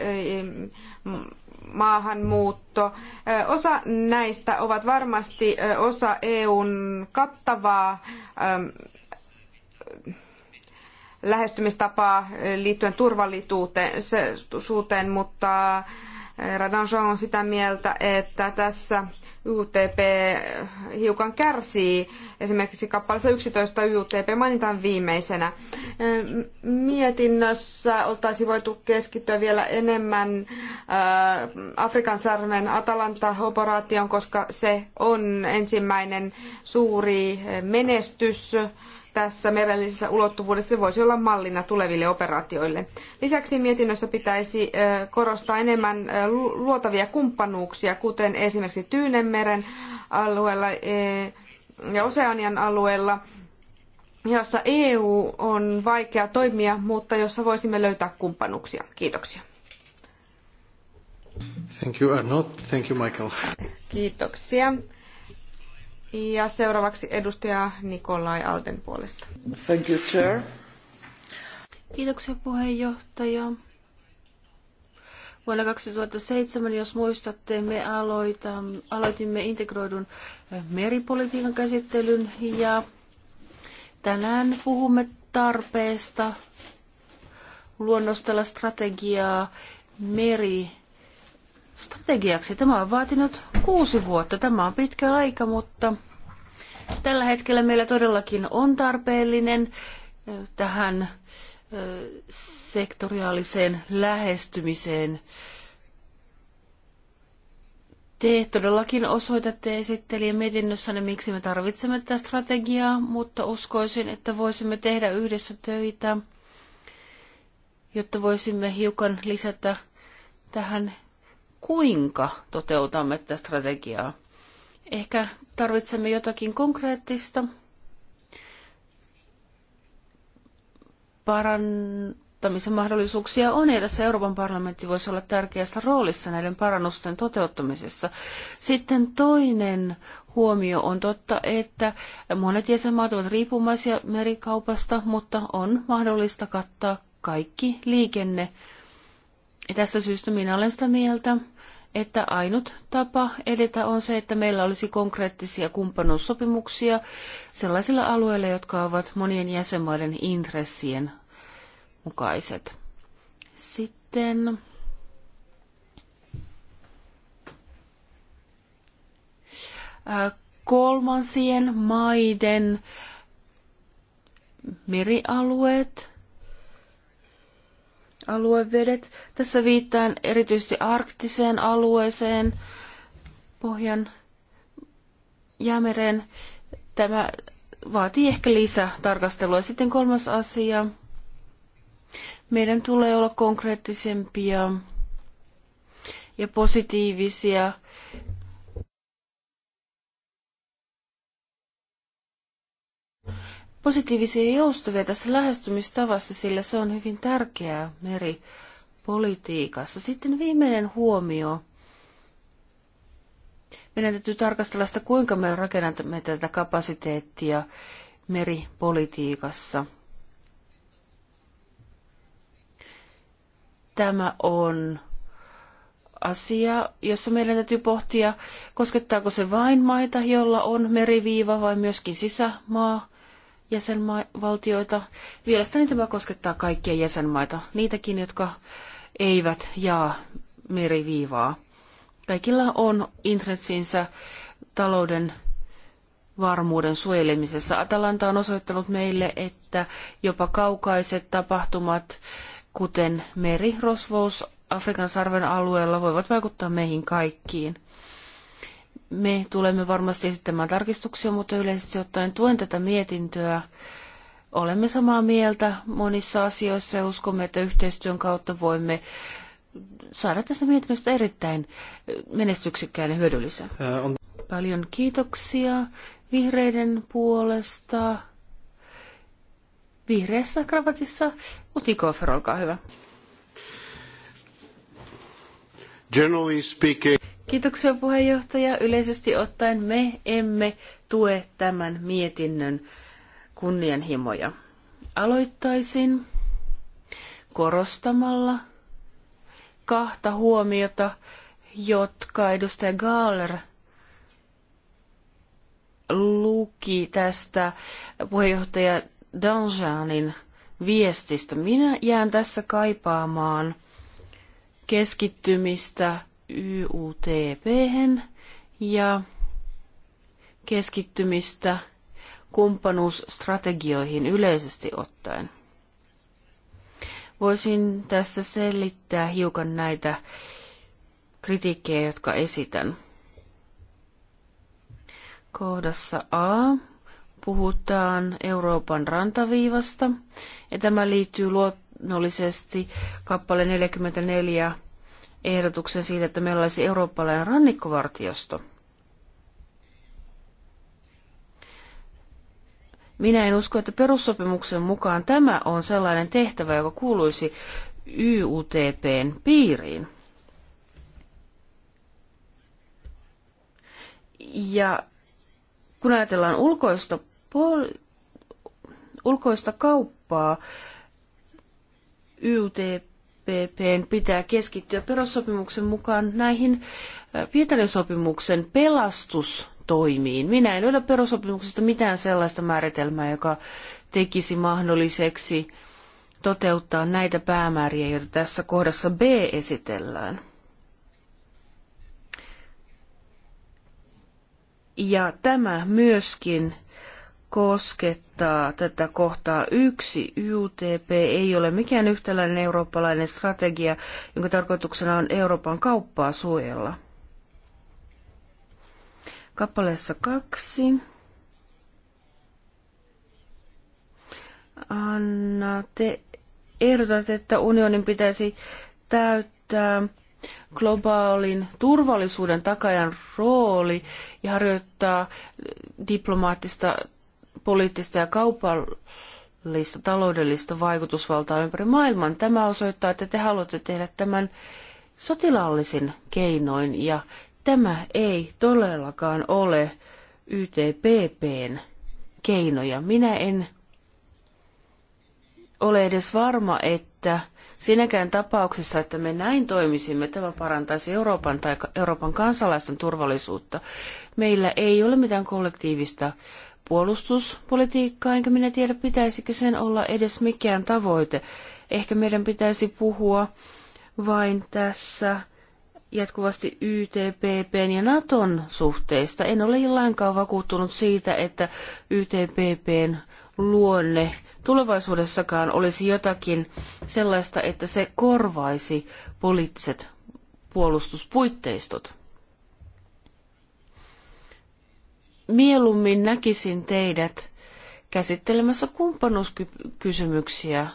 maahanmuutto. Osa näistä ovat varmasti osa EUn kattavaa lähestymistapaa liittyen turvallisuuteen, mutta Radanjean on sitä mieltä, että tässä Utp hiukan kärsii. Esimerkiksi kappaleessa 11 YUTP mainitaan viimeisenä. Mietinnössä oltaisi voitu keskittyä vielä enemmän Afrikan sarven Atalanta-operaation, koska se on ensimmäinen suuri menestys tässä merellisessä ulottuvuudessa se voisi olla mallina tuleville operaatioille. Lisäksi mietinnössä pitäisi korostaa enemmän luotavia kumppanuuksia, kuten esimerkiksi Tyynenmeren alueella ja Oseanian alueella, jossa EU on vaikea toimia, mutta jossa voisimme löytää kumppanuuksia. Kiitoksia. Thank you, Arnold. Thank you, Michael. Kiitoksia. Ja seuraavaksi edustaja Nikolai Alden puolesta. Thank you, Chair. Kiitoksia puheenjohtaja. Vuonna 2007, jos muistatte, me aloitimme integroidun eh, meripolitiikan käsittelyn ja tänään puhumme tarpeesta luonnostella strategiaa meri strategiaksi. Tämä on vaatinut kuusi vuotta. Tämä on pitkä aika, mutta tällä hetkellä meillä todellakin on tarpeellinen tähän sektoriaaliseen lähestymiseen. Te todellakin osoitatte esittelijä mietinnössänne, miksi me tarvitsemme tätä strategiaa, mutta uskoisin, että voisimme tehdä yhdessä töitä, jotta voisimme hiukan lisätä tähän kuinka toteutamme tätä strategiaa. Ehkä tarvitsemme jotakin konkreettista parantamisen mahdollisuuksia on, edessä. Euroopan parlamentti voisi olla tärkeässä roolissa näiden parannusten toteuttamisessa. Sitten toinen huomio on totta, että monet jäsenmaat ovat riippumaisia merikaupasta, mutta on mahdollista kattaa kaikki liikenne ja tästä syystä minä olen sitä mieltä, että ainut tapa edetä on se, että meillä olisi konkreettisia kumppanuussopimuksia sellaisilla alueilla, jotka ovat monien jäsenmaiden intressien mukaiset. Sitten kolmansien maiden merialueet aluevedet. Tässä viittaan erityisesti arktiseen alueeseen, Pohjan jäämereen. Tämä vaatii ehkä lisätarkastelua. Sitten kolmas asia. Meidän tulee olla konkreettisempia ja positiivisia positiivisia ja joustavia tässä lähestymistavassa, sillä se on hyvin tärkeää meripolitiikassa. Sitten viimeinen huomio. Meidän täytyy tarkastella sitä, kuinka me rakennamme tätä kapasiteettia meripolitiikassa. Tämä on asia, jossa meidän täytyy pohtia, koskettaako se vain maita, jolla on meriviiva vai myöskin sisämaa jäsenvaltioita. Mielestäni tämä koskettaa kaikkia jäsenmaita, niitäkin, jotka eivät jaa meriviivaa. Kaikilla on intressinsä talouden varmuuden suojelemisessa. Atalanta on osoittanut meille, että jopa kaukaiset tapahtumat, kuten merirosvous Afrikan sarven alueella, voivat vaikuttaa meihin kaikkiin. Me tulemme varmasti esittämään tarkistuksia, mutta yleisesti ottaen tuen tätä mietintöä. Olemme samaa mieltä monissa asioissa ja uskomme, että yhteistyön kautta voimme saada tästä mietinnöstä erittäin menestyksekkään ja hyödyllisen. Paljon kiitoksia vihreiden puolesta. Vihreässä kravatissa Utikofer, olkaa hyvä. Generally speaking... Kiitoksia puheenjohtaja. Yleisesti ottaen me emme tue tämän mietinnön kunnianhimoja. Aloittaisin korostamalla kahta huomiota, jotka edustaja Gaaler luki tästä puheenjohtaja Danjanin viestistä. Minä jään tässä kaipaamaan keskittymistä YUTP ja keskittymistä kumppanuusstrategioihin yleisesti ottaen. Voisin tässä selittää hiukan näitä kritiikkejä, jotka esitän. Kohdassa A puhutaan Euroopan rantaviivasta, ja tämä liittyy luonnollisesti kappale 44 ehdotuksen siitä, että meillä olisi eurooppalainen rannikkovartiosto. Minä en usko, että perussopimuksen mukaan tämä on sellainen tehtävä, joka kuuluisi YUTPn piiriin. Ja kun ajatellaan ulkoista, pol- ulkoista kauppaa, YUTP EPPn pitää keskittyä perussopimuksen mukaan näihin Pietarin sopimuksen pelastustoimiin. Minä en löydä perussopimuksesta mitään sellaista määritelmää, joka tekisi mahdolliseksi toteuttaa näitä päämääriä, joita tässä kohdassa B esitellään. Ja tämä myöskin koskettaa tätä kohtaa yksi. UTP ei ole mikään yhtäläinen eurooppalainen strategia, jonka tarkoituksena on Euroopan kauppaa suojella. Kappaleessa kaksi. Anna, te ehdotat, että unionin pitäisi täyttää globaalin turvallisuuden takajan rooli ja harjoittaa diplomaattista poliittista ja kaupallista taloudellista vaikutusvaltaa ympäri maailman. Tämä osoittaa, että te haluatte tehdä tämän sotilaallisin keinoin ja tämä ei todellakaan ole YTPPn keinoja. Minä en ole edes varma, että siinäkään tapauksessa, että me näin toimisimme, tämä parantaisi Euroopan tai Euroopan kansalaisten turvallisuutta. Meillä ei ole mitään kollektiivista puolustuspolitiikkaa, enkä minä tiedä, pitäisikö sen olla edes mikään tavoite. Ehkä meidän pitäisi puhua vain tässä jatkuvasti YTPPn ja Naton suhteista. En ole lainkaan vakuuttunut siitä, että YTPPn luonne tulevaisuudessakaan olisi jotakin sellaista, että se korvaisi poliittiset puolustuspuitteistot. mieluummin näkisin teidät käsittelemässä kumppanuuskysymyksiä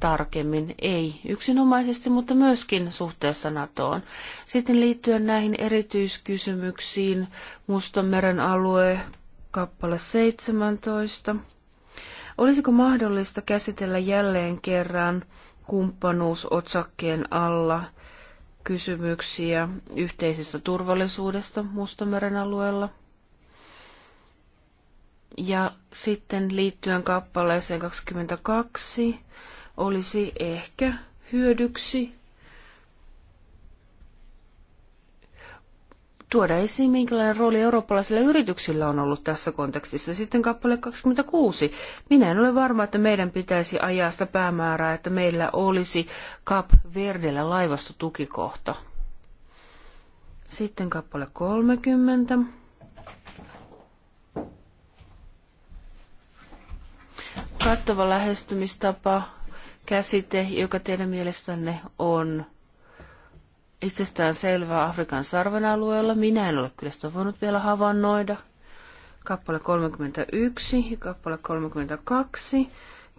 tarkemmin, ei yksinomaisesti, mutta myöskin suhteessa NATOon. Sitten liittyen näihin erityiskysymyksiin, Mustanmeren alue, kappale 17. Olisiko mahdollista käsitellä jälleen kerran kumppanuusotsakkeen alla kysymyksiä yhteisestä turvallisuudesta Mustameren alueella? Ja sitten liittyen kappaleeseen 22 olisi ehkä hyödyksi tuoda esiin, minkälainen rooli eurooppalaisilla yrityksillä on ollut tässä kontekstissa. Sitten kappale 26. Minä en ole varma, että meidän pitäisi ajaa sitä päämäärää, että meillä olisi Cap Verdellä laivastotukikohta. Sitten kappale 30. kattava lähestymistapa, käsite, joka teidän mielestänne on itsestään selvää Afrikan sarven alueella. Minä en ole kyllä sitä voinut vielä havainnoida. Kappale 31 ja kappale 32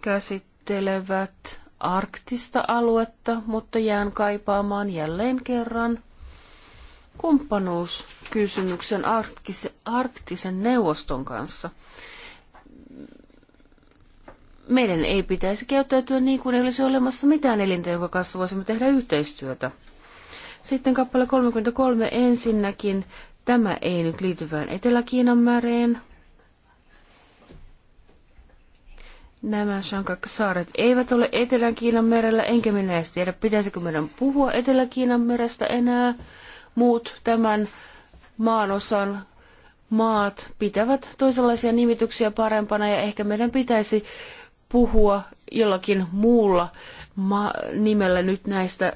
käsittelevät arktista aluetta, mutta jään kaipaamaan jälleen kerran kumppanuuskysymyksen arktisen, arktisen neuvoston kanssa meidän ei pitäisi käyttäytyä niin kuin ei olisi olemassa mitään elintä, jonka kanssa voisimme tehdä yhteistyötä. Sitten kappale 33 ensinnäkin. Tämä ei nyt vain Etelä-Kiinan mereen. Nämä Shankak-saaret eivät ole Etelä-Kiinan merellä, enkä minä edes tiedä, pitäisikö meidän puhua Etelä-Kiinan merestä enää. Muut tämän maanosan maat pitävät toisenlaisia nimityksiä parempana ja ehkä meidän pitäisi puhua jollakin muulla nimellä nyt näistä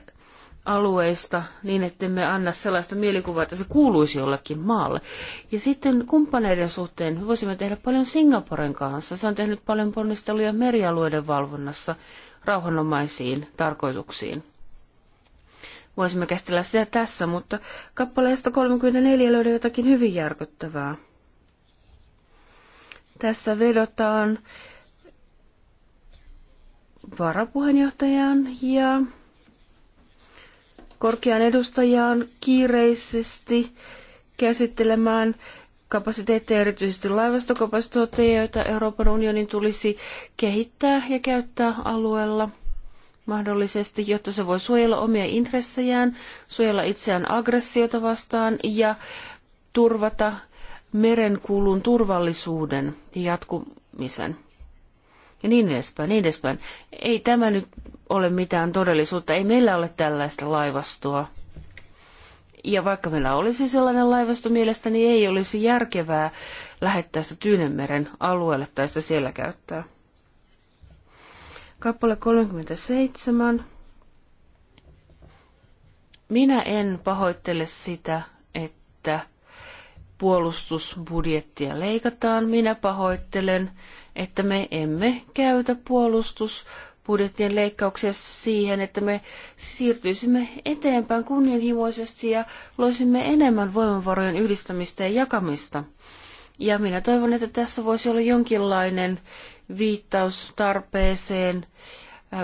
alueista niin, että me anna sellaista mielikuvaa, että se kuuluisi jollekin maalle. Ja sitten kumppaneiden suhteen voisimme tehdä paljon Singaporen kanssa. Se on tehnyt paljon ponnisteluja merialueiden valvonnassa rauhanomaisiin tarkoituksiin. Voisimme käsitellä sitä tässä, mutta kappaleesta 34 löydä jotakin hyvin järkyttävää. Tässä vedotaan varapuheenjohtajaan ja korkean edustajaan kiireisesti käsittelemään kapasiteetteja, erityisesti laivastokapasiteetteja, joita Euroopan unionin tulisi kehittää ja käyttää alueella mahdollisesti, jotta se voi suojella omia intressejään, suojella itseään aggressiota vastaan ja turvata merenkulun turvallisuuden ja jatkumisen ja niin edespäin, niin edespäin. Ei tämä nyt ole mitään todellisuutta. Ei meillä ole tällaista laivastoa. Ja vaikka meillä olisi sellainen laivasto, mielestäni niin ei olisi järkevää lähettää sitä Tyynemeren alueelle tai sitä siellä käyttää. Kappale 37. Minä en pahoittele sitä, että puolustusbudjettia leikataan. Minä pahoittelen, että me emme käytä puolustusbudjettien leikkauksia siihen, että me siirtyisimme eteenpäin kunnianhimoisesti ja loisimme enemmän voimavarojen yhdistämistä ja jakamista. Ja minä toivon, että tässä voisi olla jonkinlainen viittaus tarpeeseen äh,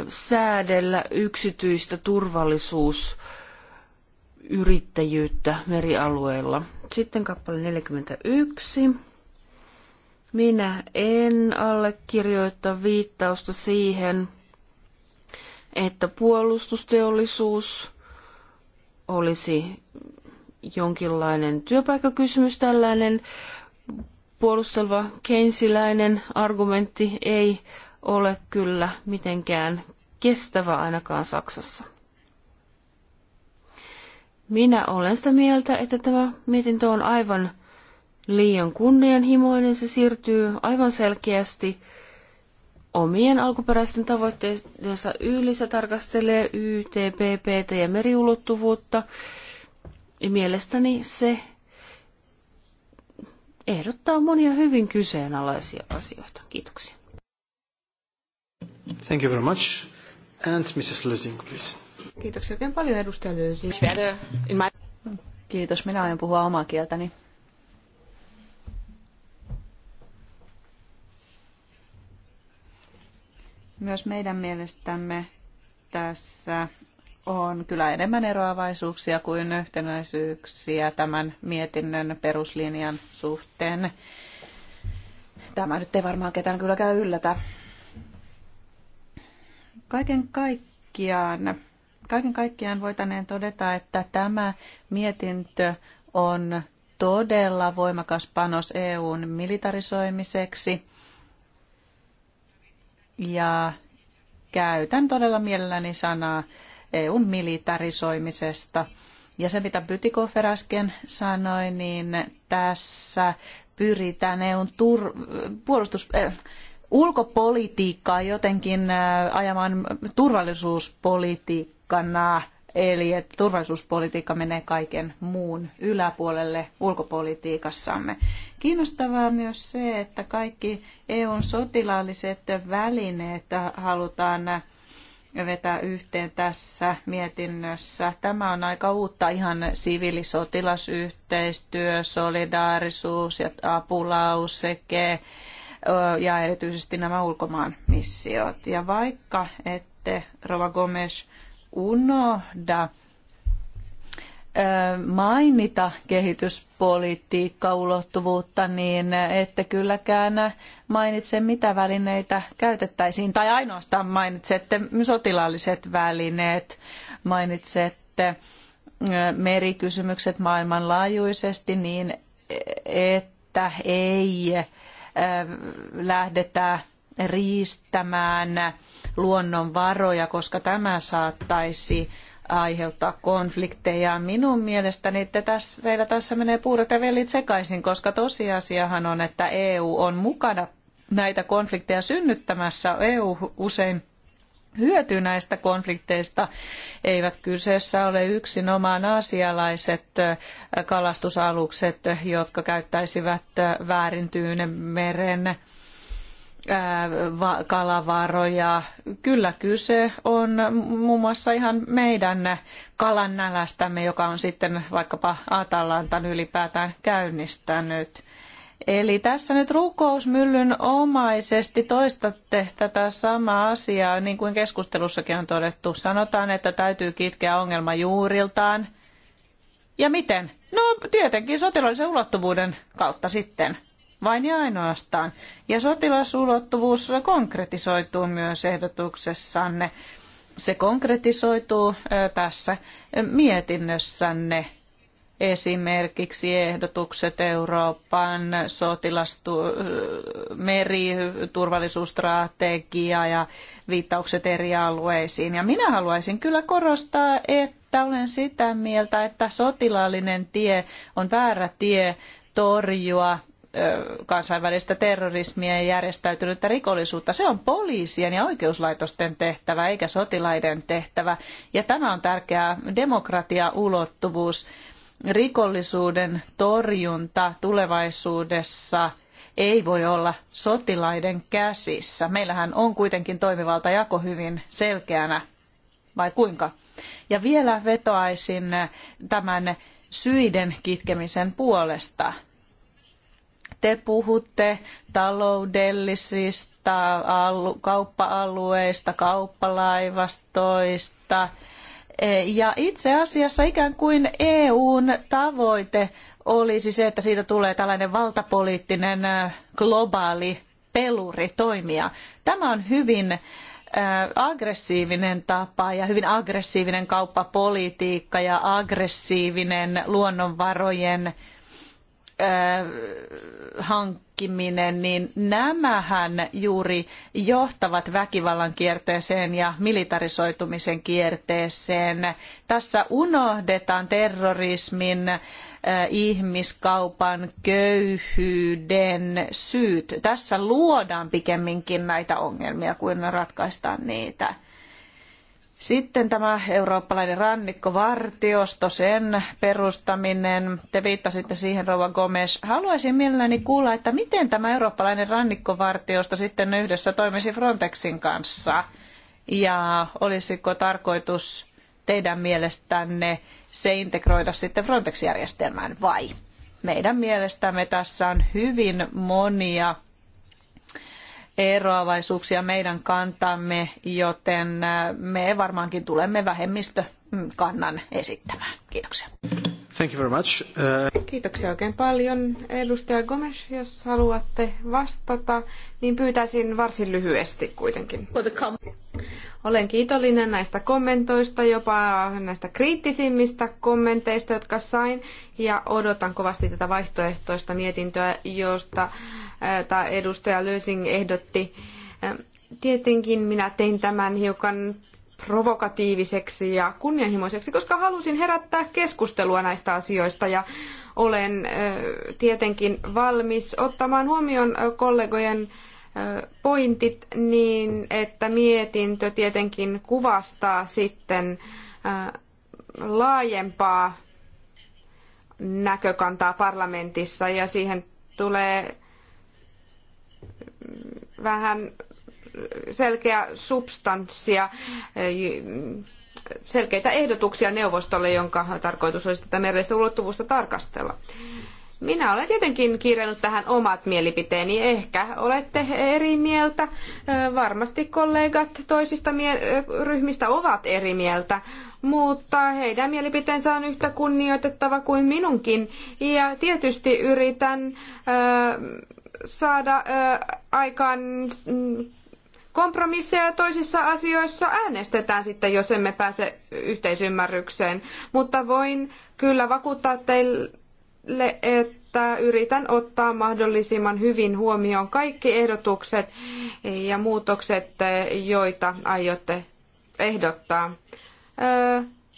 säädellä yksityistä turvallisuusyrittäjyyttä merialueilla. Sitten kappale 41. Minä en allekirjoita viittausta siihen, että puolustusteollisuus olisi jonkinlainen työpaikkakysymys, tällainen puolusteleva keinsiläinen argumentti ei ole kyllä mitenkään kestävä ainakaan Saksassa. Minä olen sitä mieltä, että tämä mietintö on aivan liian kunnianhimoinen, se siirtyy aivan selkeästi omien alkuperäisten tavoitteidensa yli. Se tarkastelee YTPPT ja meriulottuvuutta. Ja mielestäni se ehdottaa monia hyvin kyseenalaisia asioita. Kiitoksia. Thank you very much. And Mrs. Lösing, please. Kiitoksia oikein paljon edustaja Lösing. Kiitos, minä aion puhua omaa kieltäni. Myös meidän mielestämme tässä on kyllä enemmän eroavaisuuksia kuin yhtenäisyyksiä tämän mietinnön peruslinjan suhteen. Tämä nyt ei varmaan ketään kyllä käy yllätä. Kaiken kaikkiaan, kaiken kaikkiaan voitaneen todeta, että tämä mietintö on todella voimakas panos EUn militarisoimiseksi ja käytän todella mielelläni sanaa EUn militarisoimisesta. Ja se, mitä Bytikofer äsken sanoi, niin tässä pyritään EUn tur- puolustus, äh, ulkopolitiikkaa jotenkin äh, ajamaan turvallisuuspolitiikkana. Eli että turvallisuuspolitiikka menee kaiken muun yläpuolelle ulkopolitiikassamme. Kiinnostavaa myös se, että kaikki EUn sotilaalliset välineet halutaan vetää yhteen tässä mietinnössä. Tämä on aika uutta ihan siviilisotilasyhteistyö, solidaarisuus ja apulauseke ja erityisesti nämä ulkomaan missiot. Ja vaikka ette, Rova Gomes, unohda mainita kehityspolitiikkaulottuvuutta, niin ette kylläkään mainitse, mitä välineitä käytettäisiin, tai ainoastaan mainitsette sotilaalliset välineet, mainitsette merikysymykset maailmanlaajuisesti niin, e, että ei lähdetä riistämään luonnonvaroja, koska tämä saattaisi aiheuttaa konflikteja. Minun mielestäni te tässä, teillä tässä menee puurot ja vellit sekaisin, koska tosiasiahan on, että EU on mukana näitä konflikteja synnyttämässä. EU usein hyötyy näistä konflikteista. Eivät kyseessä ole yksinomaan asialaiset kalastusalukset, jotka käyttäisivät väärintyyn meren kalavaroja. Kyllä kyse on muun muassa ihan meidän kalan nälästämme, joka on sitten vaikkapa Atalantan ylipäätään käynnistänyt. Eli tässä nyt rukousmyllyn omaisesti toistatte tätä samaa asiaa, niin kuin keskustelussakin on todettu. Sanotaan, että täytyy kitkeä ongelma juuriltaan. Ja miten? No tietenkin sotilaallisen ulottuvuuden kautta sitten vain ja ainoastaan. Ja sotilasulottuvuus konkretisoituu myös ehdotuksessanne. Se konkretisoituu tässä mietinnössänne esimerkiksi ehdotukset Euroopan sotilastu, meriturvallisuusstrategia ja viittaukset eri alueisiin. Ja minä haluaisin kyllä korostaa, että olen sitä mieltä, että sotilaallinen tie on väärä tie torjua kansainvälistä terrorismia ja järjestäytynyttä rikollisuutta. Se on poliisien ja oikeuslaitosten tehtävä eikä sotilaiden tehtävä. Ja tämä on tärkeä demokratiaulottuvuus. Rikollisuuden torjunta tulevaisuudessa ei voi olla sotilaiden käsissä. Meillähän on kuitenkin toimivaltajako hyvin selkeänä, vai kuinka? Ja vielä vetoaisin tämän syiden kitkemisen puolesta te puhutte taloudellisista kauppa-alueista, kauppalaivastoista, e, ja itse asiassa ikään kuin EUn tavoite olisi se, että siitä tulee tällainen valtapoliittinen globaali peluri toimia. Tämä on hyvin aggressiivinen tapa ja hyvin aggressiivinen kauppapolitiikka ja aggressiivinen luonnonvarojen Äh, hankkiminen, niin nämähän juuri johtavat väkivallan kierteeseen ja militarisoitumisen kierteeseen. Tässä unohdetaan terrorismin, äh, ihmiskaupan, köyhyyden syyt. Tässä luodaan pikemminkin näitä ongelmia kuin ratkaistaan niitä. Sitten tämä eurooppalainen rannikkovartiosto, sen perustaminen. Te viittasitte siihen, Rouva Gomes. Haluaisin mielelläni kuulla, että miten tämä eurooppalainen rannikkovartiosto sitten yhdessä toimisi Frontexin kanssa? Ja olisiko tarkoitus teidän mielestänne se integroida sitten Frontex-järjestelmään vai? Meidän mielestämme tässä on hyvin monia eroavaisuuksia meidän kantamme, joten äh, me varmaankin tulemme vähemmistökannan mm, esittämään. Kiitoksia. Thank you very much. Uh... Kiitoksia oikein paljon. Edustaja Gomes, jos haluatte vastata, niin pyytäisin varsin lyhyesti kuitenkin. Olen kiitollinen näistä kommentoista, jopa näistä kriittisimmistä kommenteista, jotka sain, ja odotan kovasti tätä vaihtoehtoista mietintöä, josta tämä edustaja Lösing ehdotti. Tietenkin minä tein tämän hiukan provokatiiviseksi ja kunnianhimoiseksi, koska halusin herättää keskustelua näistä asioista ja olen tietenkin valmis ottamaan huomioon kollegojen pointit niin, että mietintö tietenkin kuvastaa sitten laajempaa näkökantaa parlamentissa ja siihen tulee vähän selkeä substanssia, selkeitä ehdotuksia neuvostolle, jonka tarkoitus olisi tätä merellistä ulottuvuutta tarkastella. Minä olen tietenkin kirjannut tähän omat mielipiteeni. Ehkä olette eri mieltä. Varmasti kollegat toisista ryhmistä ovat eri mieltä, mutta heidän mielipiteensä on yhtä kunnioitettava kuin minunkin. Ja tietysti yritän saada aikaan mm, kompromisseja toisissa asioissa äänestetään sitten, jos emme pääse yhteisymmärrykseen. Mutta voin kyllä vakuuttaa teille että yritän ottaa mahdollisimman hyvin huomioon kaikki ehdotukset ja muutokset, joita aiotte ehdottaa.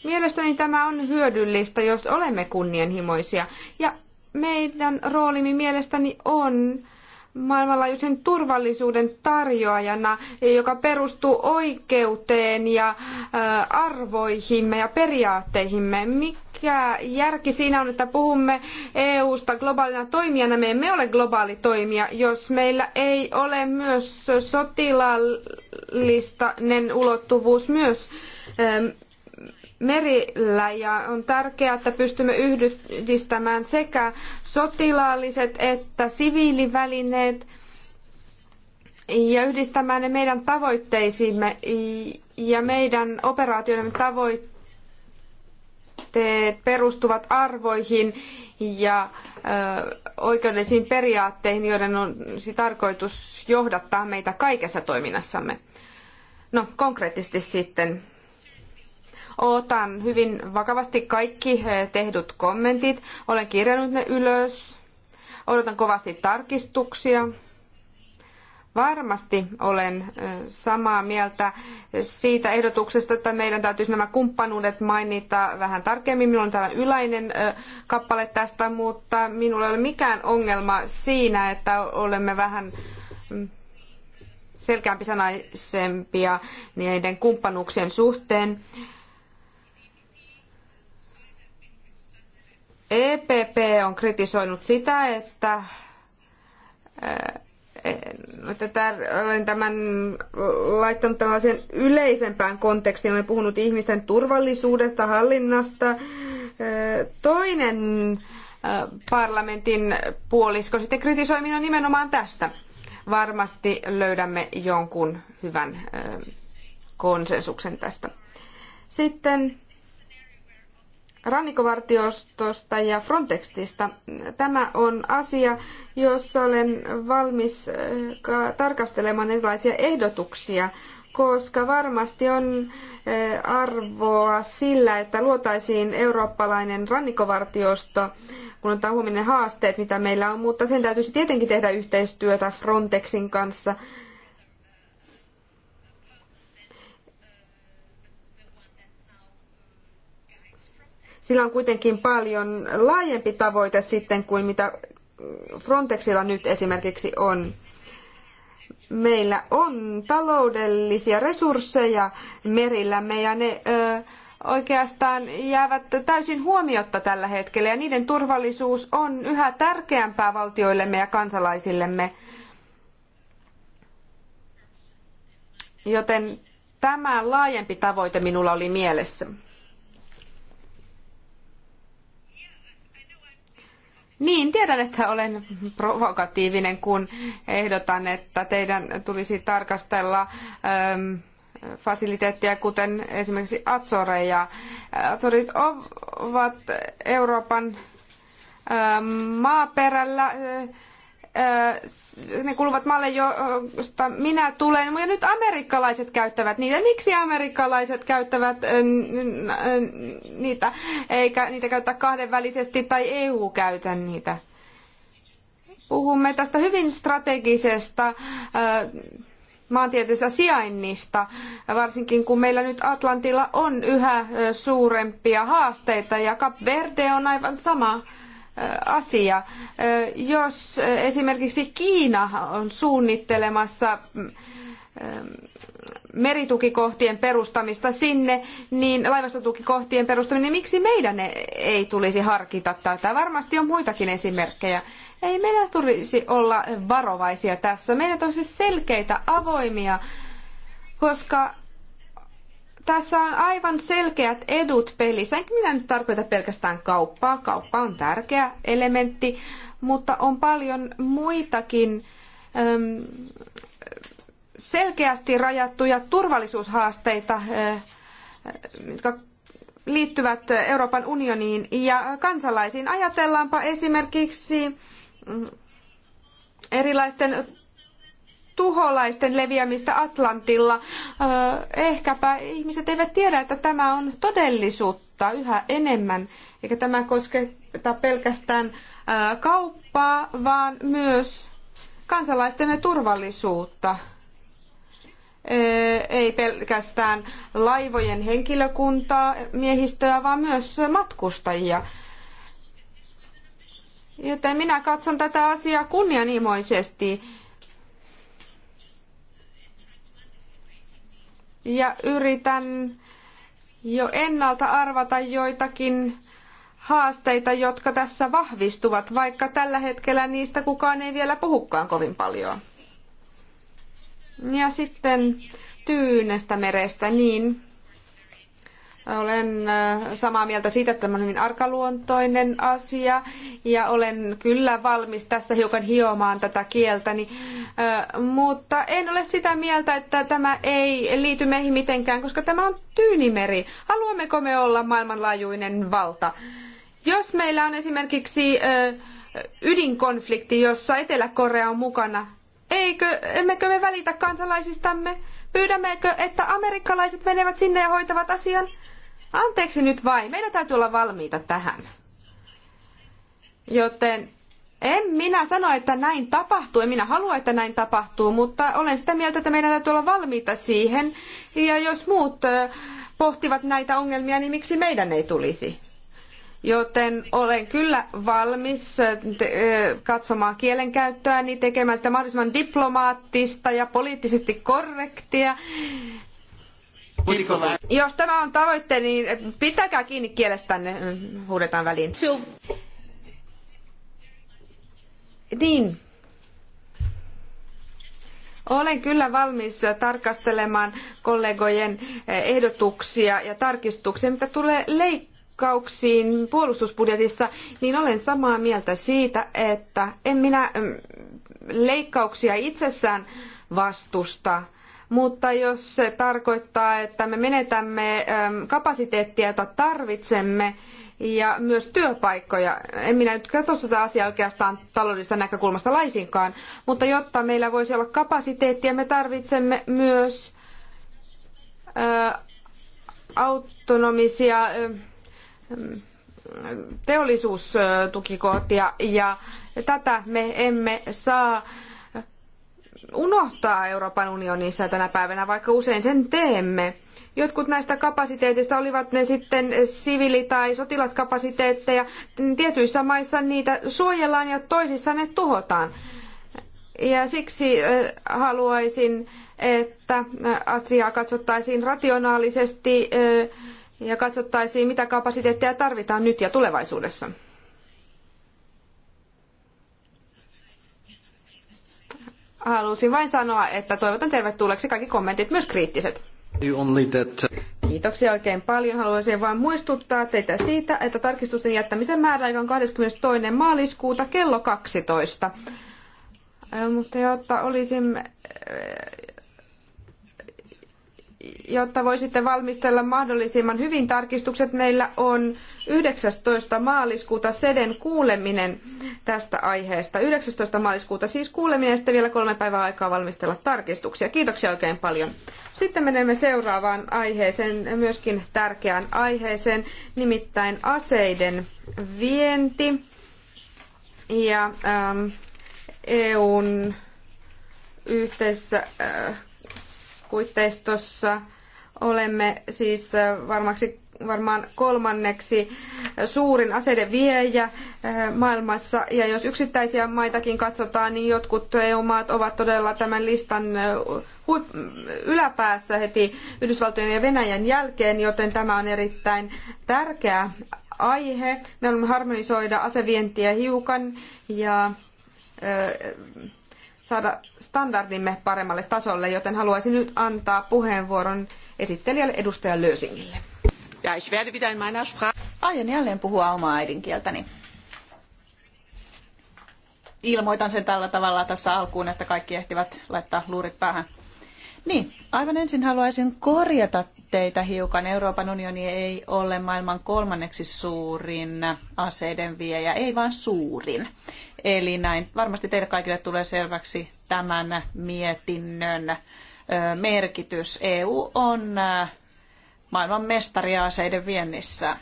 Mielestäni tämä on hyödyllistä, jos olemme kunnianhimoisia. Ja meidän roolimme mielestäni on maailmanlaajuisen turvallisuuden tarjoajana, joka perustuu oikeuteen ja arvoihimme ja periaatteihimme. Mikä järki siinä on, että puhumme EU-sta globaalina toimijana? Me emme ole globaali toimija, jos meillä ei ole myös sotilaallista ulottuvuus myös merillä ja on tärkeää, että pystymme yhdistämään sekä sotilaalliset että siviilivälineet ja yhdistämään ne meidän tavoitteisiimme ja meidän operaatioiden tavoitteet perustuvat arvoihin ja oikeudellisiin periaatteihin, joiden on siis tarkoitus johdattaa meitä kaikessa toiminnassamme. No konkreettisesti sitten Otan hyvin vakavasti kaikki eh, tehdyt kommentit. Olen kirjannut ne ylös. Odotan kovasti tarkistuksia. Varmasti olen eh, samaa mieltä siitä ehdotuksesta, että meidän täytyisi nämä kumppanuudet mainita vähän tarkemmin. Minulla on täällä yläinen eh, kappale tästä, mutta minulla ei ole mikään ongelma siinä, että olemme vähän mm, selkeämpi sanaisempia niiden kumppanuuksien suhteen. EPP on kritisoinut sitä, että eh, eh, Tätä, olen tämän laittanut tällaisen yleisempään kontekstiin. Olen puhunut ihmisten turvallisuudesta, hallinnasta. Eh, toinen parlamentin puolisko sitten kritisoi minua nimenomaan tästä. Varmasti löydämme jonkun hyvän konsensuksen tästä. Sitten rannikkovartiostosta ja Frontextista. Tämä on asia, jossa olen valmis äh, tarkastelemaan erilaisia ehdotuksia, koska varmasti on äh, arvoa sillä, että luotaisiin eurooppalainen rannikkovartiosto, kun otetaan huomioon haasteet, mitä meillä on, mutta sen täytyisi tietenkin tehdä yhteistyötä Frontexin kanssa, Sillä on kuitenkin paljon laajempi tavoite sitten kuin mitä Frontexilla nyt esimerkiksi on. Meillä on taloudellisia resursseja merillämme ja ne ö, oikeastaan jäävät täysin huomiotta tällä hetkellä ja niiden turvallisuus on yhä tärkeämpää valtioillemme ja kansalaisillemme. Joten tämä laajempi tavoite minulla oli mielessä. Niin, tiedän, että olen provokatiivinen, kun ehdotan, että teidän tulisi tarkastella äm, fasiliteettia, kuten esimerkiksi Atsoreja. Äh, Atsorit ovat Euroopan äm, maaperällä. Äh, Äh, ne kuuluvat maalle, josta minä tulen, ja nyt amerikkalaiset käyttävät niitä. Miksi amerikkalaiset käyttävät äh, äh, niitä, eikä niitä käyttää kahdenvälisesti tai EU käytä niitä? Puhumme tästä hyvin strategisesta maantieteellisestä sijainnista, varsinkin kun meillä nyt Atlantilla on yhä suurempia haasteita, ja Cap Verde on aivan sama asia. Jos esimerkiksi Kiina on suunnittelemassa mm, meritukikohtien perustamista sinne, niin laivastotukikohtien perustaminen, niin miksi meidän e-, ei tulisi harkita tätä? Varmasti on muitakin esimerkkejä. Ei meidän tulisi olla varovaisia tässä. Meidän tulisi selkeitä, avoimia, koska tässä on aivan selkeät edut pelissä. Enkä minä nyt tarkoita pelkästään kauppaa. Kauppa on tärkeä elementti, mutta on paljon muitakin ähm, selkeästi rajattuja turvallisuushaasteita, äh, äh, jotka liittyvät Euroopan unioniin ja kansalaisiin. Ajatellaanpa esimerkiksi mm, erilaisten tuholaisten leviämistä Atlantilla. ehkäpä ihmiset eivät tiedä, että tämä on todellisuutta yhä enemmän, eikä tämä koske pelkästään kauppaa, vaan myös kansalaistemme turvallisuutta. Ei pelkästään laivojen henkilökuntaa, miehistöä, vaan myös matkustajia. Joten minä katson tätä asiaa kunnianhimoisesti ja yritän jo ennalta arvata joitakin haasteita, jotka tässä vahvistuvat, vaikka tällä hetkellä niistä kukaan ei vielä puhukaan kovin paljon. Ja sitten tyynestä merestä, niin olen äh, samaa mieltä siitä, että tämä on hyvin arkaluontoinen asia ja olen kyllä valmis tässä hiukan hiomaan tätä kieltäni, äh, mutta en ole sitä mieltä, että tämä ei liity meihin mitenkään, koska tämä on tyynimeri. Haluammeko me olla maailmanlaajuinen valta? Jos meillä on esimerkiksi äh, ydinkonflikti, jossa Etelä-Korea on mukana, eikö, emmekö me välitä kansalaisistamme? Pyydämmekö, että amerikkalaiset menevät sinne ja hoitavat asian? Anteeksi nyt vain, meidän täytyy olla valmiita tähän. Joten en minä sano, että näin tapahtuu, en minä halua, että näin tapahtuu, mutta olen sitä mieltä, että meidän täytyy olla valmiita siihen. Ja jos muut pohtivat näitä ongelmia, niin miksi meidän ei tulisi? Joten olen kyllä valmis katsomaan kielenkäyttöäni, tekemään sitä mahdollisimman diplomaattista ja poliittisesti korrektia jos tämä on tavoitteeni, niin pitäkää kiinni kielestänne, huudetaan väliin. Niin. Olen kyllä valmis tarkastelemaan kollegojen ehdotuksia ja tarkistuksia, mitä tulee leikkauksiin puolustusbudjetissa, niin olen samaa mieltä siitä, että en minä mm, leikkauksia itsessään vastusta mutta jos se tarkoittaa, että me menetämme ähm, kapasiteettia, jota tarvitsemme, ja myös työpaikkoja. En minä nyt katso tätä asiaa oikeastaan taloudellisesta näkökulmasta laisinkaan, mutta jotta meillä voisi olla kapasiteettia, me tarvitsemme myös äh, autonomisia ähm, teollisuustukikohtia ja tätä me emme saa unohtaa Euroopan unionissa tänä päivänä, vaikka usein sen teemme. Jotkut näistä kapasiteetista olivat ne sitten siviili- tai sotilaskapasiteetteja. Tietyissä maissa niitä suojellaan ja toisissa ne tuhotaan. Ja siksi haluaisin, että asiaa katsottaisiin rationaalisesti ja katsottaisiin, mitä kapasiteetteja tarvitaan nyt ja tulevaisuudessa. Halusin vain sanoa, että toivotan tervetulleeksi kaikki kommentit, myös kriittiset. Uh, Kiitoksia oikein paljon. Haluaisin vain muistuttaa teitä siitä, että tarkistusten jättämisen määräaika on 22. maaliskuuta kello 12. Mutta jotta olisimme jotta voisitte valmistella mahdollisimman hyvin tarkistukset, meillä on 19. maaliskuuta seden kuuleminen tästä aiheesta. 19. maaliskuuta siis kuuleminen ja sitten vielä kolme päivää aikaa valmistella tarkistuksia. Kiitoksia oikein paljon. Sitten menemme seuraavaan aiheeseen, myöskin tärkeään aiheeseen, nimittäin aseiden vienti ja ähm, EUn yhteisessä äh, puitteistossa olemme siis varmaksi varmaan kolmanneksi suurin aseiden viejä eh, maailmassa. Ja jos yksittäisiä maitakin katsotaan, niin jotkut EU-maat ovat todella tämän listan eh, yläpäässä heti Yhdysvaltojen ja Venäjän jälkeen, joten tämä on erittäin tärkeä aihe. Me haluamme harmonisoida asevientiä hiukan ja eh, saada standardimme paremmalle tasolle, joten haluaisin nyt antaa puheenvuoron esittelijälle edustaja Lösingille. Ja, ich werde wieder in meiner Sprache. Aion jälleen puhua omaa äidinkieltäni. Ilmoitan sen tällä tavalla tässä alkuun, että kaikki ehtivät laittaa luurit päähän. Niin, aivan ensin haluaisin korjata jännitteitä hiukan. Euroopan unioni ei ole maailman kolmanneksi suurin aseiden viejä, ei vaan suurin. Eli näin varmasti teille kaikille tulee selväksi tämän mietinnön merkitys. EU on maailman mestari aseiden viennissä.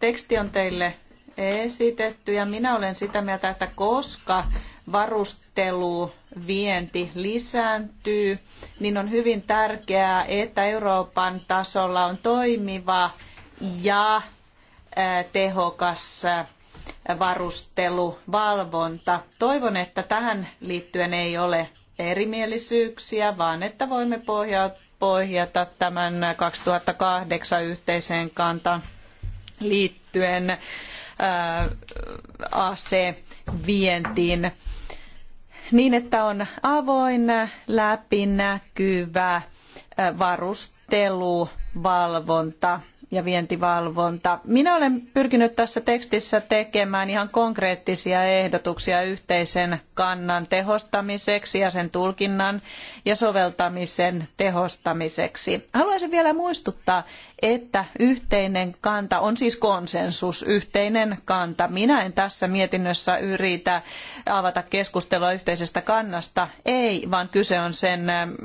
Teksti on teille esitetty ja minä olen sitä mieltä, että koska varustelu, vienti lisääntyy, niin on hyvin tärkeää, että Euroopan tasolla on toimiva ja tehokas varusteluvalvonta. Toivon, että tähän liittyen ei ole erimielisyyksiä, vaan että voimme pohjata tämän 2008 yhteiseen kantaan liittyen ASE-vientiin niin, että on avoin, läpinäkyvä äh, varustelu, valvonta ja vientivalvonta. Minä olen pyrkinyt tässä tekstissä tekemään ihan konkreettisia ehdotuksia yhteisen kannan tehostamiseksi ja sen tulkinnan ja soveltamisen tehostamiseksi. Haluaisin vielä muistuttaa, että yhteinen kanta on siis konsensus, yhteinen kanta. Minä en tässä mietinnössä yritä avata keskustelua yhteisestä kannasta, ei, vaan kyse on sen mm,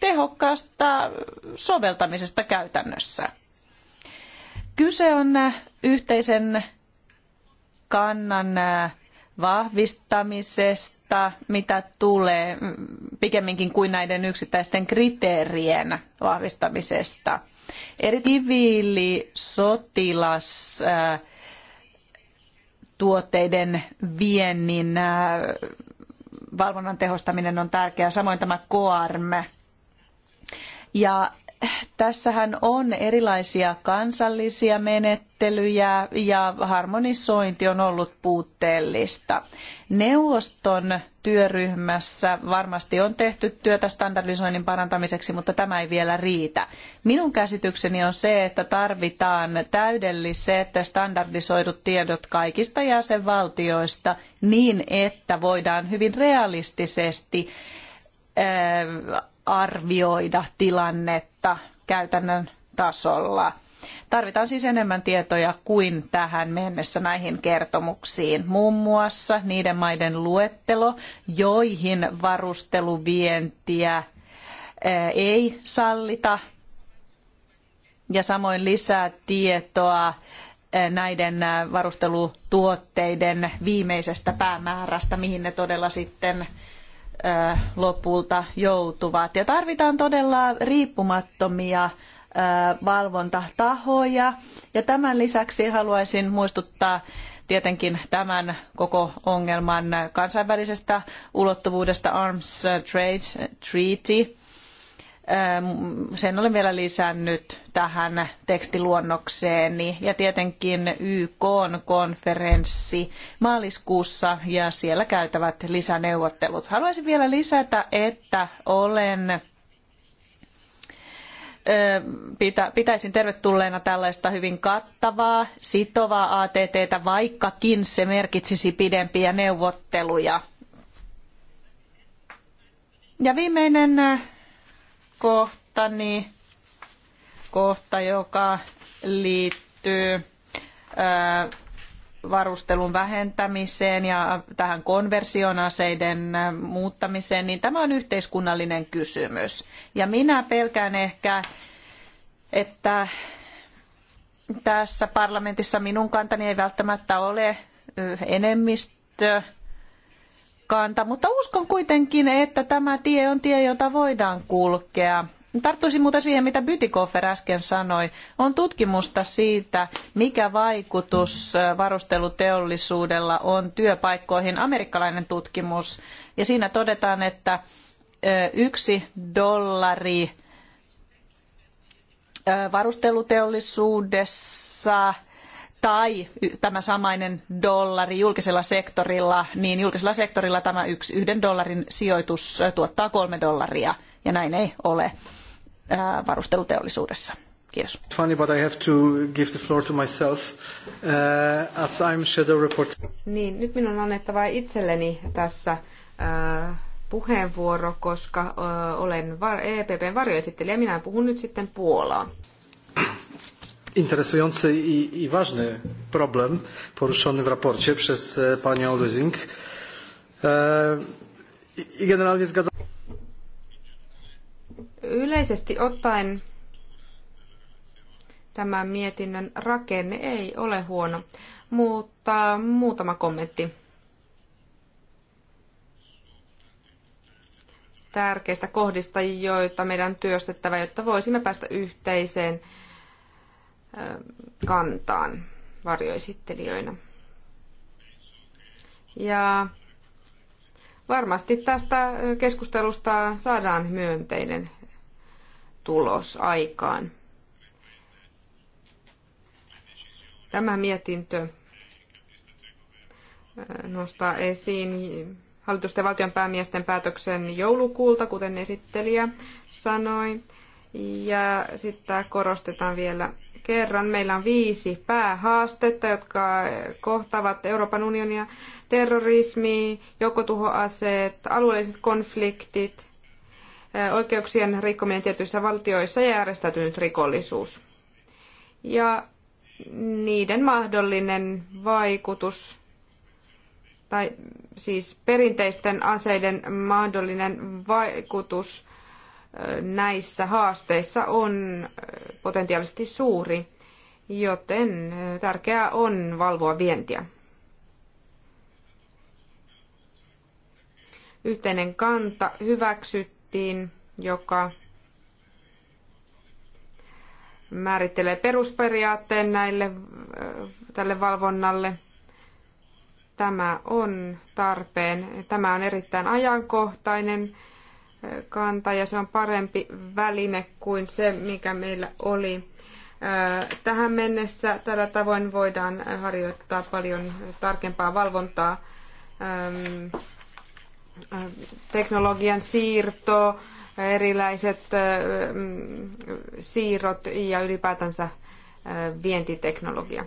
tehokkaasta soveltamisesta käytännössä. Kyse on yhteisen kannan vahvistamisesta, mitä tulee mm, pikemminkin kuin näiden yksittäisten kriteerien vahvistamisesta. Eri kiviili sotilas tuotteiden viennin valvonnan tehostaminen on tärkeää, samoin tämä koarme. Ja tässähän on erilaisia kansallisia menettelyjä ja harmonisointi on ollut puutteellista. Neuvoston työryhmässä varmasti on tehty työtä standardisoinnin parantamiseksi, mutta tämä ei vielä riitä. Minun käsitykseni on se, että tarvitaan täydelliset standardisoidut tiedot kaikista jäsenvaltioista niin, että voidaan hyvin realistisesti arvioida tilannetta käytännön tasolla. Tarvitaan siis enemmän tietoja kuin tähän mennessä näihin kertomuksiin. Muun muassa niiden maiden luettelo, joihin varusteluvientiä eh, ei sallita ja samoin lisää tietoa eh, näiden eh, varustelutuotteiden viimeisestä päämäärästä, mihin ne todella sitten lopulta joutuvat. Ja tarvitaan todella riippumattomia valvontatahoja. Ja tämän lisäksi haluaisin muistuttaa tietenkin tämän koko ongelman kansainvälisestä ulottuvuudesta Arms Trade Treaty, Ähm, sen olen vielä lisännyt tähän tekstiluonnokseeni ja tietenkin YK konferenssi maaliskuussa ja siellä käytävät lisäneuvottelut. Haluaisin vielä lisätä, että olen ähm, pitäisin tervetulleena tällaista hyvin kattavaa, sitovaa ATTtä, vaikkakin se merkitsisi pidempiä neuvotteluja. Ja viimeinen äh, kohtani, kohta, joka liittyy varustelun vähentämiseen ja tähän konversionaseiden muuttamiseen, niin tämä on yhteiskunnallinen kysymys. Ja minä pelkään ehkä, että tässä parlamentissa minun kantani ei välttämättä ole enemmistö kanta, mutta uskon kuitenkin, että tämä tie on tie, jota voidaan kulkea. Tarttuisin muuta siihen, mitä Bytikofer äsken sanoi. On tutkimusta siitä, mikä vaikutus varusteluteollisuudella on työpaikkoihin. Amerikkalainen tutkimus. Ja siinä todetaan, että yksi dollari varusteluteollisuudessa – tai tämä samainen dollari julkisella sektorilla, niin julkisella sektorilla tämä yksi, yhden dollarin sijoitus tuottaa kolme dollaria, ja näin ei ole varusteluteollisuudessa. Kiitos. Funny, but I have to give the floor to myself, uh, as I'm shadow report. Niin, nyt minun on annettava itselleni tässä uh, puheenvuoro, koska uh, olen var- EPPn varjoesittelijä. Minä puhun nyt sitten Puolaa interesujący i, i ważny problem poruszony w raporcie przez e, panią Lusing. E, I generalnie zgadzam Yleisesti ottaen tämän mietinnön rakenne ei ole huono, mutta muutama kommentti. Tärkeistä kohdista, joita meidän työstettävä, jotta voisimme päästä yhteiseen kantaan varjoesittelijöinä. Ja varmasti tästä keskustelusta saadaan myönteinen tulos aikaan. Tämä mietintö nostaa esiin hallitusten valtion päämiesten päätöksen joulukuulta, kuten esittelijä sanoi. Ja sitten korostetaan vielä kerran meillä on viisi päähaastetta, jotka kohtavat Euroopan unionia. Terrorismi, joukkotuhoaseet, alueelliset konfliktit, eh, oikeuksien rikkominen tietyissä valtioissa ja järjestäytynyt rikollisuus. Ja niiden mahdollinen vaikutus tai siis perinteisten aseiden mahdollinen vaikutus näissä haasteissa on potentiaalisesti suuri, joten tärkeää on valvoa vientiä. Yhteinen kanta hyväksyttiin, joka määrittelee perusperiaatteen näille, tälle valvonnalle. Tämä on tarpeen. Tämä on erittäin ajankohtainen kanta ja se on parempi väline kuin se, mikä meillä oli. Tähän mennessä tällä tavoin voidaan harjoittaa paljon tarkempaa valvontaa, teknologian siirto, erilaiset siirrot ja ylipäätänsä vientiteknologia.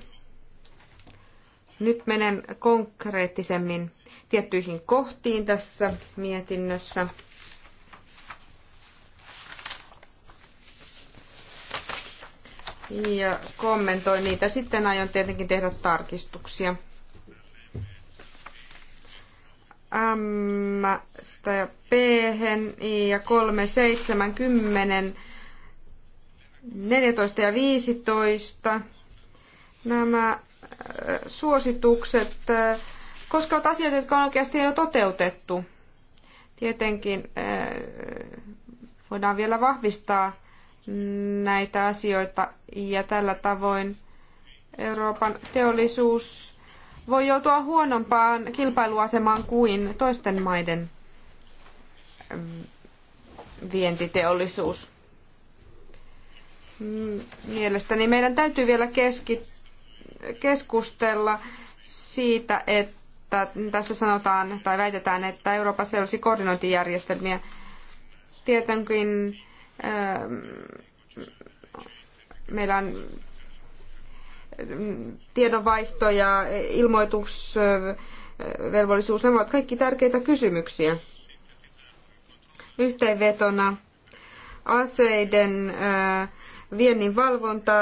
Nyt menen konkreettisemmin tiettyihin kohtiin tässä mietinnössä. ja kommentoin niitä. Sitten aion tietenkin tehdä tarkistuksia. M ja P ja 3, 7, 10, 14 ja 15. Nämä äh, suositukset äh, koskevat asioita, jotka on oikeasti jo toteutettu. Tietenkin äh, voidaan vielä vahvistaa näitä asioita ja tällä tavoin Euroopan teollisuus voi joutua huonompaan kilpailuasemaan kuin toisten maiden vientiteollisuus. Mielestäni meidän täytyy vielä keski, keskustella siitä, että tässä sanotaan tai väitetään, että Euroopassa ei olisi koordinointijärjestelmiä. Tietenkin Öö, meillä on mm, tiedonvaihto ja ilmoitusvelvollisuus, öö, nämä ovat kaikki tärkeitä kysymyksiä. Yhteenvetona aseiden öö, viennin valvonta,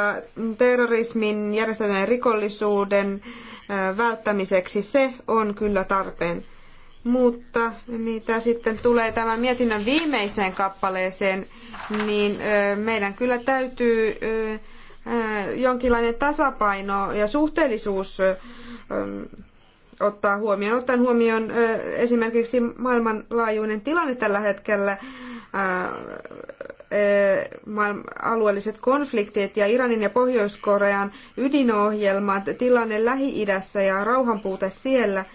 terrorismin, järjestäytyneen rikollisuuden välttämiseksi, se on kyllä tarpeen. Mutta mitä sitten tulee tämän mietinnön viimeiseen kappaleeseen, niin meidän kyllä täytyy jonkinlainen tasapaino ja suhteellisuus ottaa huomioon. Ottaen huomioon esimerkiksi maailmanlaajuinen tilanne tällä hetkellä, alueelliset konfliktit ja Iranin ja Pohjois-Korean ydinohjelmat, tilanne Lähi-idässä ja rauhanpuute siellä –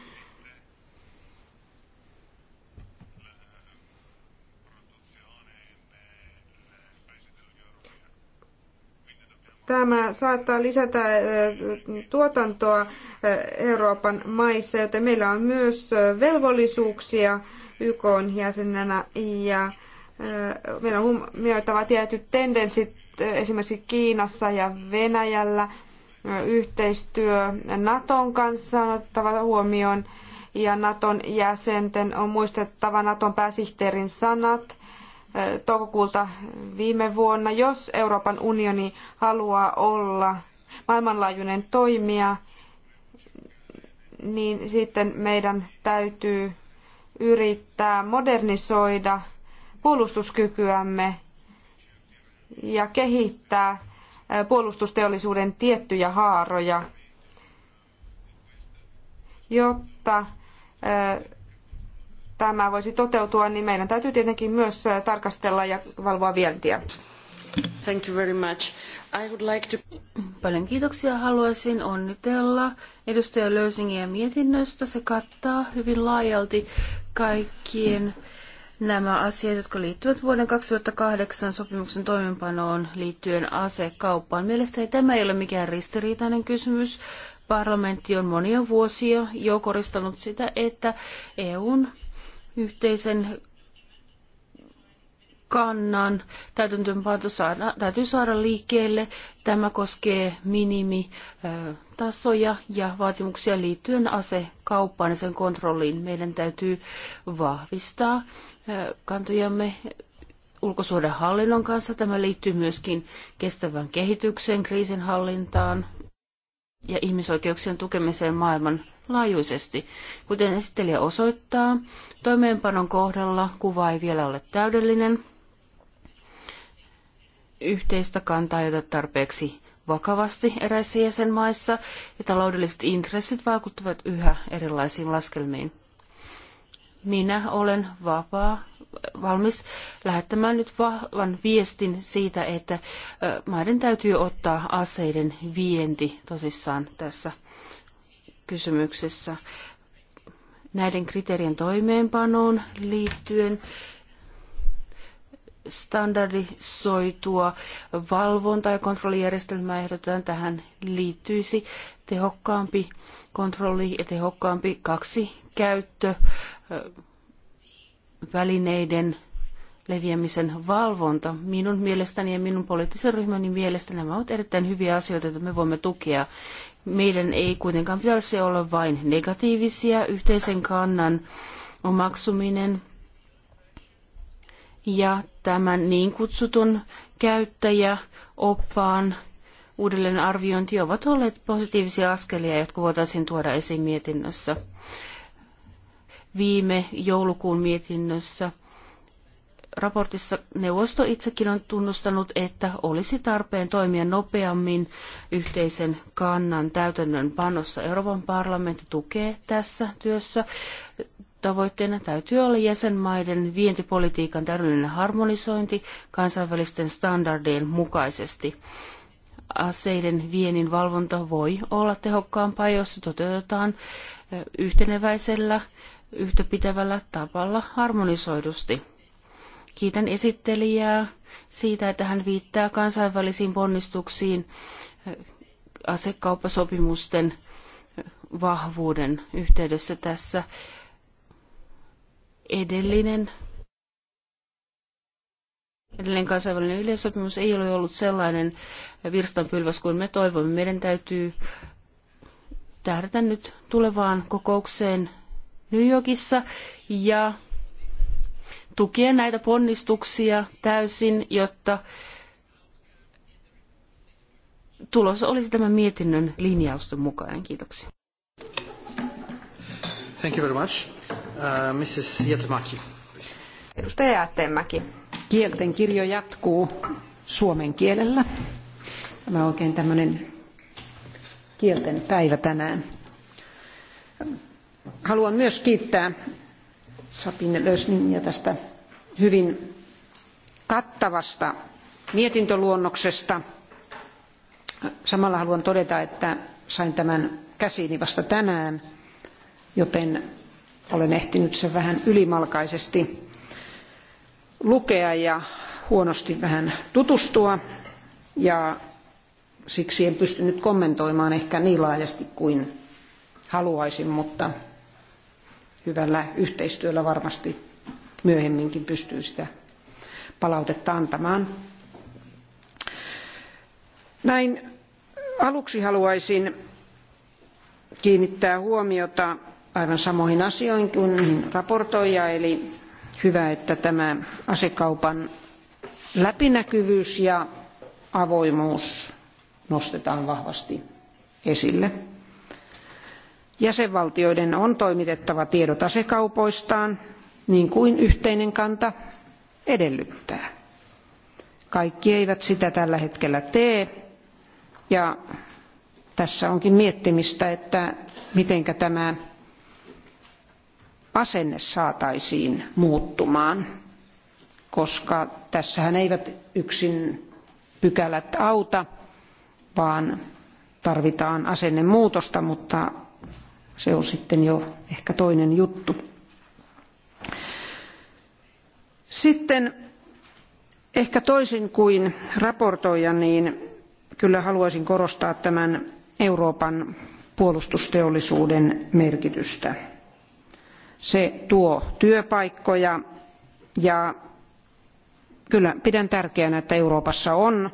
Tämä saattaa lisätä tuotantoa Euroopan maissa, joten meillä on myös velvollisuuksia YK jäsenenä ja meillä on huomioitava tietyt tendenssit esimerkiksi Kiinassa ja Venäjällä. Yhteistyö Naton kanssa on otettava huomioon ja Naton jäsenten on muistettava Naton pääsihteerin sanat – toukokuulta viime vuonna, jos Euroopan unioni haluaa olla maailmanlaajuinen toimija, niin sitten meidän täytyy yrittää modernisoida puolustuskykyämme ja kehittää puolustusteollisuuden tiettyjä haaroja, jotta tämä voisi toteutua, niin meidän täytyy tietenkin myös tarkastella ja valvoa vientiä. Thank you very much. I would like to... Paljon kiitoksia. Haluaisin onnitella edustaja Löysingiä mietinnöstä. Se kattaa hyvin laajalti kaikkien nämä asiat, jotka liittyvät vuoden 2008 sopimuksen toimeenpanoon liittyen asekauppaan. Mielestäni tämä ei ole mikään ristiriitainen kysymys. Parlamentti on monia vuosia jo koristanut sitä, että EUn yhteisen kannan täytäntöönpanto saada, täytyy saada liikkeelle. Tämä koskee minimitasoja ja vaatimuksia liittyen asekauppaan ja sen kontrolliin. Meidän täytyy vahvistaa kantojamme ulkosuhdehallinnon kanssa. Tämä liittyy myöskin kestävään kehitykseen, kriisinhallintaan, ja ihmisoikeuksien tukemiseen maailman laajuisesti. Kuten esittelijä osoittaa, toimeenpanon kohdalla kuva ei vielä ole täydellinen. Yhteistä kantaa ei tarpeeksi vakavasti eräissä jäsenmaissa ja taloudelliset intressit vaikuttavat yhä erilaisiin laskelmiin. Minä olen vapaa valmis lähettämään nyt vahvan viestin siitä, että maiden täytyy ottaa aseiden vienti tosissaan tässä kysymyksessä. Näiden kriteerien toimeenpanoon liittyen standardisoitua valvonta- ja kontrollijärjestelmää ehdotetaan tähän liittyisi tehokkaampi kontrolli ja tehokkaampi kaksi käyttö välineiden leviämisen valvonta. Minun mielestäni ja minun poliittisen ryhmäni mielestä nämä ovat erittäin hyviä asioita, joita me voimme tukea. Meidän ei kuitenkaan pitäisi olla vain negatiivisia, yhteisen kannan omaksuminen ja tämän niin kutsutun käyttäjäoppaan uudelleenarviointi ovat olleet positiivisia askelia, jotka voitaisiin tuoda esiin mietinnössä viime joulukuun mietinnössä. Raportissa neuvosto itsekin on tunnustanut, että olisi tarpeen toimia nopeammin yhteisen kannan täytännön panossa. Euroopan parlamentti tukee tässä työssä. Tavoitteena täytyy olla jäsenmaiden vientipolitiikan täydellinen harmonisointi kansainvälisten standardien mukaisesti aseiden viennin valvonta voi olla tehokkaampaa, jos se toteutetaan yhteneväisellä yhtäpitävällä tavalla harmonisoidusti. Kiitän esittelijää siitä, että hän viittaa kansainvälisiin ponnistuksiin äh, asekauppasopimusten äh, vahvuuden yhteydessä tässä edellinen Edellinen kansainvälinen yleissopimus ei ole ollut sellainen virstanpylväs kuin me toivomme. Meidän täytyy tähdätä nyt tulevaan kokoukseen New Yorkissa ja tukea näitä ponnistuksia täysin, jotta tulos olisi tämän mietinnön linjausten mukainen. Kiitoksia. Thank you very much. Uh, Mrs. Jätemäki. Edustaja Jätemäki. Kielten kirjo jatkuu suomen kielellä. Tämä on oikein tämmöinen kielten päivä tänään. Haluan myös kiittää Sabine Lösningiä tästä hyvin kattavasta mietintöluonnoksesta. Samalla haluan todeta, että sain tämän käsiini vasta tänään, joten olen ehtinyt sen vähän ylimalkaisesti lukea ja huonosti vähän tutustua ja siksi en pystynyt kommentoimaan ehkä niin laajasti kuin haluaisin, mutta hyvällä yhteistyöllä varmasti myöhemminkin pystyy sitä palautetta antamaan. Näin aluksi haluaisin kiinnittää huomiota aivan samoihin asioihin kuin raportoija, eli hyvä, että tämä asekaupan läpinäkyvyys ja avoimuus nostetaan vahvasti esille jäsenvaltioiden on toimitettava tiedot asekaupoistaan niin kuin yhteinen kanta edellyttää. Kaikki eivät sitä tällä hetkellä tee ja tässä onkin miettimistä, että miten tämä asenne saataisiin muuttumaan, koska tässähän eivät yksin pykälät auta, vaan tarvitaan asennemuutosta, mutta se on sitten jo ehkä toinen juttu. Sitten ehkä toisin kuin raportoija, niin kyllä haluaisin korostaa tämän Euroopan puolustusteollisuuden merkitystä. Se tuo työpaikkoja ja kyllä pidän tärkeänä, että Euroopassa on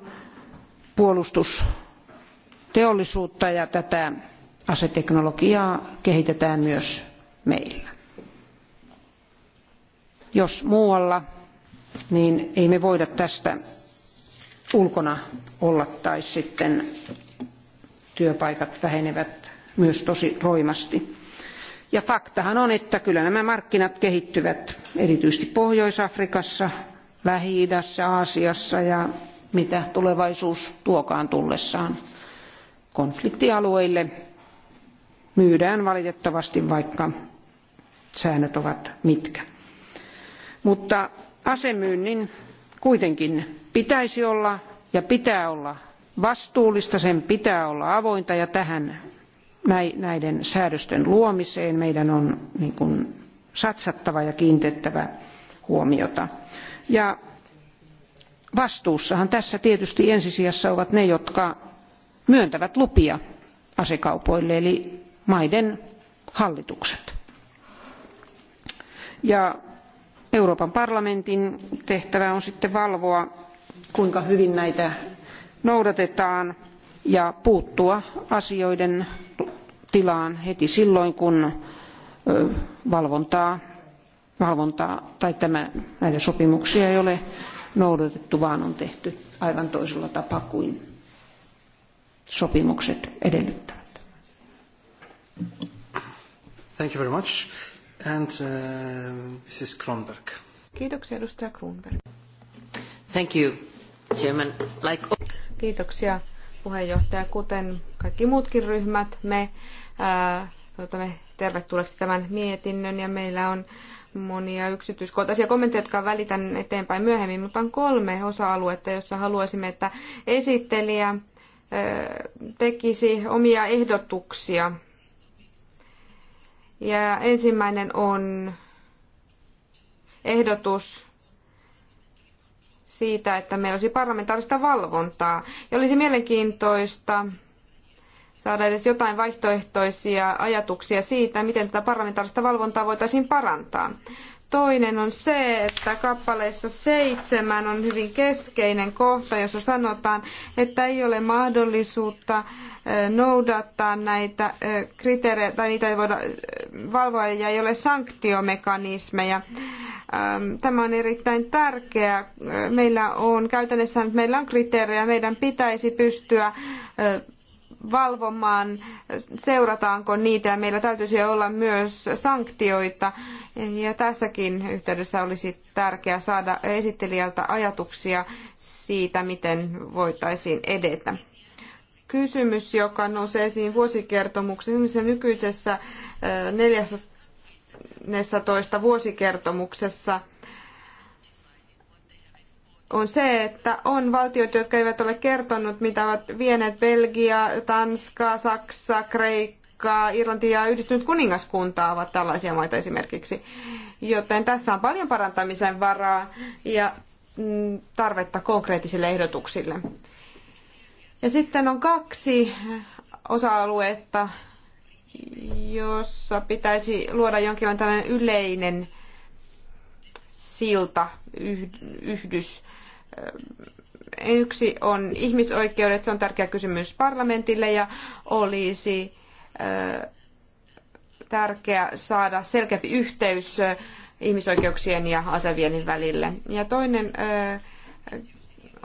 puolustusteollisuutta ja tätä aseteknologiaa kehitetään myös meillä. Jos muualla, niin ei me voida tästä ulkona olla tai sitten työpaikat vähenevät myös tosi roimasti. Ja faktahan on, että kyllä nämä markkinat kehittyvät erityisesti Pohjois-Afrikassa, Lähi-idässä, Aasiassa ja mitä tulevaisuus tuokaan tullessaan konfliktialueille myydään valitettavasti, vaikka säännöt ovat mitkä. Mutta asemyynnin kuitenkin pitäisi olla ja pitää olla vastuullista, sen pitää olla avointa ja tähän näiden säädösten luomiseen meidän on niin kuin satsattava ja kiinnitettävä huomiota. Ja vastuussahan tässä tietysti ensisijassa ovat ne, jotka myöntävät lupia asekaupoille, eli maiden hallitukset. Ja Euroopan parlamentin tehtävä on sitten valvoa, kuinka hyvin näitä noudatetaan ja puuttua asioiden tilaan heti silloin, kun valvontaa, valvontaa tai tämä, näitä sopimuksia ei ole noudatettu, vaan on tehty aivan toisella tapaa kuin sopimukset edellyttävät. Thank you very much. And uh, Kronberg. Kiitoksia edustaja Kronberg. Thank you, Chairman. Like... Kiitoksia puheenjohtaja. Kuten kaikki muutkin ryhmät, me toivotamme tervetulleeksi tämän mietinnön ja meillä on monia yksityiskohtaisia kommentteja, jotka välitän eteenpäin myöhemmin, mutta on kolme osa-aluetta, jossa haluaisimme, että esittelijä tekisi omia ehdotuksia ja ensimmäinen on ehdotus siitä, että meillä olisi parlamentaarista valvontaa. Ja olisi mielenkiintoista saada edes jotain vaihtoehtoisia ajatuksia siitä, miten tätä parlamentaarista valvontaa voitaisiin parantaa. Toinen on se, että kappaleessa seitsemän on hyvin keskeinen kohta, jossa sanotaan, että ei ole mahdollisuutta noudattaa näitä kriteerejä, tai niitä ei voida valvoa ja ei ole sanktiomekanismeja. Tämä on erittäin tärkeää. Meillä on käytännössä meillä on kriteerejä, meidän pitäisi pystyä valvomaan, seurataanko niitä ja meillä täytyisi olla myös sanktioita. Ja tässäkin yhteydessä olisi tärkeää saada esittelijältä ajatuksia siitä, miten voitaisiin edetä. Kysymys, joka nousee esiin vuosikertomuksessa, nykyisessä 14 eh, vuosikertomuksessa – on se, että on valtioita, jotka eivät ole kertonut, mitä ovat vieneet Belgia, Tanska, Saksa, Kreikka, Irlanti ja yhdistynyt kuningaskunta ovat tällaisia maita esimerkiksi. Joten tässä on paljon parantamisen varaa ja mm, tarvetta konkreettisille ehdotuksille. Ja sitten on kaksi osa-aluetta, jossa pitäisi luoda jonkinlainen yleinen silta, yhdys Yksi on ihmisoikeudet, se on tärkeä kysymys parlamentille ja olisi tärkeää saada selkeämpi yhteys ihmisoikeuksien ja aseviennin välille. Ja toinen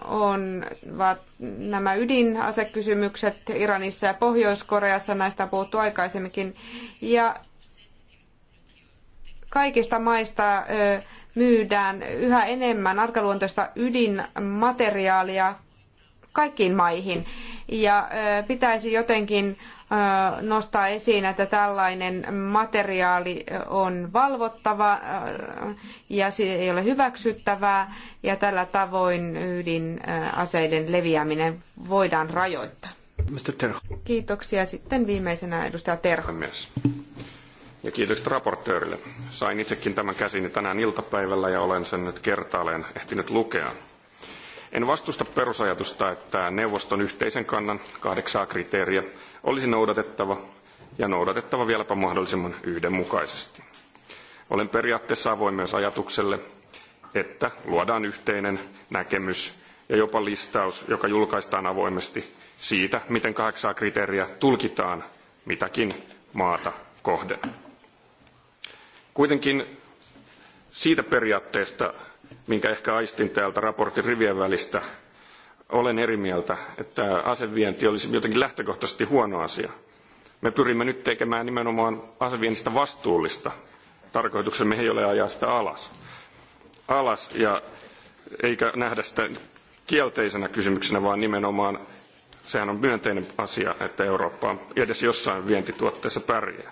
on nämä ydinasekysymykset Iranissa ja Pohjois-Koreassa, näistä on puhuttu aikaisemminkin. Ja kaikista maista myydään yhä enemmän arkaluontoista ydinmateriaalia kaikkiin maihin. Ja pitäisi jotenkin nostaa esiin, että tällainen materiaali on valvottava ja se ei ole hyväksyttävää ja tällä tavoin ydinaseiden leviäminen voidaan rajoittaa. Mr. Terho. Kiitoksia. Sitten viimeisenä edustaja Terho. Ja kiitokset raportöörille. Sain itsekin tämän käsini tänään iltapäivällä ja olen sen nyt kertaalleen ehtinyt lukea. En vastusta perusajatusta, että neuvoston yhteisen kannan kahdeksaa kriteeriä olisi noudatettava ja noudatettava vieläpä mahdollisimman yhdenmukaisesti. Olen periaatteessa avoin myös ajatukselle, että luodaan yhteinen näkemys ja jopa listaus, joka julkaistaan avoimesti siitä, miten kahdeksaa kriteeriä tulkitaan mitäkin maata kohden. Kuitenkin siitä periaatteesta, minkä ehkä aistin täältä raportin rivien välistä, olen eri mieltä, että asevienti olisi jotenkin lähtökohtaisesti huono asia. Me pyrimme nyt tekemään nimenomaan aseviennistä vastuullista. Tarkoituksemme ei ole ajaa sitä alas. alas ja eikä nähdä sitä kielteisenä kysymyksenä, vaan nimenomaan sehän on myönteinen asia, että Eurooppa edes jossain vientituotteessa pärjää.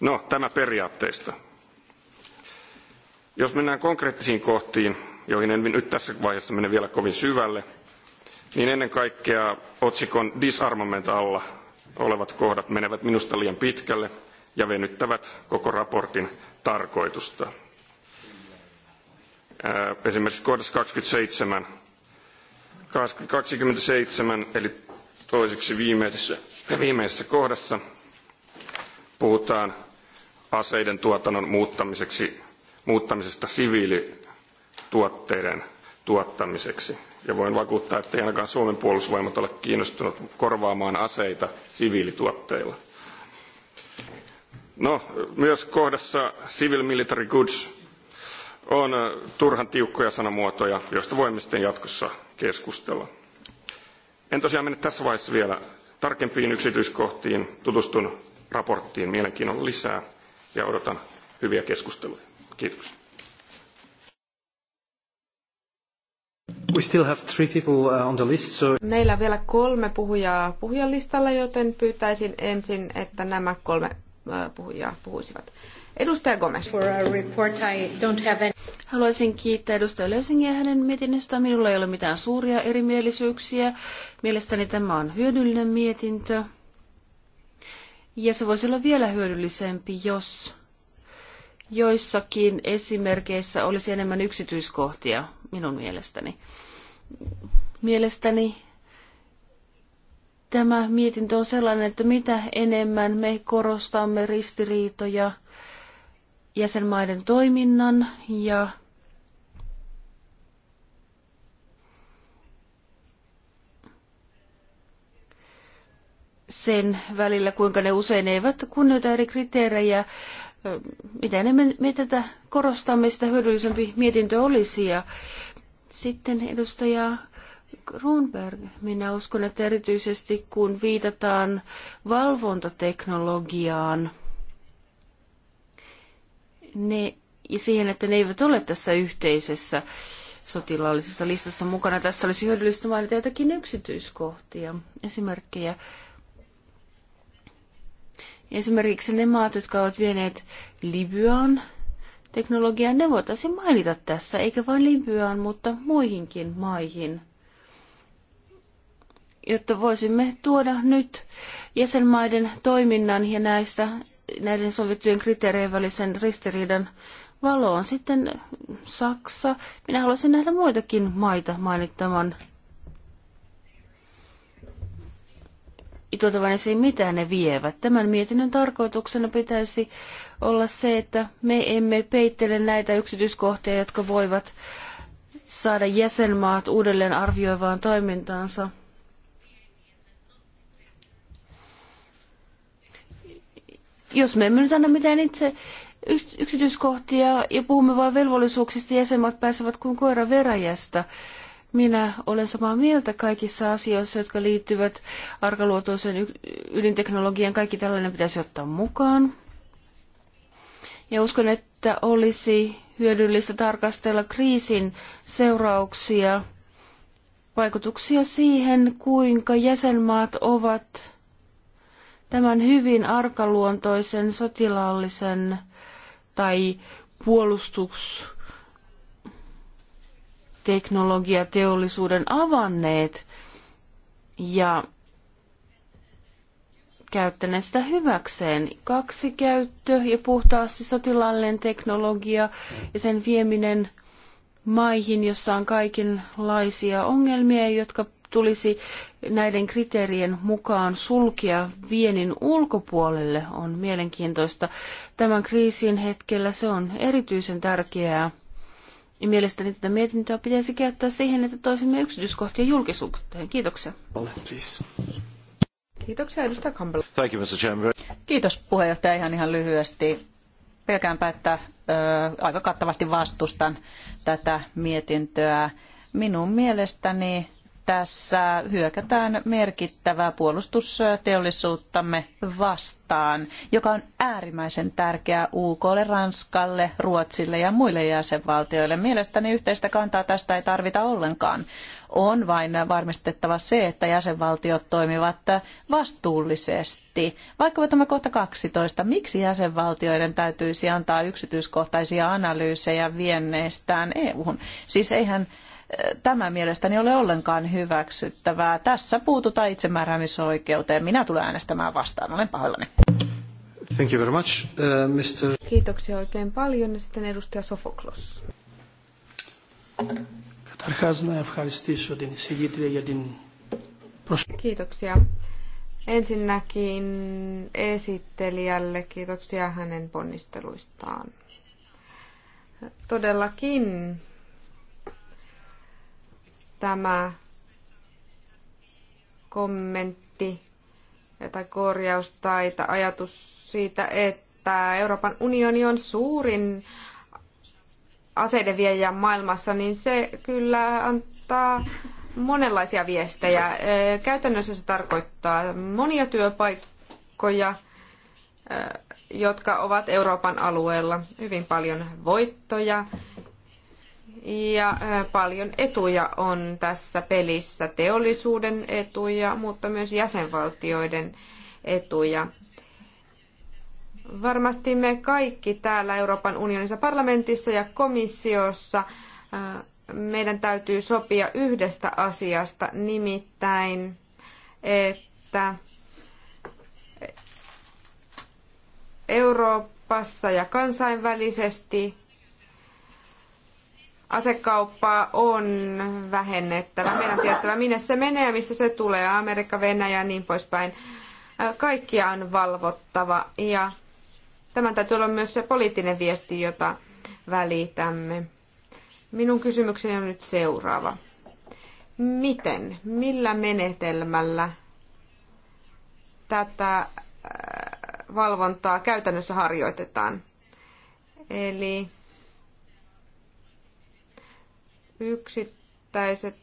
No, tämä periaatteista. Jos mennään konkreettisiin kohtiin, joihin en nyt tässä vaiheessa mene vielä kovin syvälle, niin ennen kaikkea otsikon disarmament alla olevat kohdat menevät minusta liian pitkälle ja venyttävät koko raportin tarkoitusta. Äh, esimerkiksi kohdassa 27, 27 eli toiseksi viimeisessä, viimeisessä kohdassa puhutaan aseiden tuotannon muuttamiseksi, muuttamisesta siviilituotteiden tuottamiseksi. Ja voin vakuuttaa, että ei ainakaan Suomen puolustusvoimat ole kiinnostunut korvaamaan aseita siviilituotteilla. No, myös kohdassa Civil Military Goods on turhan tiukkoja sanamuotoja, joista voimme sitten jatkossa keskustella. En tosiaan mene tässä vaiheessa vielä tarkempiin yksityiskohtiin, tutustun raporttiin mielenkiinnolla lisää ja odotan hyviä keskusteluja. Kiitos. We still have three people uh, on the list, so... Meillä on vielä kolme puhujaa puhujalistalla, joten pyytäisin ensin, että nämä kolme uh, puhujaa puhuisivat. Edustaja Gomez. For a report, I don't have any... Haluaisin kiittää edustaja Lösingiä hänen mietinnöstään. Minulla ei ole mitään suuria erimielisyyksiä. Mielestäni tämä on hyödyllinen mietintö. Ja se voisi olla vielä hyödyllisempi, jos joissakin esimerkeissä olisi enemmän yksityiskohtia, minun mielestäni. Mielestäni tämä mietintö on sellainen, että mitä enemmän me korostamme ristiriitoja jäsenmaiden toiminnan ja sen välillä, kuinka ne usein eivät kunnioita eri kriteerejä. Mitä enemmän me tätä korostamme, sitä hyödyllisempi mietintö olisi. Ja sitten edustaja Grunberg, minä uskon, että erityisesti kun viitataan valvontateknologiaan, ne, ja siihen, että ne eivät ole tässä yhteisessä sotilaallisessa listassa mukana. Tässä olisi hyödyllistä mainita jotakin yksityiskohtia, esimerkkejä. Esimerkiksi ne maat, jotka ovat vieneet Libyaan teknologiaa, ne voitaisiin mainita tässä, eikä vain Libyaan, mutta muihinkin maihin, jotta voisimme tuoda nyt jäsenmaiden toiminnan ja näistä, näiden sovittujen kriteerien välisen ristiriidan valoon. Sitten Saksa. Minä haluaisin nähdä muitakin maita mainittavan tuotavan esiin, mitä ne vievät. Tämän mietinnön tarkoituksena pitäisi olla se, että me emme peittele näitä yksityiskohtia, jotka voivat saada jäsenmaat uudelleen arvioivaan toimintaansa. Jos me emme nyt anna mitään itse yksityiskohtia ja puhumme vain velvollisuuksista, jäsenmaat pääsevät kuin koira veräjästä. Minä olen samaa mieltä kaikissa asioissa, jotka liittyvät arkaluotoisen ydinteknologian. Kaikki tällainen pitäisi ottaa mukaan. Ja uskon, että olisi hyödyllistä tarkastella kriisin seurauksia, vaikutuksia siihen, kuinka jäsenmaat ovat tämän hyvin arkaluontoisen sotilaallisen tai puolustuksen teknologiateollisuuden avanneet ja käyttäneet sitä hyväkseen. Kaksi käyttö ja puhtaasti sotilaallinen teknologia ja sen vieminen maihin, jossa on kaikenlaisia ongelmia, jotka tulisi näiden kriteerien mukaan sulkea vienin ulkopuolelle on mielenkiintoista. Tämän kriisin hetkellä se on erityisen tärkeää. Ja niin mielestäni tätä mietintöä pitäisi käyttää siihen, että toisimme yksityiskohtia julkisuuteen. Kiitoksia. Please. Kiitoksia, edustaja Campbell. Thank you, Mr. Chairman. Kiitos puheenjohtaja ihan ihan lyhyesti. Pelkäänpä, että ö, aika kattavasti vastustan tätä mietintöä. Minun mielestäni tässä hyökätään merkittävää puolustusteollisuuttamme vastaan, joka on äärimmäisen tärkeää UKlle, Ranskalle, Ruotsille ja muille jäsenvaltioille. Mielestäni yhteistä kantaa tästä ei tarvita ollenkaan. On vain varmistettava se, että jäsenvaltiot toimivat vastuullisesti. Vaikka tämä kohta 12, miksi jäsenvaltioiden täytyisi antaa yksityiskohtaisia analyysejä vienneistään EU-hun? Siis eihän Tämä mielestäni ole ollenkaan hyväksyttävää. Tässä puututaan itsemääräämisoikeuteen. Minä tulen äänestämään vastaan. Olen pahoillani. Thank you very much, uh, Mr. Kiitoksia oikein paljon. Ja sitten edustaja Sofoklos. Kiitoksia ensinnäkin esittelijälle. Kiitoksia hänen ponnisteluistaan. Todellakin tämä kommentti tai korjaus tai ajatus siitä, että Euroopan unioni on suurin aseiden viejä maailmassa, niin se kyllä antaa monenlaisia viestejä. Käytännössä se tarkoittaa monia työpaikkoja, jotka ovat Euroopan alueella. Hyvin paljon voittoja, ja äh, paljon etuja on tässä pelissä, teollisuuden etuja, mutta myös jäsenvaltioiden etuja. Varmasti me kaikki täällä Euroopan unionissa parlamentissa ja komissiossa äh, meidän täytyy sopia yhdestä asiasta, nimittäin, että Euroopassa ja kansainvälisesti asekauppaa on vähennettävä. Meidän on tiettävä, minne se menee ja mistä se tulee. Amerikka, Venäjä ja niin poispäin. Äh, kaikkia on valvottava ja tämän täytyy olla myös se poliittinen viesti, jota välitämme. Minun kysymykseni on nyt seuraava. Miten, millä menetelmällä tätä äh, valvontaa käytännössä harjoitetaan? Eli yksittäiset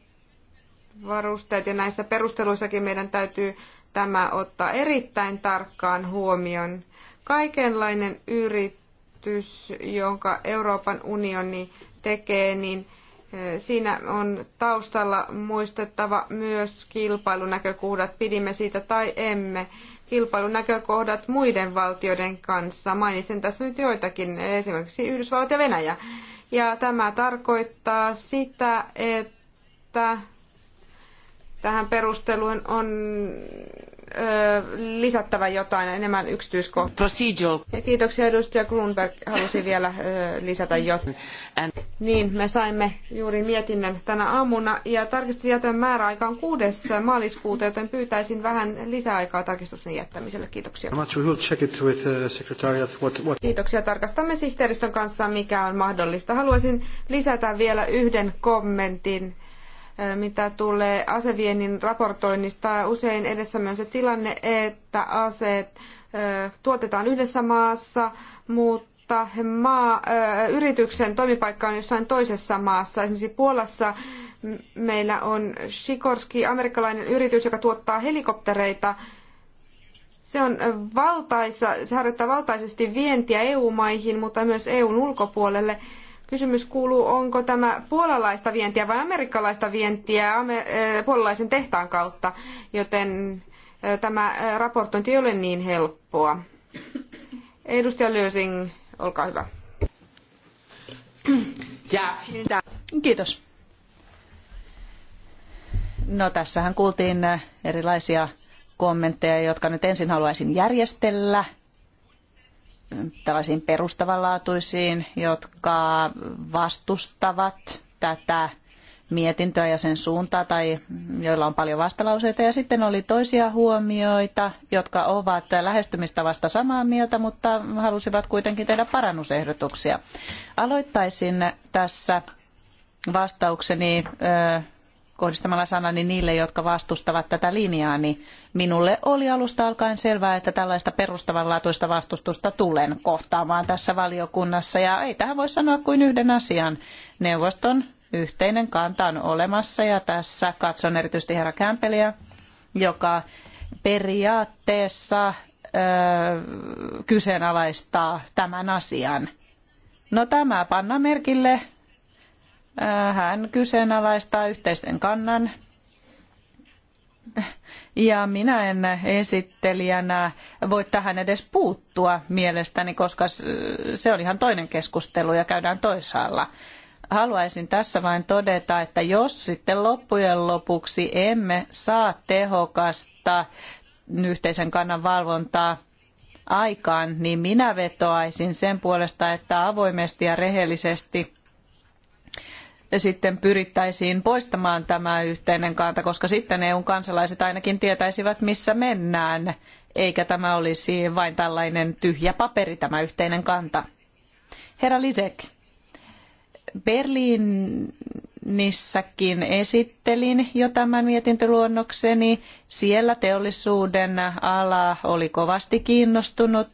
varusteet, ja näissä perusteluissakin meidän täytyy tämä ottaa erittäin tarkkaan huomioon. Kaikenlainen yritys, jonka Euroopan unioni tekee, niin e, siinä on taustalla muistettava myös kilpailunäkökohdat, pidimme siitä tai emme, kilpailunäkökohdat muiden valtioiden kanssa. Mainitsen tässä nyt joitakin, esimerkiksi Yhdysvallat ja Venäjä. Ja tämä tarkoittaa sitä, että tähän perusteluun on lisättävä jotain enemmän yksityiskohtia. Procedural. Kiitoksia edustaja Grunberg. Halusin vielä lisätä jotain. Niin, me saimme juuri mietinnän tänä aamuna ja tarkistusjätön määräaika on 6. maaliskuuta, joten pyytäisin vähän lisäaikaa tarkistusten jättämiselle. Kiitoksia. Uh, kiitoksia. Tarkastamme sihteeristön kanssa, mikä on mahdollista. Haluaisin lisätä vielä yhden kommentin mitä tulee aseviennin raportoinnista. Usein edessämme on se tilanne, että aseet tuotetaan yhdessä maassa, mutta maa, yrityksen toimipaikka on jossain toisessa maassa. Esimerkiksi Puolassa meillä on Sikorski, amerikkalainen yritys, joka tuottaa helikoptereita. Se on valtaisa, se harjoittaa valtaisesti vientiä EU-maihin, mutta myös EUn ulkopuolelle Kysymys kuuluu, onko tämä puolalaista vientiä vai amerikkalaista vientiä eh, puolalaisen tehtaan kautta, joten eh, tämä eh, raportointi ei ole niin helppoa. Edustaja Lösing, olkaa hyvä. Kiitos. No tässähän kuultiin erilaisia kommentteja, jotka nyt ensin haluaisin järjestellä – tällaisiin perustavanlaatuisiin, jotka vastustavat tätä mietintöä ja sen suuntaa tai joilla on paljon vastalauseita. Ja sitten oli toisia huomioita, jotka ovat lähestymistavasta samaa mieltä, mutta halusivat kuitenkin tehdä parannusehdotuksia. Aloittaisin tässä vastaukseni kohdistamalla sanani niille, jotka vastustavat tätä linjaa, niin minulle oli alusta alkaen selvää, että tällaista perustavanlaatuista vastustusta tulen kohtaamaan tässä valiokunnassa. Ja ei tähän voi sanoa kuin yhden asian. Neuvoston yhteinen kanta on olemassa ja tässä katson erityisesti herra Kämpeliä, joka periaatteessa öö, kyseenalaistaa tämän asian. No tämä panna merkille hän kyseenalaistaa yhteisten kannan. Ja minä en esittelijänä voi tähän edes puuttua mielestäni, koska se on ihan toinen keskustelu ja käydään toisaalla. Haluaisin tässä vain todeta, että jos sitten loppujen lopuksi emme saa tehokasta yhteisen kannan valvontaa, aikaan, niin minä vetoaisin sen puolesta, että avoimesti ja rehellisesti sitten pyrittäisiin poistamaan tämä yhteinen kanta, koska sitten EUn kansalaiset ainakin tietäisivät, missä mennään, eikä tämä olisi vain tällainen tyhjä paperi tämä yhteinen kanta. Herra Lisek, Berliin Nissäkin esittelin jo tämän mietintöluonnokseni. Siellä teollisuuden ala oli kovasti kiinnostunut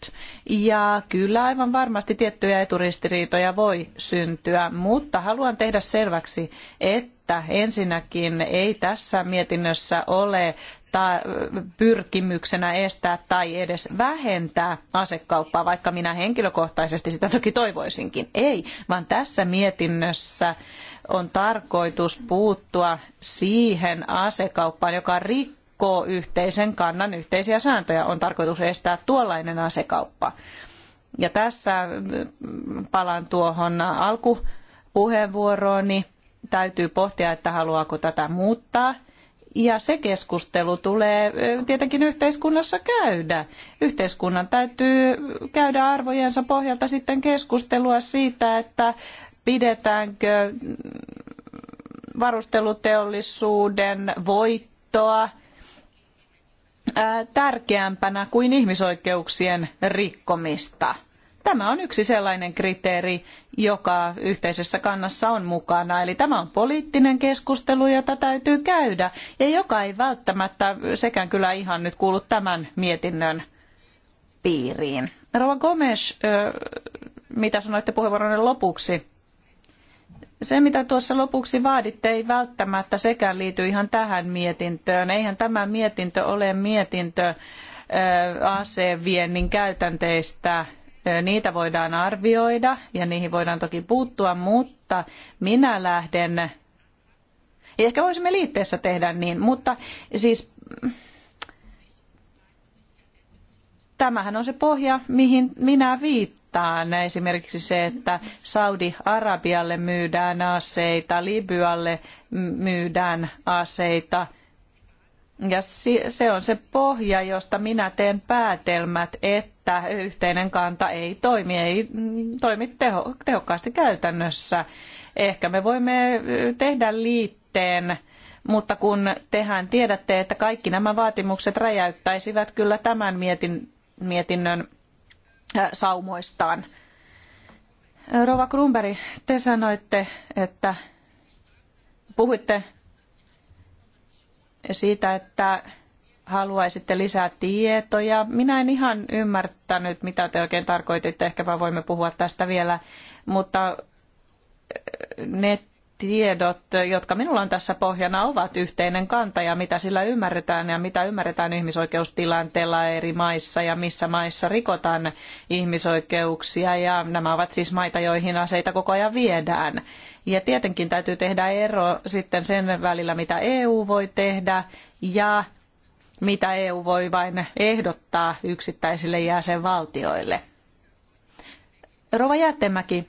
ja kyllä aivan varmasti tiettyjä eturistiriitoja voi syntyä, mutta haluan tehdä selväksi, että ensinnäkin ei tässä mietinnössä ole ta- pyrkimyksenä estää tai edes vähentää asekauppaa, vaikka minä henkilökohtaisesti sitä toki toivoisinkin. Ei, vaan tässä mietinnössä on tarkoitus puuttua siihen asekauppaan, joka rikkoo yhteisen kannan yhteisiä sääntöjä. On tarkoitus estää tuollainen asekauppa. Ja tässä mm, palaan tuohon alkupuheenvuorooni. Täytyy pohtia, että haluaako tätä muuttaa – ja se keskustelu tulee tietenkin yhteiskunnassa käydä. Yhteiskunnan täytyy käydä arvojensa pohjalta sitten keskustelua siitä, että pidetäänkö varusteluteollisuuden voittoa tärkeämpänä kuin ihmisoikeuksien rikkomista. Tämä on yksi sellainen kriteeri, joka yhteisessä kannassa on mukana. Eli tämä on poliittinen keskustelu, jota täytyy käydä, ja joka ei välttämättä sekään kyllä ihan nyt kuulu tämän mietinnön piiriin. Rova Gomes, mitä sanoitte puheenvuoronne lopuksi? Se, mitä tuossa lopuksi vaaditte, ei välttämättä sekään liity ihan tähän mietintöön. Eihän tämä mietintö ole mietintö aseviennin käytänteistä niitä voidaan arvioida ja niihin voidaan toki puuttua, mutta minä lähden, ehkä voisimme liitteessä tehdä niin, mutta siis tämähän on se pohja, mihin minä viittaan. Esimerkiksi se, että Saudi-Arabialle myydään aseita, Libyalle myydään aseita – ja se on se pohja, josta minä teen päätelmät, että yhteinen kanta ei toimi, ei toimi teho, tehokkaasti käytännössä. Ehkä me voimme tehdä liitteen, mutta kun tehän tiedätte, että kaikki nämä vaatimukset räjäyttäisivät kyllä tämän mietin, mietinnön saumoistaan. Rova Grunberg, te sanoitte, että puhuitte siitä, että haluaisitte lisää tietoja. Minä en ihan ymmärtänyt, mitä te oikein tarkoititte. Ehkäpä voimme puhua tästä vielä. Mutta eh, net, tiedot, jotka minulla on tässä pohjana, ovat yhteinen kanta ja mitä sillä ymmärretään ja mitä ymmärretään ihmisoikeustilanteella eri maissa ja missä maissa rikotaan ihmisoikeuksia ja nämä ovat siis maita, joihin aseita koko ajan viedään. Ja tietenkin täytyy tehdä ero sitten sen välillä, mitä EU voi tehdä ja mitä EU voi vain ehdottaa yksittäisille jäsenvaltioille. Rova Jättemäki,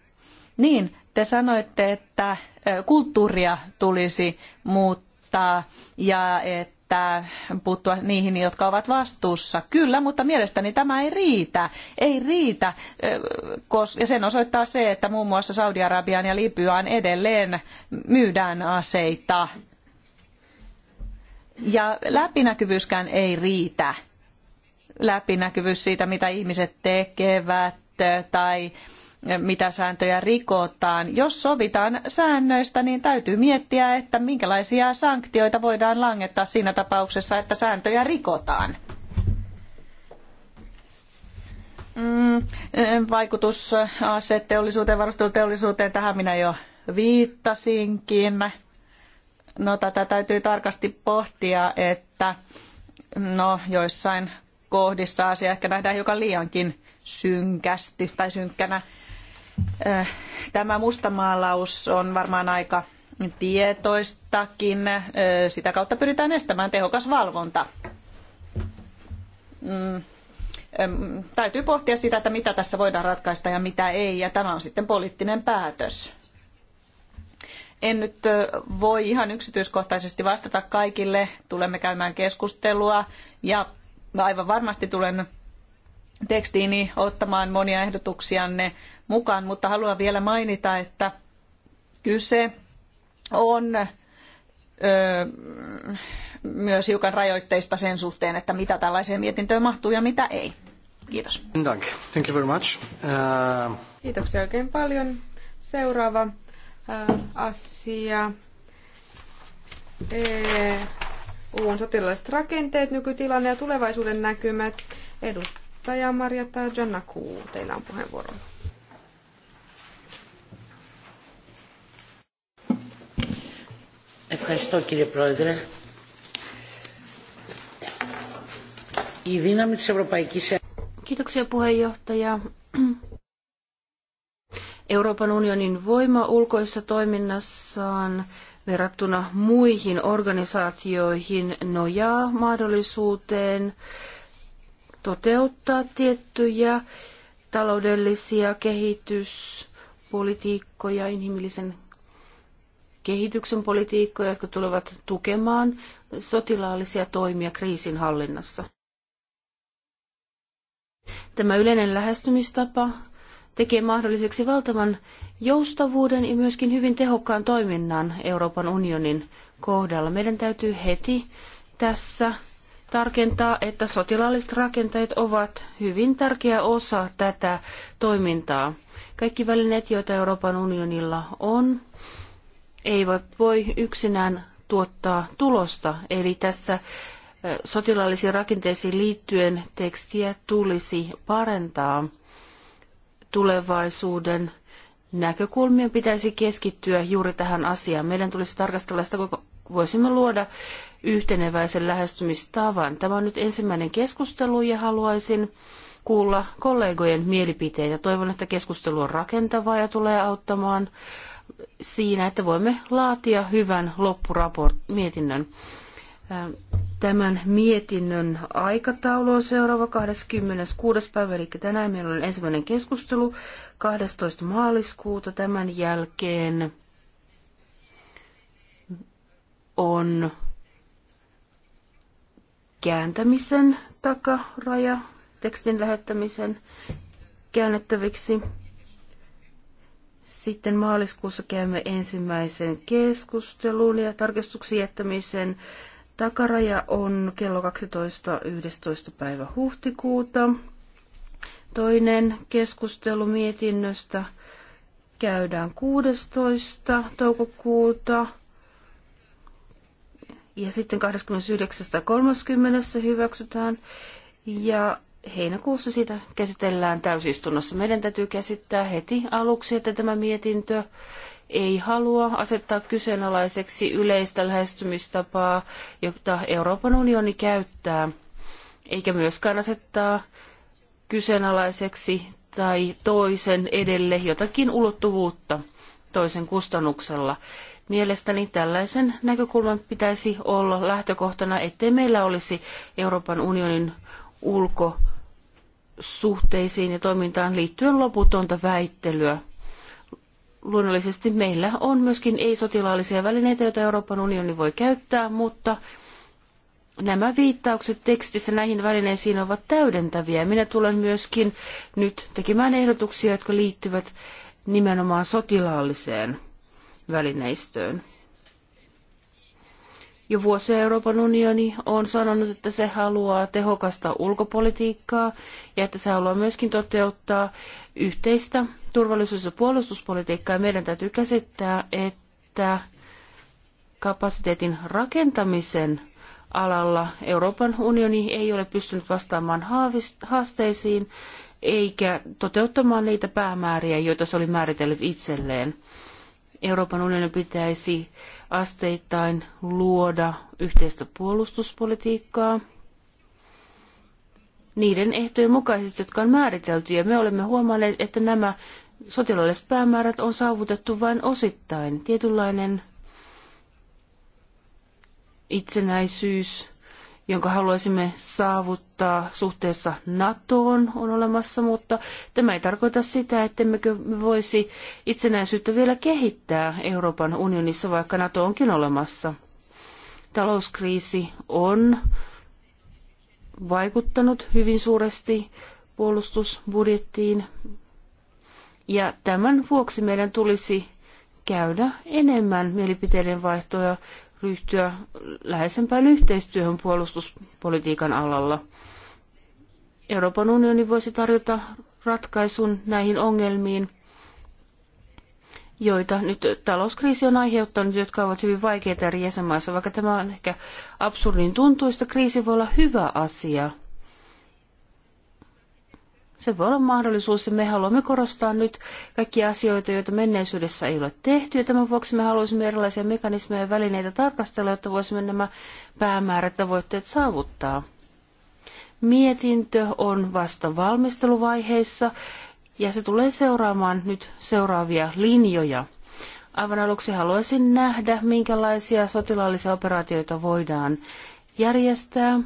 niin, te sanoitte, että kulttuuria tulisi muuttaa ja että puuttua niihin, jotka ovat vastuussa. Kyllä, mutta mielestäni tämä ei riitä. Ei riitä, ja sen osoittaa se, että muun muassa Saudi-Arabiaan ja Libyaan edelleen myydään aseita. Ja läpinäkyvyyskään ei riitä. Läpinäkyvyys siitä, mitä ihmiset tekevät tai mitä sääntöjä rikotaan. Jos sovitaan säännöistä, niin täytyy miettiä, että minkälaisia sanktioita voidaan langettaa siinä tapauksessa, että sääntöjä rikotaan. Mm, vaikutus aseteollisuuteen, varusteluteollisuuteen, tähän minä jo viittasinkin. No tätä täytyy tarkasti pohtia, että no joissain kohdissa asia ehkä nähdään joka liiankin synkästi tai synkkänä Äh, tämä mustamaalaus on varmaan aika tietoistakin. Äh, sitä kautta pyritään estämään tehokas valvonta. Mm, ähm, täytyy pohtia sitä, että mitä tässä voidaan ratkaista ja mitä ei, ja tämä on sitten poliittinen päätös. En nyt äh, voi ihan yksityiskohtaisesti vastata kaikille. Tulemme käymään keskustelua ja aivan varmasti tulen tekstiini ottamaan monia ehdotuksianne mukaan, mutta haluan vielä mainita, että kyse on myös hiukan rajoitteista sen suhteen, että mitä tällaiseen mietintöön mahtuu ja mitä ei. Kiitos. Thank you very much. Uh... Kiitoksia oikein paljon. Seuraava uh, asia. E on sotilaalliset rakenteet, nykytilanne ja tulevaisuuden näkymät. Edustaja. Marjatta puheenjohtaja Marjatta Kuu, teillä on puheenvuoro. Ευχαριστώ κύριε Πρόεδρε. Η δύναμη της Ευρωπαϊκής Kiitoksia puheenjohtaja. Euroopan unionin voima ulkoissa toiminnassaan verrattuna muihin organisaatioihin nojaa mahdollisuuteen toteuttaa tiettyjä taloudellisia kehityspolitiikkoja, inhimillisen kehityksen politiikkoja, jotka tulevat tukemaan sotilaallisia toimia kriisinhallinnassa. Tämä yleinen lähestymistapa tekee mahdolliseksi valtavan joustavuuden ja myöskin hyvin tehokkaan toiminnan Euroopan unionin kohdalla. Meidän täytyy heti tässä tarkentaa, että sotilaalliset rakenteet ovat hyvin tärkeä osa tätä toimintaa. Kaikki välineet, joita Euroopan unionilla on, eivät voi yksinään tuottaa tulosta. Eli tässä sotilaallisiin rakenteisiin liittyen tekstiä tulisi parantaa tulevaisuuden näkökulmien pitäisi keskittyä juuri tähän asiaan. Meidän tulisi tarkastella sitä, kuinka voisimme luoda yhteneväisen lähestymistavan. Tämä on nyt ensimmäinen keskustelu ja haluaisin kuulla kollegojen mielipiteitä. Toivon, että keskustelu on rakentavaa ja tulee auttamaan siinä, että voimme laatia hyvän loppuraportin Tämän mietinnön aikataulu on seuraava 26. päivä, eli tänään meillä on ensimmäinen keskustelu 12. maaliskuuta. Tämän jälkeen on kääntämisen takaraja tekstin lähettämisen käännettäviksi. Sitten maaliskuussa käymme ensimmäisen keskustelun ja tarkistuksen jättämisen takaraja on kello 12.11. päivä huhtikuuta. Toinen keskustelu mietinnöstä käydään 16. toukokuuta ja sitten 29.30. hyväksytään ja heinäkuussa sitä käsitellään täysistunnossa. Meidän täytyy käsittää heti aluksi, että tämä mietintö ei halua asettaa kyseenalaiseksi yleistä lähestymistapaa, jota Euroopan unioni käyttää, eikä myöskään asettaa kyseenalaiseksi tai toisen edelle jotakin ulottuvuutta toisen kustannuksella. Mielestäni tällaisen näkökulman pitäisi olla lähtökohtana, ettei meillä olisi Euroopan unionin ulkosuhteisiin ja toimintaan liittyen loputonta väittelyä. Luonnollisesti meillä on myöskin ei-sotilaallisia välineitä, joita Euroopan unioni voi käyttää, mutta nämä viittaukset tekstissä näihin välineisiin ovat täydentäviä. Minä tulen myöskin nyt tekemään ehdotuksia, jotka liittyvät nimenomaan sotilaalliseen välineistöön. Jo vuosia Euroopan unioni on sanonut, että se haluaa tehokasta ulkopolitiikkaa ja että se haluaa myöskin toteuttaa yhteistä turvallisuus- ja puolustuspolitiikkaa. Ja meidän täytyy käsittää, että kapasiteetin rakentamisen alalla Euroopan unioni ei ole pystynyt vastaamaan haasteisiin eikä toteuttamaan niitä päämääriä, joita se oli määritellyt itselleen. Euroopan unionin pitäisi asteittain luoda yhteistä puolustuspolitiikkaa niiden ehtojen mukaisesti, jotka on määritelty, ja me olemme huomanneet, että nämä sotilaalliset päämäärät on saavutettu vain osittain. Tietynlainen itsenäisyys jonka haluaisimme saavuttaa suhteessa NATOon, on olemassa, mutta tämä ei tarkoita sitä, ettemmekö me voisi itsenäisyyttä vielä kehittää Euroopan unionissa, vaikka NATO onkin olemassa. Talouskriisi on vaikuttanut hyvin suuresti puolustusbudjettiin, ja tämän vuoksi meidän tulisi käydä enemmän mielipiteiden vaihtoja ryhtyä läheisempään yhteistyöhön puolustuspolitiikan alalla. Euroopan unioni voisi tarjota ratkaisun näihin ongelmiin, joita nyt talouskriisi on aiheuttanut, jotka ovat hyvin vaikeita eri jäsenmaissa. Vaikka tämä on ehkä absurdin tuntuista, kriisi voi olla hyvä asia – se voi olla mahdollisuus ja me haluamme korostaa nyt kaikkia asioita, joita menneisyydessä ei ole tehty. Ja tämän vuoksi me haluaisimme erilaisia mekanismeja ja välineitä tarkastella, jotta voisimme nämä päämäärät tavoitteet saavuttaa. Mietintö on vasta valmisteluvaiheessa ja se tulee seuraamaan nyt seuraavia linjoja. Aivan aluksi haluaisin nähdä, minkälaisia sotilaallisia operaatioita voidaan järjestää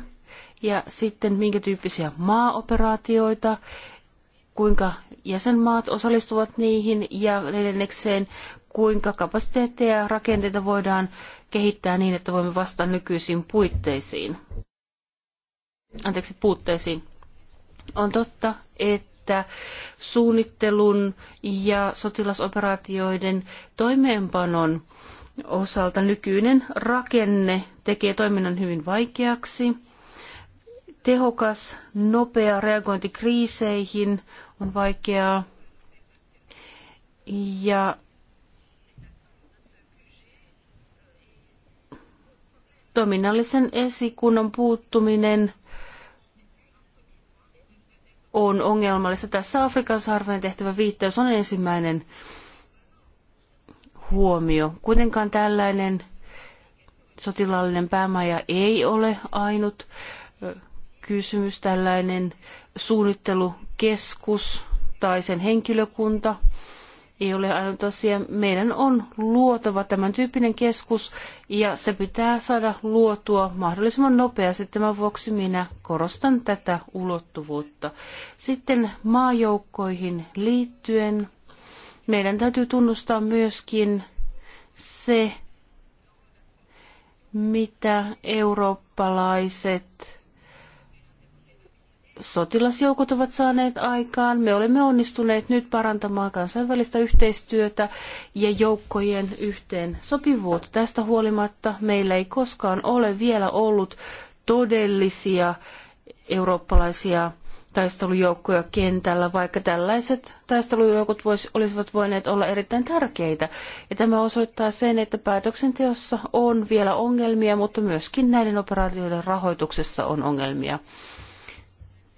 ja sitten minkä tyyppisiä maaoperaatioita, kuinka jäsenmaat osallistuvat niihin ja neljännekseen, kuinka kapasiteetteja ja rakenteita voidaan kehittää niin, että voimme vastata nykyisiin puitteisiin. Anteeksi, puutteisiin. On totta, että suunnittelun ja sotilasoperaatioiden toimeenpanon osalta nykyinen rakenne tekee toiminnan hyvin vaikeaksi. Tehokas, nopea reagointi kriiseihin on vaikeaa ja toiminnallisen esikunnan puuttuminen on ongelmallista. Tässä Afrikan sarveen tehtävä viittaus on ensimmäinen huomio. Kuitenkaan tällainen sotilaallinen päämaja ei ole ainut kysymys, tällainen suunnittelukeskus tai sen henkilökunta ei ole ainut asia. Meidän on luotava tämän tyyppinen keskus ja se pitää saada luotua mahdollisimman nopeasti. Tämän vuoksi minä korostan tätä ulottuvuutta. Sitten maajoukkoihin liittyen meidän täytyy tunnustaa myöskin se, mitä eurooppalaiset sotilasjoukot ovat saaneet aikaan. Me olemme onnistuneet nyt parantamaan kansainvälistä yhteistyötä ja joukkojen yhteen sopivuutta. Tästä huolimatta meillä ei koskaan ole vielä ollut todellisia eurooppalaisia taistelujoukkoja kentällä, vaikka tällaiset taistelujoukot vois, olisivat voineet olla erittäin tärkeitä. Ja tämä osoittaa sen, että päätöksenteossa on vielä ongelmia, mutta myöskin näiden operaatioiden rahoituksessa on ongelmia.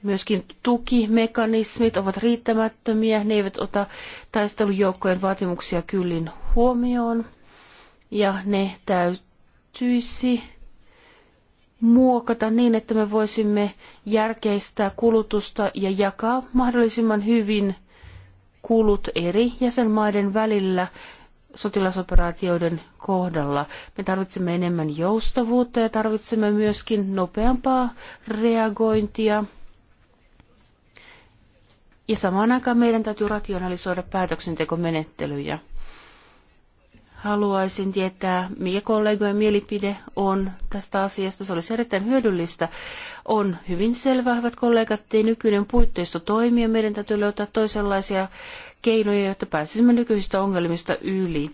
Myöskin tukimekanismit ovat riittämättömiä, ne eivät ota taistelujoukkojen vaatimuksia kyllin huomioon ja ne täytyisi muokata niin, että me voisimme järkeistää kulutusta ja jakaa mahdollisimman hyvin kulut eri jäsenmaiden välillä sotilasoperaatioiden kohdalla. Me tarvitsemme enemmän joustavuutta ja tarvitsemme myöskin nopeampaa reagointia – ja samaan aikaan meidän täytyy rationalisoida päätöksentekomenettelyjä. Haluaisin tietää, mikä kollegojen mielipide on tästä asiasta. Se olisi erittäin hyödyllistä. On hyvin selvää, hyvät kollegat, että nykyinen puitteisto toimii meidän täytyy löytää toisenlaisia keinoja, jotta pääsisimme nykyisistä ongelmista yli.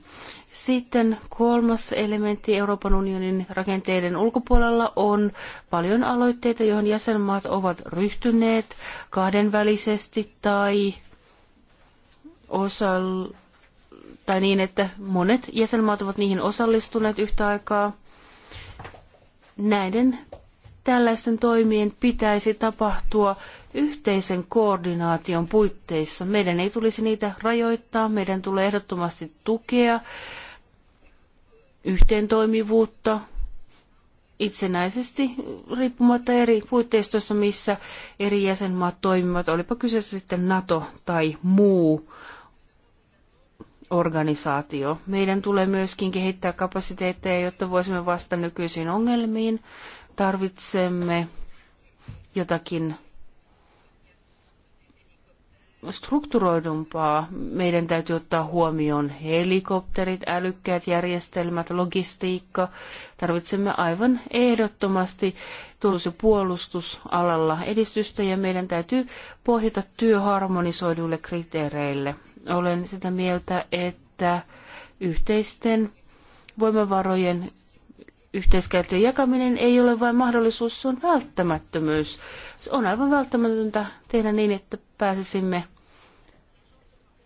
Sitten kolmas elementti Euroopan unionin rakenteiden ulkopuolella on paljon aloitteita, joihin jäsenmaat ovat ryhtyneet kahdenvälisesti tai osal- tai niin, että monet jäsenmaat ovat niihin osallistuneet yhtä aikaa. Näiden tällaisten toimien pitäisi tapahtua yhteisen koordinaation puitteissa. Meidän ei tulisi niitä rajoittaa, meidän tulee ehdottomasti tukea yhteentoimivuutta itsenäisesti riippumatta eri puitteistossa, missä eri jäsenmaat toimivat, olipa kyseessä sitten NATO tai muu organisaatio. Meidän tulee myöskin kehittää kapasiteetteja, jotta voisimme vastata nykyisiin ongelmiin. Tarvitsemme jotakin strukturoidumpaa. Meidän täytyy ottaa huomioon helikopterit, älykkäät järjestelmät, logistiikka. Tarvitsemme aivan ehdottomasti tulossa puolustusalalla edistystä ja meidän täytyy pohjata harmonisoiduille kriteereille. Olen sitä mieltä, että yhteisten voimavarojen yhteiskäytön jakaminen ei ole vain mahdollisuus, se on välttämättömyys. Se on aivan välttämätöntä tehdä niin, että pääsisimme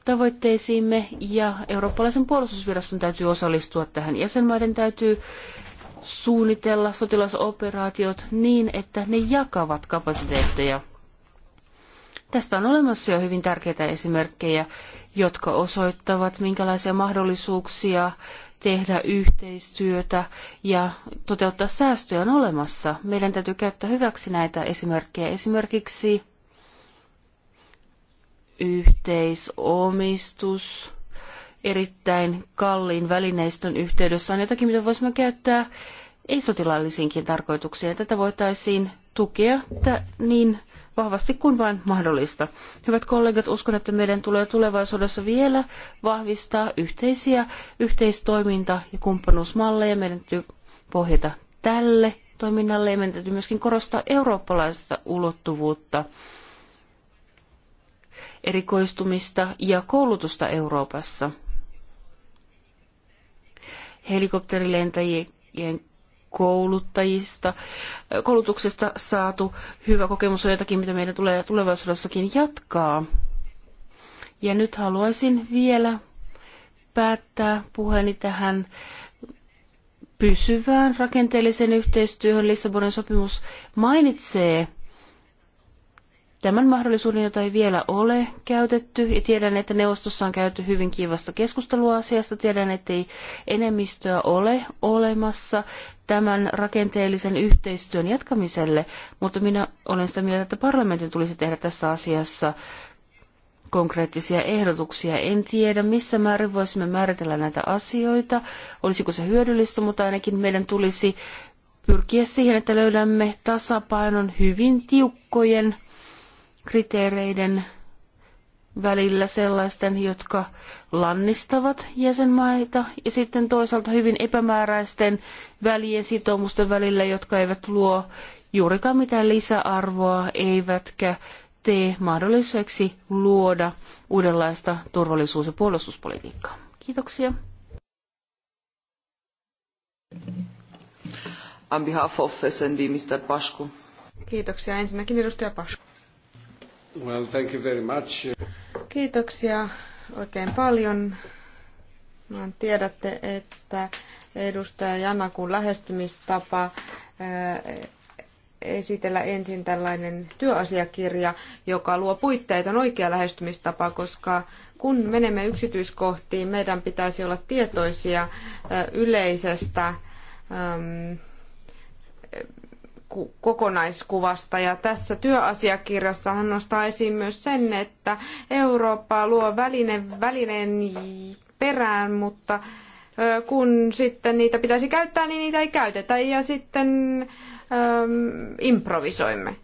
tavoitteisiimme ja eurooppalaisen puolustusviraston täytyy osallistua tähän. Jäsenmaiden täytyy suunnitella sotilasoperaatiot niin, että ne jakavat kapasiteetteja. Tästä on olemassa jo hyvin tärkeitä esimerkkejä, jotka osoittavat, minkälaisia mahdollisuuksia tehdä yhteistyötä ja toteuttaa säästöjä on olemassa. Meidän täytyy käyttää hyväksi näitä esimerkkejä. Esimerkiksi yhteisomistus erittäin kalliin välineistön yhteydessä on jotakin, mitä voisimme käyttää ei-sotilaallisiinkin tarkoituksiin. Tätä voitaisiin tukea niin vahvasti kuin vain mahdollista. Hyvät kollegat, uskon, että meidän tulee tulevaisuudessa vielä vahvistaa yhteisiä yhteistoiminta- ja kumppanuusmalleja. Meidän täytyy pohjata tälle toiminnalle ja meidän täytyy myöskin korostaa eurooppalaista ulottuvuutta – erikoistumista ja koulutusta Euroopassa. Helikopterilentäjien kouluttajista, koulutuksesta saatu hyvä kokemus on jotakin, mitä meidän tulee tulevaisuudessakin jatkaa. Ja nyt haluaisin vielä päättää puheeni tähän pysyvään rakenteelliseen yhteistyöhön. Lissabonin sopimus mainitsee tämän mahdollisuuden, jota ei vielä ole käytetty. Ja tiedän, että neuvostossa on käyty hyvin kiivasta keskustelua asiasta. Tiedän, että ei enemmistöä ole olemassa tämän rakenteellisen yhteistyön jatkamiselle, mutta minä olen sitä mieltä, että parlamentin tulisi tehdä tässä asiassa konkreettisia ehdotuksia. En tiedä, missä määrin voisimme määritellä näitä asioita, olisiko se hyödyllistä, mutta ainakin meidän tulisi pyrkiä siihen, että löydämme tasapainon hyvin tiukkojen kriteereiden välillä sellaisten, jotka lannistavat jäsenmaita, ja sitten toisaalta hyvin epämääräisten välien sitoumusten välillä, jotka eivät luo juurikaan mitään lisäarvoa, eivätkä tee mahdolliseksi luoda uudenlaista turvallisuus- ja puolustuspolitiikkaa. Kiitoksia. On behalf of SND, Mr. Pasku. Kiitoksia. Ensinnäkin edustaja Pasku. Well, thank you very much. Kiitoksia oikein paljon. Tiedätte, että edustaja Janakun lähestymistapa esitellä ensin tällainen työasiakirja, joka luo puitteita, on oikea lähestymistapa, koska kun menemme yksityiskohtiin, meidän pitäisi olla tietoisia yleisestä kokonaiskuvasta. Ja tässä työasiakirjassa hän nostaa esiin myös sen, että Eurooppa luo väline, välineen perään, mutta kun sitten niitä pitäisi käyttää, niin niitä ei käytetä ja sitten äm, improvisoimme.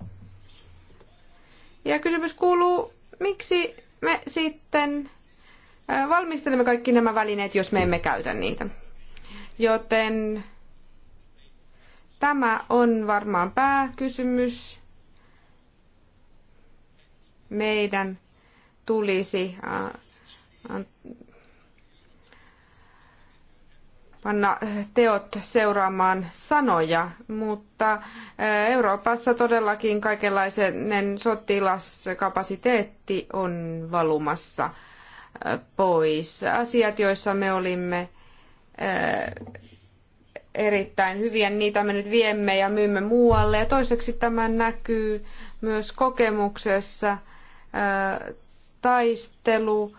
Ja kysymys kuuluu, miksi me sitten valmistelemme kaikki nämä välineet, jos me emme käytä niitä. Joten Tämä on varmaan pääkysymys. Meidän tulisi äh, äh, panna teot seuraamaan sanoja, mutta äh, Euroopassa todellakin kaikenlainen sotilaskapasiteetti on valumassa pois. Asiat, joissa me olimme erittäin hyviä, niitä me nyt viemme ja myymme muualle. Ja toiseksi tämä näkyy myös kokemuksessa taistelu,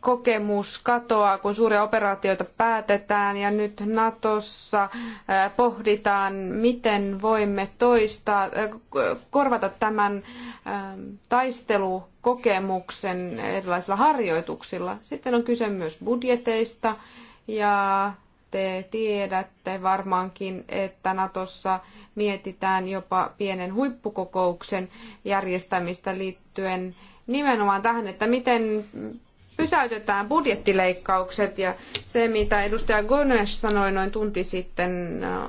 kokemus katoaa, kun suuria operaatioita päätetään ja nyt Natossa pohditaan, miten voimme toistaa, korvata tämän taistelukokemuksen erilaisilla harjoituksilla. Sitten on kyse myös budjeteista ja te tiedätte varmaankin, että Natossa mietitään jopa pienen huippukokouksen järjestämistä liittyen nimenomaan tähän, että miten pysäytetään budjettileikkaukset ja se, mitä edustaja Gones sanoi noin tunti sitten, äh,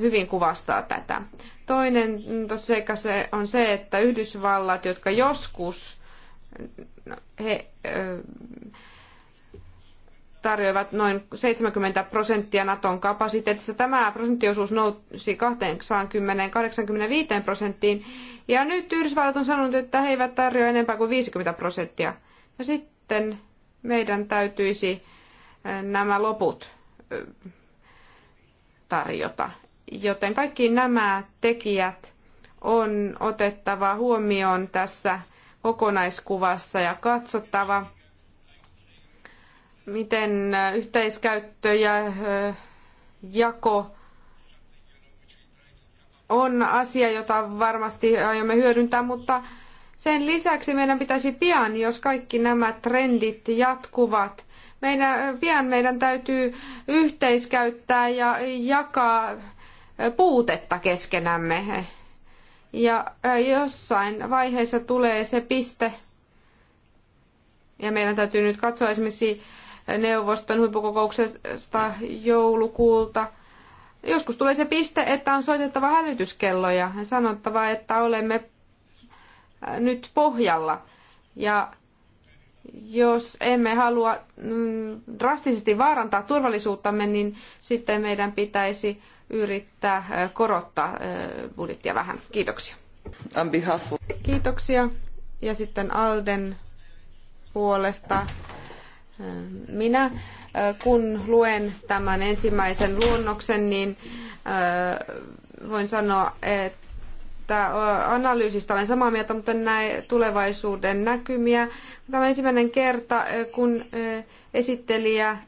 hyvin kuvastaa tätä. Toinen tosiaan se on se, että Yhdysvallat, jotka joskus äh, he, äh, tarjoavat noin 70 prosenttia Naton kapasiteetista. Tämä prosenttiosuus nousi 80-85 prosenttiin. Ja nyt Yhdysvallat on sanonut, että he eivät tarjoa enempää kuin 50 prosenttia. Ja sitten meidän täytyisi eh, nämä loput eh, tarjota. Joten kaikki nämä tekijät on otettava huomioon tässä kokonaiskuvassa ja katsottava – miten äh, yhteiskäyttö ja äh, jako on asia, jota varmasti aiomme hyödyntää, mutta sen lisäksi meidän pitäisi pian, jos kaikki nämä trendit jatkuvat, meidän, äh, pian meidän täytyy yhteiskäyttää ja jakaa puutetta keskenämme. Ja jossain vaiheessa tulee se piste, ja meidän täytyy nyt katsoa esimerkiksi neuvoston huippukokouksesta joulukuulta. Joskus tulee se piste, että on soitettava hälytyskelloja ja sanottava, että olemme nyt pohjalla. Ja jos emme halua mm, drastisesti vaarantaa turvallisuuttamme, niin sitten meidän pitäisi yrittää korottaa budjettia vähän. Kiitoksia. Kiitoksia. Ja sitten Alden puolesta minä äh, kun luen tämän ensimmäisen luonnoksen, niin äh, voin sanoa, että äh, analyysistä olen samaa mieltä, mutta näin tulevaisuuden näkymiä. Tämä ensimmäinen kerta, kun esittelijä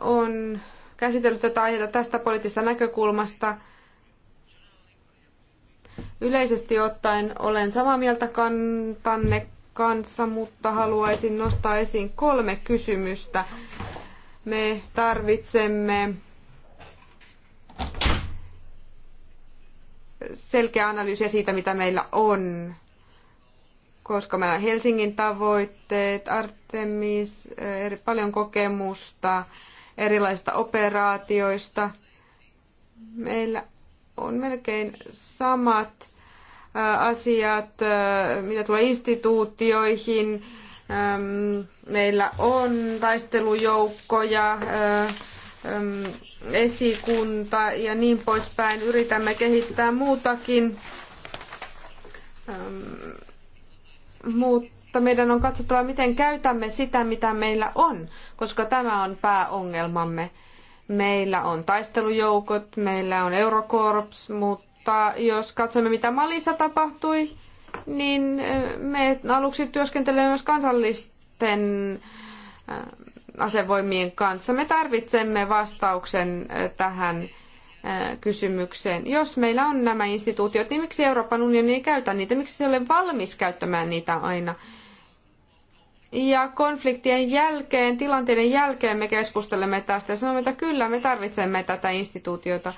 on käsitellyt tätä aihetta tästä poliittisesta näkökulmasta. Yleisesti ottaen olen samaa mieltä kantanne kanssa, mutta haluaisin nostaa esiin kolme kysymystä. Me tarvitsemme selkeä analyysiä siitä, mitä meillä on, koska meillä on Helsingin tavoitteet, Artemis, paljon kokemusta erilaisista operaatioista. Meillä on melkein samat Äh, asiat, äh, mitä tulee instituutioihin. Ähm, meillä on taistelujoukkoja, äh, ähm, esikunta ja niin poispäin. Yritämme kehittää muutakin, ähm, mutta meidän on katsottava, miten käytämme sitä, mitä meillä on, koska tämä on pääongelmamme. Meillä on taistelujoukot, meillä on Eurokorps, mutta mutta jos katsomme mitä Malissa tapahtui, niin eh, me aluksi työskentelemme myös kansallisten eh, asevoimien kanssa. Me tarvitsemme vastauksen eh, tähän kysymykseen. Jos meillä on nämä instituutiot, niin miksi Euroopan unioni ei käytä niitä? Miksi se ei ole valmis käyttämään niitä aina? Ja konfliktien jälkeen, tilanteiden jälkeen me keskustelemme tästä ja sanomme, että kyllä me tarvitsemme tätä instituutiota.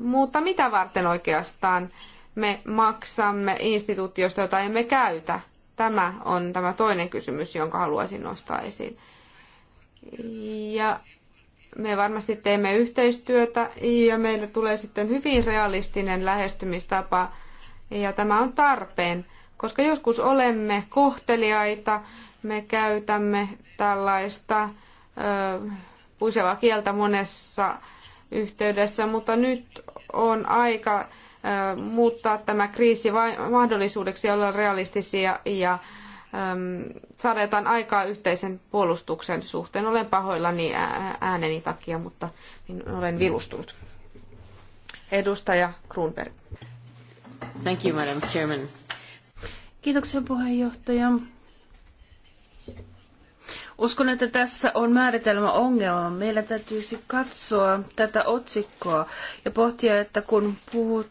Mutta mitä varten oikeastaan me maksamme instituutiosta, jota emme käytä? Tämä on tämä toinen kysymys, jonka haluaisin nostaa esiin. Ja me varmasti teemme yhteistyötä ja meille tulee sitten hyvin realistinen lähestymistapa ja tämä on tarpeen, koska joskus olemme kohteliaita, me käytämme tällaista ö, puisevaa kieltä monessa yhteydessä, mutta nyt on aika äh, muuttaa tämä kriisi mahdollisuudeksi olla realistisia ja ähm, saada jotain aikaa yhteisen puolustuksen suhteen. Olen pahoillani ääneni takia, mutta olen vilustunut. Edustaja Kruunberg. Thank you, Madam Chairman. Kiitoksia puheenjohtaja. Uskon, että tässä on määritelmä ongelma. Meillä täytyisi katsoa tätä otsikkoa ja pohtia, että kun puhut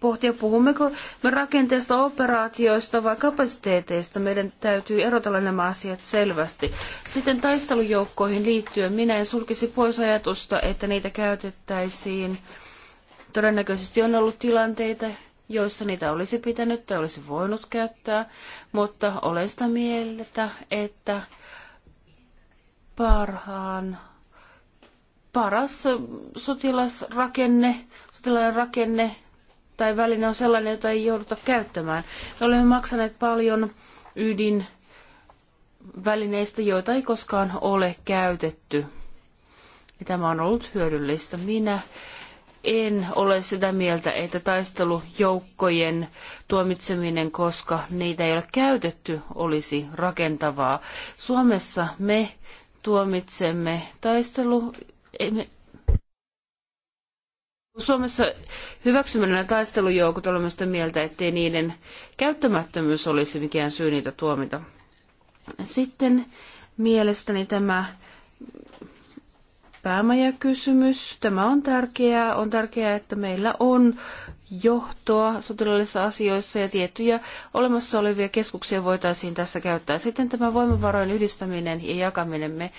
pohtia, puhummeko me rakenteesta, operaatioista vai kapasiteeteista. Meidän täytyy erotella nämä asiat selvästi. Sitten taistelujoukkoihin liittyen minä en sulkisi pois ajatusta, että niitä käytettäisiin. Todennäköisesti on ollut tilanteita, joissa niitä olisi pitänyt tai olisi voinut käyttää, mutta olen sitä mieltä, että parhaan paras sotilasrakenne, sotilaiden rakenne tai väline on sellainen, jota ei jouduta käyttämään. Me olemme maksaneet paljon ydin välineistä, joita ei koskaan ole käytetty. Ja tämä on ollut hyödyllistä. Minä en ole sitä mieltä, että taistelujoukkojen tuomitseminen, koska niitä ei ole käytetty, olisi rakentavaa. Suomessa me tuomitsemme taistelu... Suomessa hyväksymällä taistelujoukot olemme sitä mieltä, ettei niiden käyttämättömyys olisi mikään syy niitä tuomita. Sitten mielestäni tämä päämajakysymys. Tämä on tärkeää. On tärkeää, että meillä on johtoa sotilaallisissa asioissa ja tiettyjä olemassa olevia keskuksia voitaisiin tässä käyttää. Sitten tämä voimavarojen yhdistäminen ja jakaminen. Me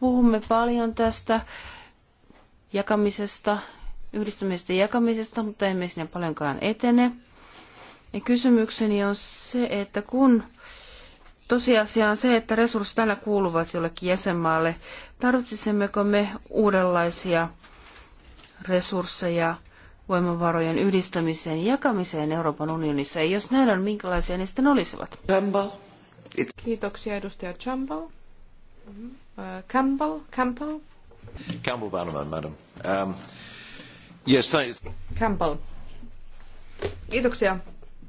puhumme paljon tästä jakamisesta, yhdistämisestä ja jakamisesta, mutta emme sinne paljonkaan etene. Ja kysymykseni on se, että kun Tosiasia on se, että resurssit aina kuuluvat jollekin jäsenmaalle. Tarvitsisimmeko me uudenlaisia resursseja voimavarojen yhdistämiseen ja jakamiseen Euroopan unionissa? Ja jos näin on, minkälaisia ne sitten olisivat? Campbell. It... Kiitoksia edustaja Campbell. Uh, Campbell, Campbell. Campbell Bannerman, madam. Um, yes, thanks. Campbell. Kiitoksia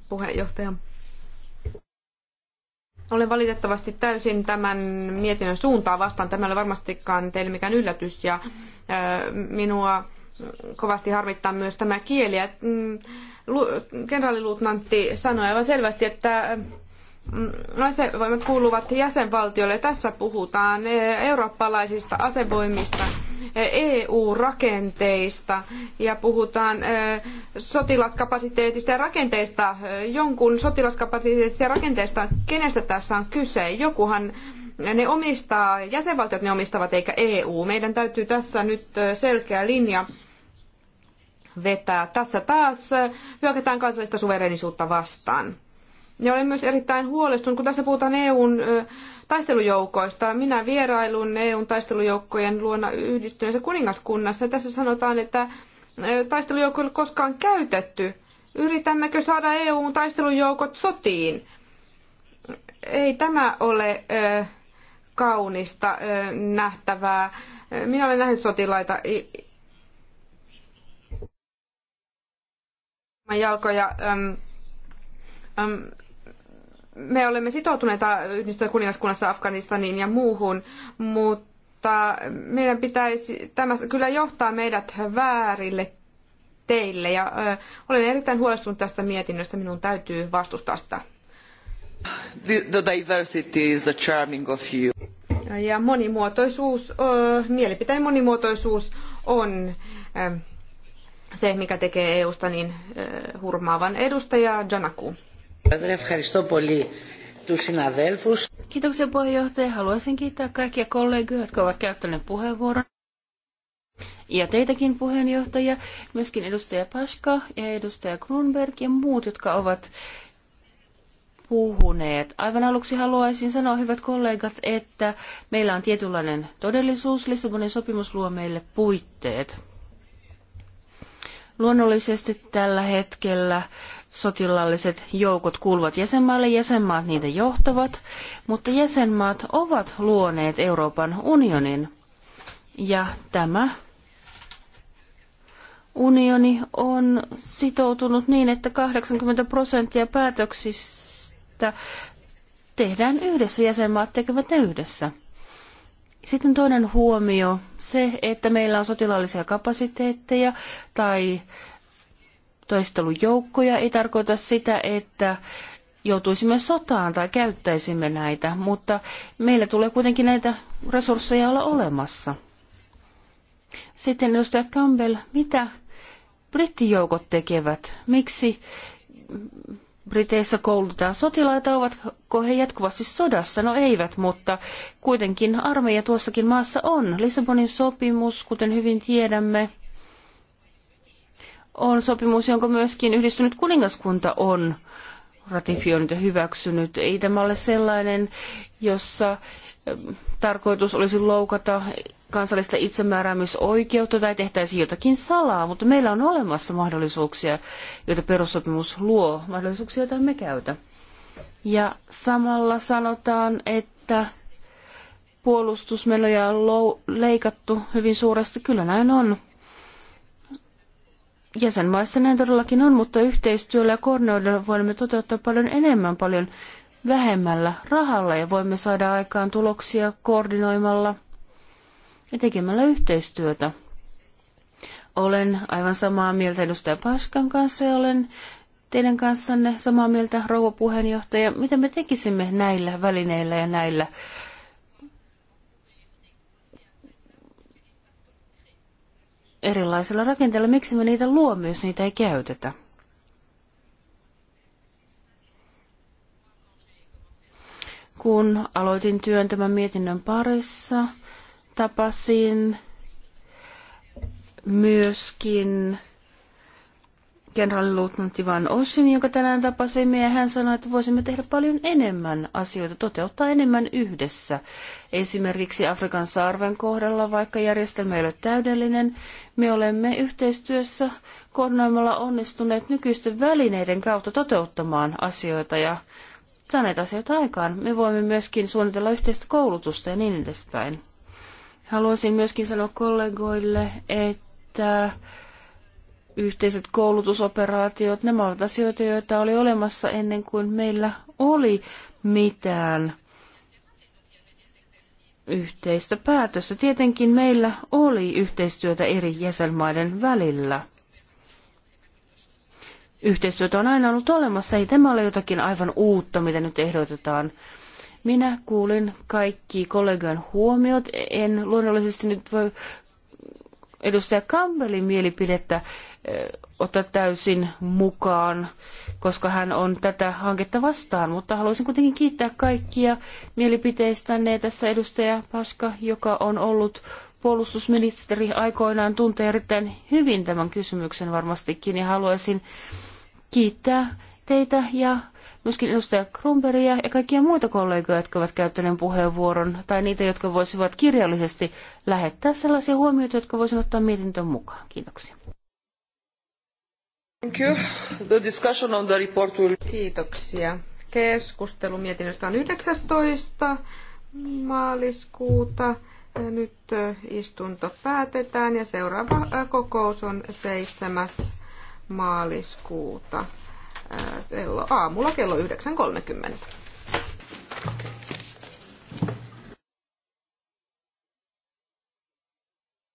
puheenjohtaja. Olen valitettavasti täysin tämän mietinnön suuntaa vastaan. Tämä ei ole varmastikaan teille mikään yllätys ja minua kovasti harmittaa myös tämä kieli. Mm, kenraaliluutnantti sanoi aivan selvästi, että mm, asevoimat kuuluvat jäsenvaltioille. Tässä puhutaan eurooppalaisista asevoimista EU-rakenteista e ja puhutaan sotilaskapasiteetista ja rakenteista, jonkun sotilaskapasiteetista ja rakenteista, kenestä tässä on kyse. Jokuhan ne omistaa, jäsenvaltiot ne omistavat eikä EU. Meidän täytyy tässä nyt selkeä linja vetää. Tässä taas hyökätään kansallista suverenisuutta vastaan. Ja olen myös erittäin huolestunut, kun tässä puhutaan EUn taistelujoukoista. Minä vierailun EUn taistelujoukkojen luona yhdistyneessä kuningaskunnassa. Tässä sanotaan, että taistelujoukkoja ei ole koskaan käytetty. Yritämmekö saada EUn taistelujoukot sotiin? Ei tämä ole kaunista nähtävää. Minä olen nähnyt sotilaita jalkoja. Öm, me olemme sitoutuneita yhdistyneen kuningaskunnassa Afganistaniin ja muuhun, mutta meidän pitäisi, tämä kyllä johtaa meidät väärille teille ja ö, olen erittäin huolestunut tästä mietinnöstä, minun täytyy vastustaa sitä. The, the diversity is the charming of you. Ja monimuotoisuus, ö, mielipiteen monimuotoisuus on ö, se, mikä tekee EUsta niin ö, hurmaavan edustaja Janaku. Kiitoksia puheenjohtaja. Haluaisin kiittää kaikkia kollegoja, jotka ovat käyttäneet puheenvuoron. Ja teitäkin puheenjohtaja, myöskin edustaja Paska ja edustaja Grunberg ja muut, jotka ovat puhuneet. Aivan aluksi haluaisin sanoa, hyvät kollegat, että meillä on tietynlainen todellisuus. Lissabonin sopimus luo meille puitteet. Luonnollisesti tällä hetkellä sotilaalliset joukot kuuluvat jäsenmaille, jäsenmaat niitä johtavat, mutta jäsenmaat ovat luoneet Euroopan unionin. Ja tämä unioni on sitoutunut niin, että 80 prosenttia päätöksistä tehdään yhdessä, jäsenmaat tekevät ne yhdessä. Sitten toinen huomio, se, että meillä on sotilaallisia kapasiteetteja tai taistelujoukkoja ei tarkoita sitä, että joutuisimme sotaan tai käyttäisimme näitä, mutta meillä tulee kuitenkin näitä resursseja olla olemassa. Sitten edustaja Campbell, mitä brittijoukot tekevät? Miksi Briteissä koulutetaan sotilaita, ovatko he jatkuvasti sodassa? No eivät, mutta kuitenkin armeija tuossakin maassa on. Lissabonin sopimus, kuten hyvin tiedämme, on sopimus, jonka myöskin yhdistynyt kuningaskunta on ratifioinut ja hyväksynyt. Ei tämä ole sellainen, jossa ähm, tarkoitus olisi loukata kansallista itsemääräämisoikeutta tai tehtäisiin jotakin salaa, mutta meillä on olemassa mahdollisuuksia, joita perussopimus luo, mahdollisuuksia, joita me käytä. Ja samalla sanotaan, että puolustusmenoja on leikattu hyvin suuresti. Kyllä näin on. Jäsenmaissa näin todellakin on, mutta yhteistyöllä ja koordinoidulla voimme toteuttaa paljon enemmän, paljon vähemmällä rahalla ja voimme saada aikaan tuloksia koordinoimalla ja tekemällä yhteistyötä. Olen aivan samaa mieltä edustaja Paskan kanssa ja olen teidän kanssanne samaa mieltä, rouva puheenjohtaja, mitä me tekisimme näillä välineillä ja näillä erilaisilla rakenteilla. Miksi me niitä luomme, jos niitä ei käytetä? Kun aloitin työn tämän mietinnön parissa, tapasin myöskin kenraaliluutnantti Van Ossin, jonka tänään tapasimme, ja hän sanoi, että voisimme tehdä paljon enemmän asioita, toteuttaa enemmän yhdessä. Esimerkiksi Afrikan saarven kohdalla, vaikka järjestelmä ei ole täydellinen, me olemme yhteistyössä koordinoimalla onnistuneet nykyisten välineiden kautta toteuttamaan asioita ja saaneet asioita aikaan. Me voimme myöskin suunnitella yhteistä koulutusta ja niin edespäin. Haluaisin myöskin sanoa kollegoille, että yhteiset koulutusoperaatiot, nämä ovat asioita, joita oli olemassa ennen kuin meillä oli mitään yhteistä päätöstä. Tietenkin meillä oli yhteistyötä eri jäsenmaiden välillä. Yhteistyötä on aina ollut olemassa, ei tämä ole jotakin aivan uutta, mitä nyt ehdotetaan. Minä kuulin kaikki kollegan huomiot. En luonnollisesti nyt voi edustaja Campbellin mielipidettä ottaa täysin mukaan, koska hän on tätä hanketta vastaan. Mutta haluaisin kuitenkin kiittää kaikkia mielipiteistänne. Tässä edustaja Paska, joka on ollut puolustusministeri aikoinaan, tuntee erittäin hyvin tämän kysymyksen varmastikin. Ja haluaisin kiittää teitä ja myöskin edustaja Kronbergia ja kaikkia muita kollegoja, jotka ovat käyttäneet puheenvuoron, tai niitä, jotka voisivat kirjallisesti lähettää sellaisia huomioita, jotka voisin ottaa mietintöön mukaan. Kiitoksia. Thank you. The discussion on the report will... Kiitoksia. Keskustelu mietinnöstä on 19. maaliskuuta. Nyt istunto päätetään ja seuraava kokous on 7. maaliskuuta kello, aamulla kello 9.30.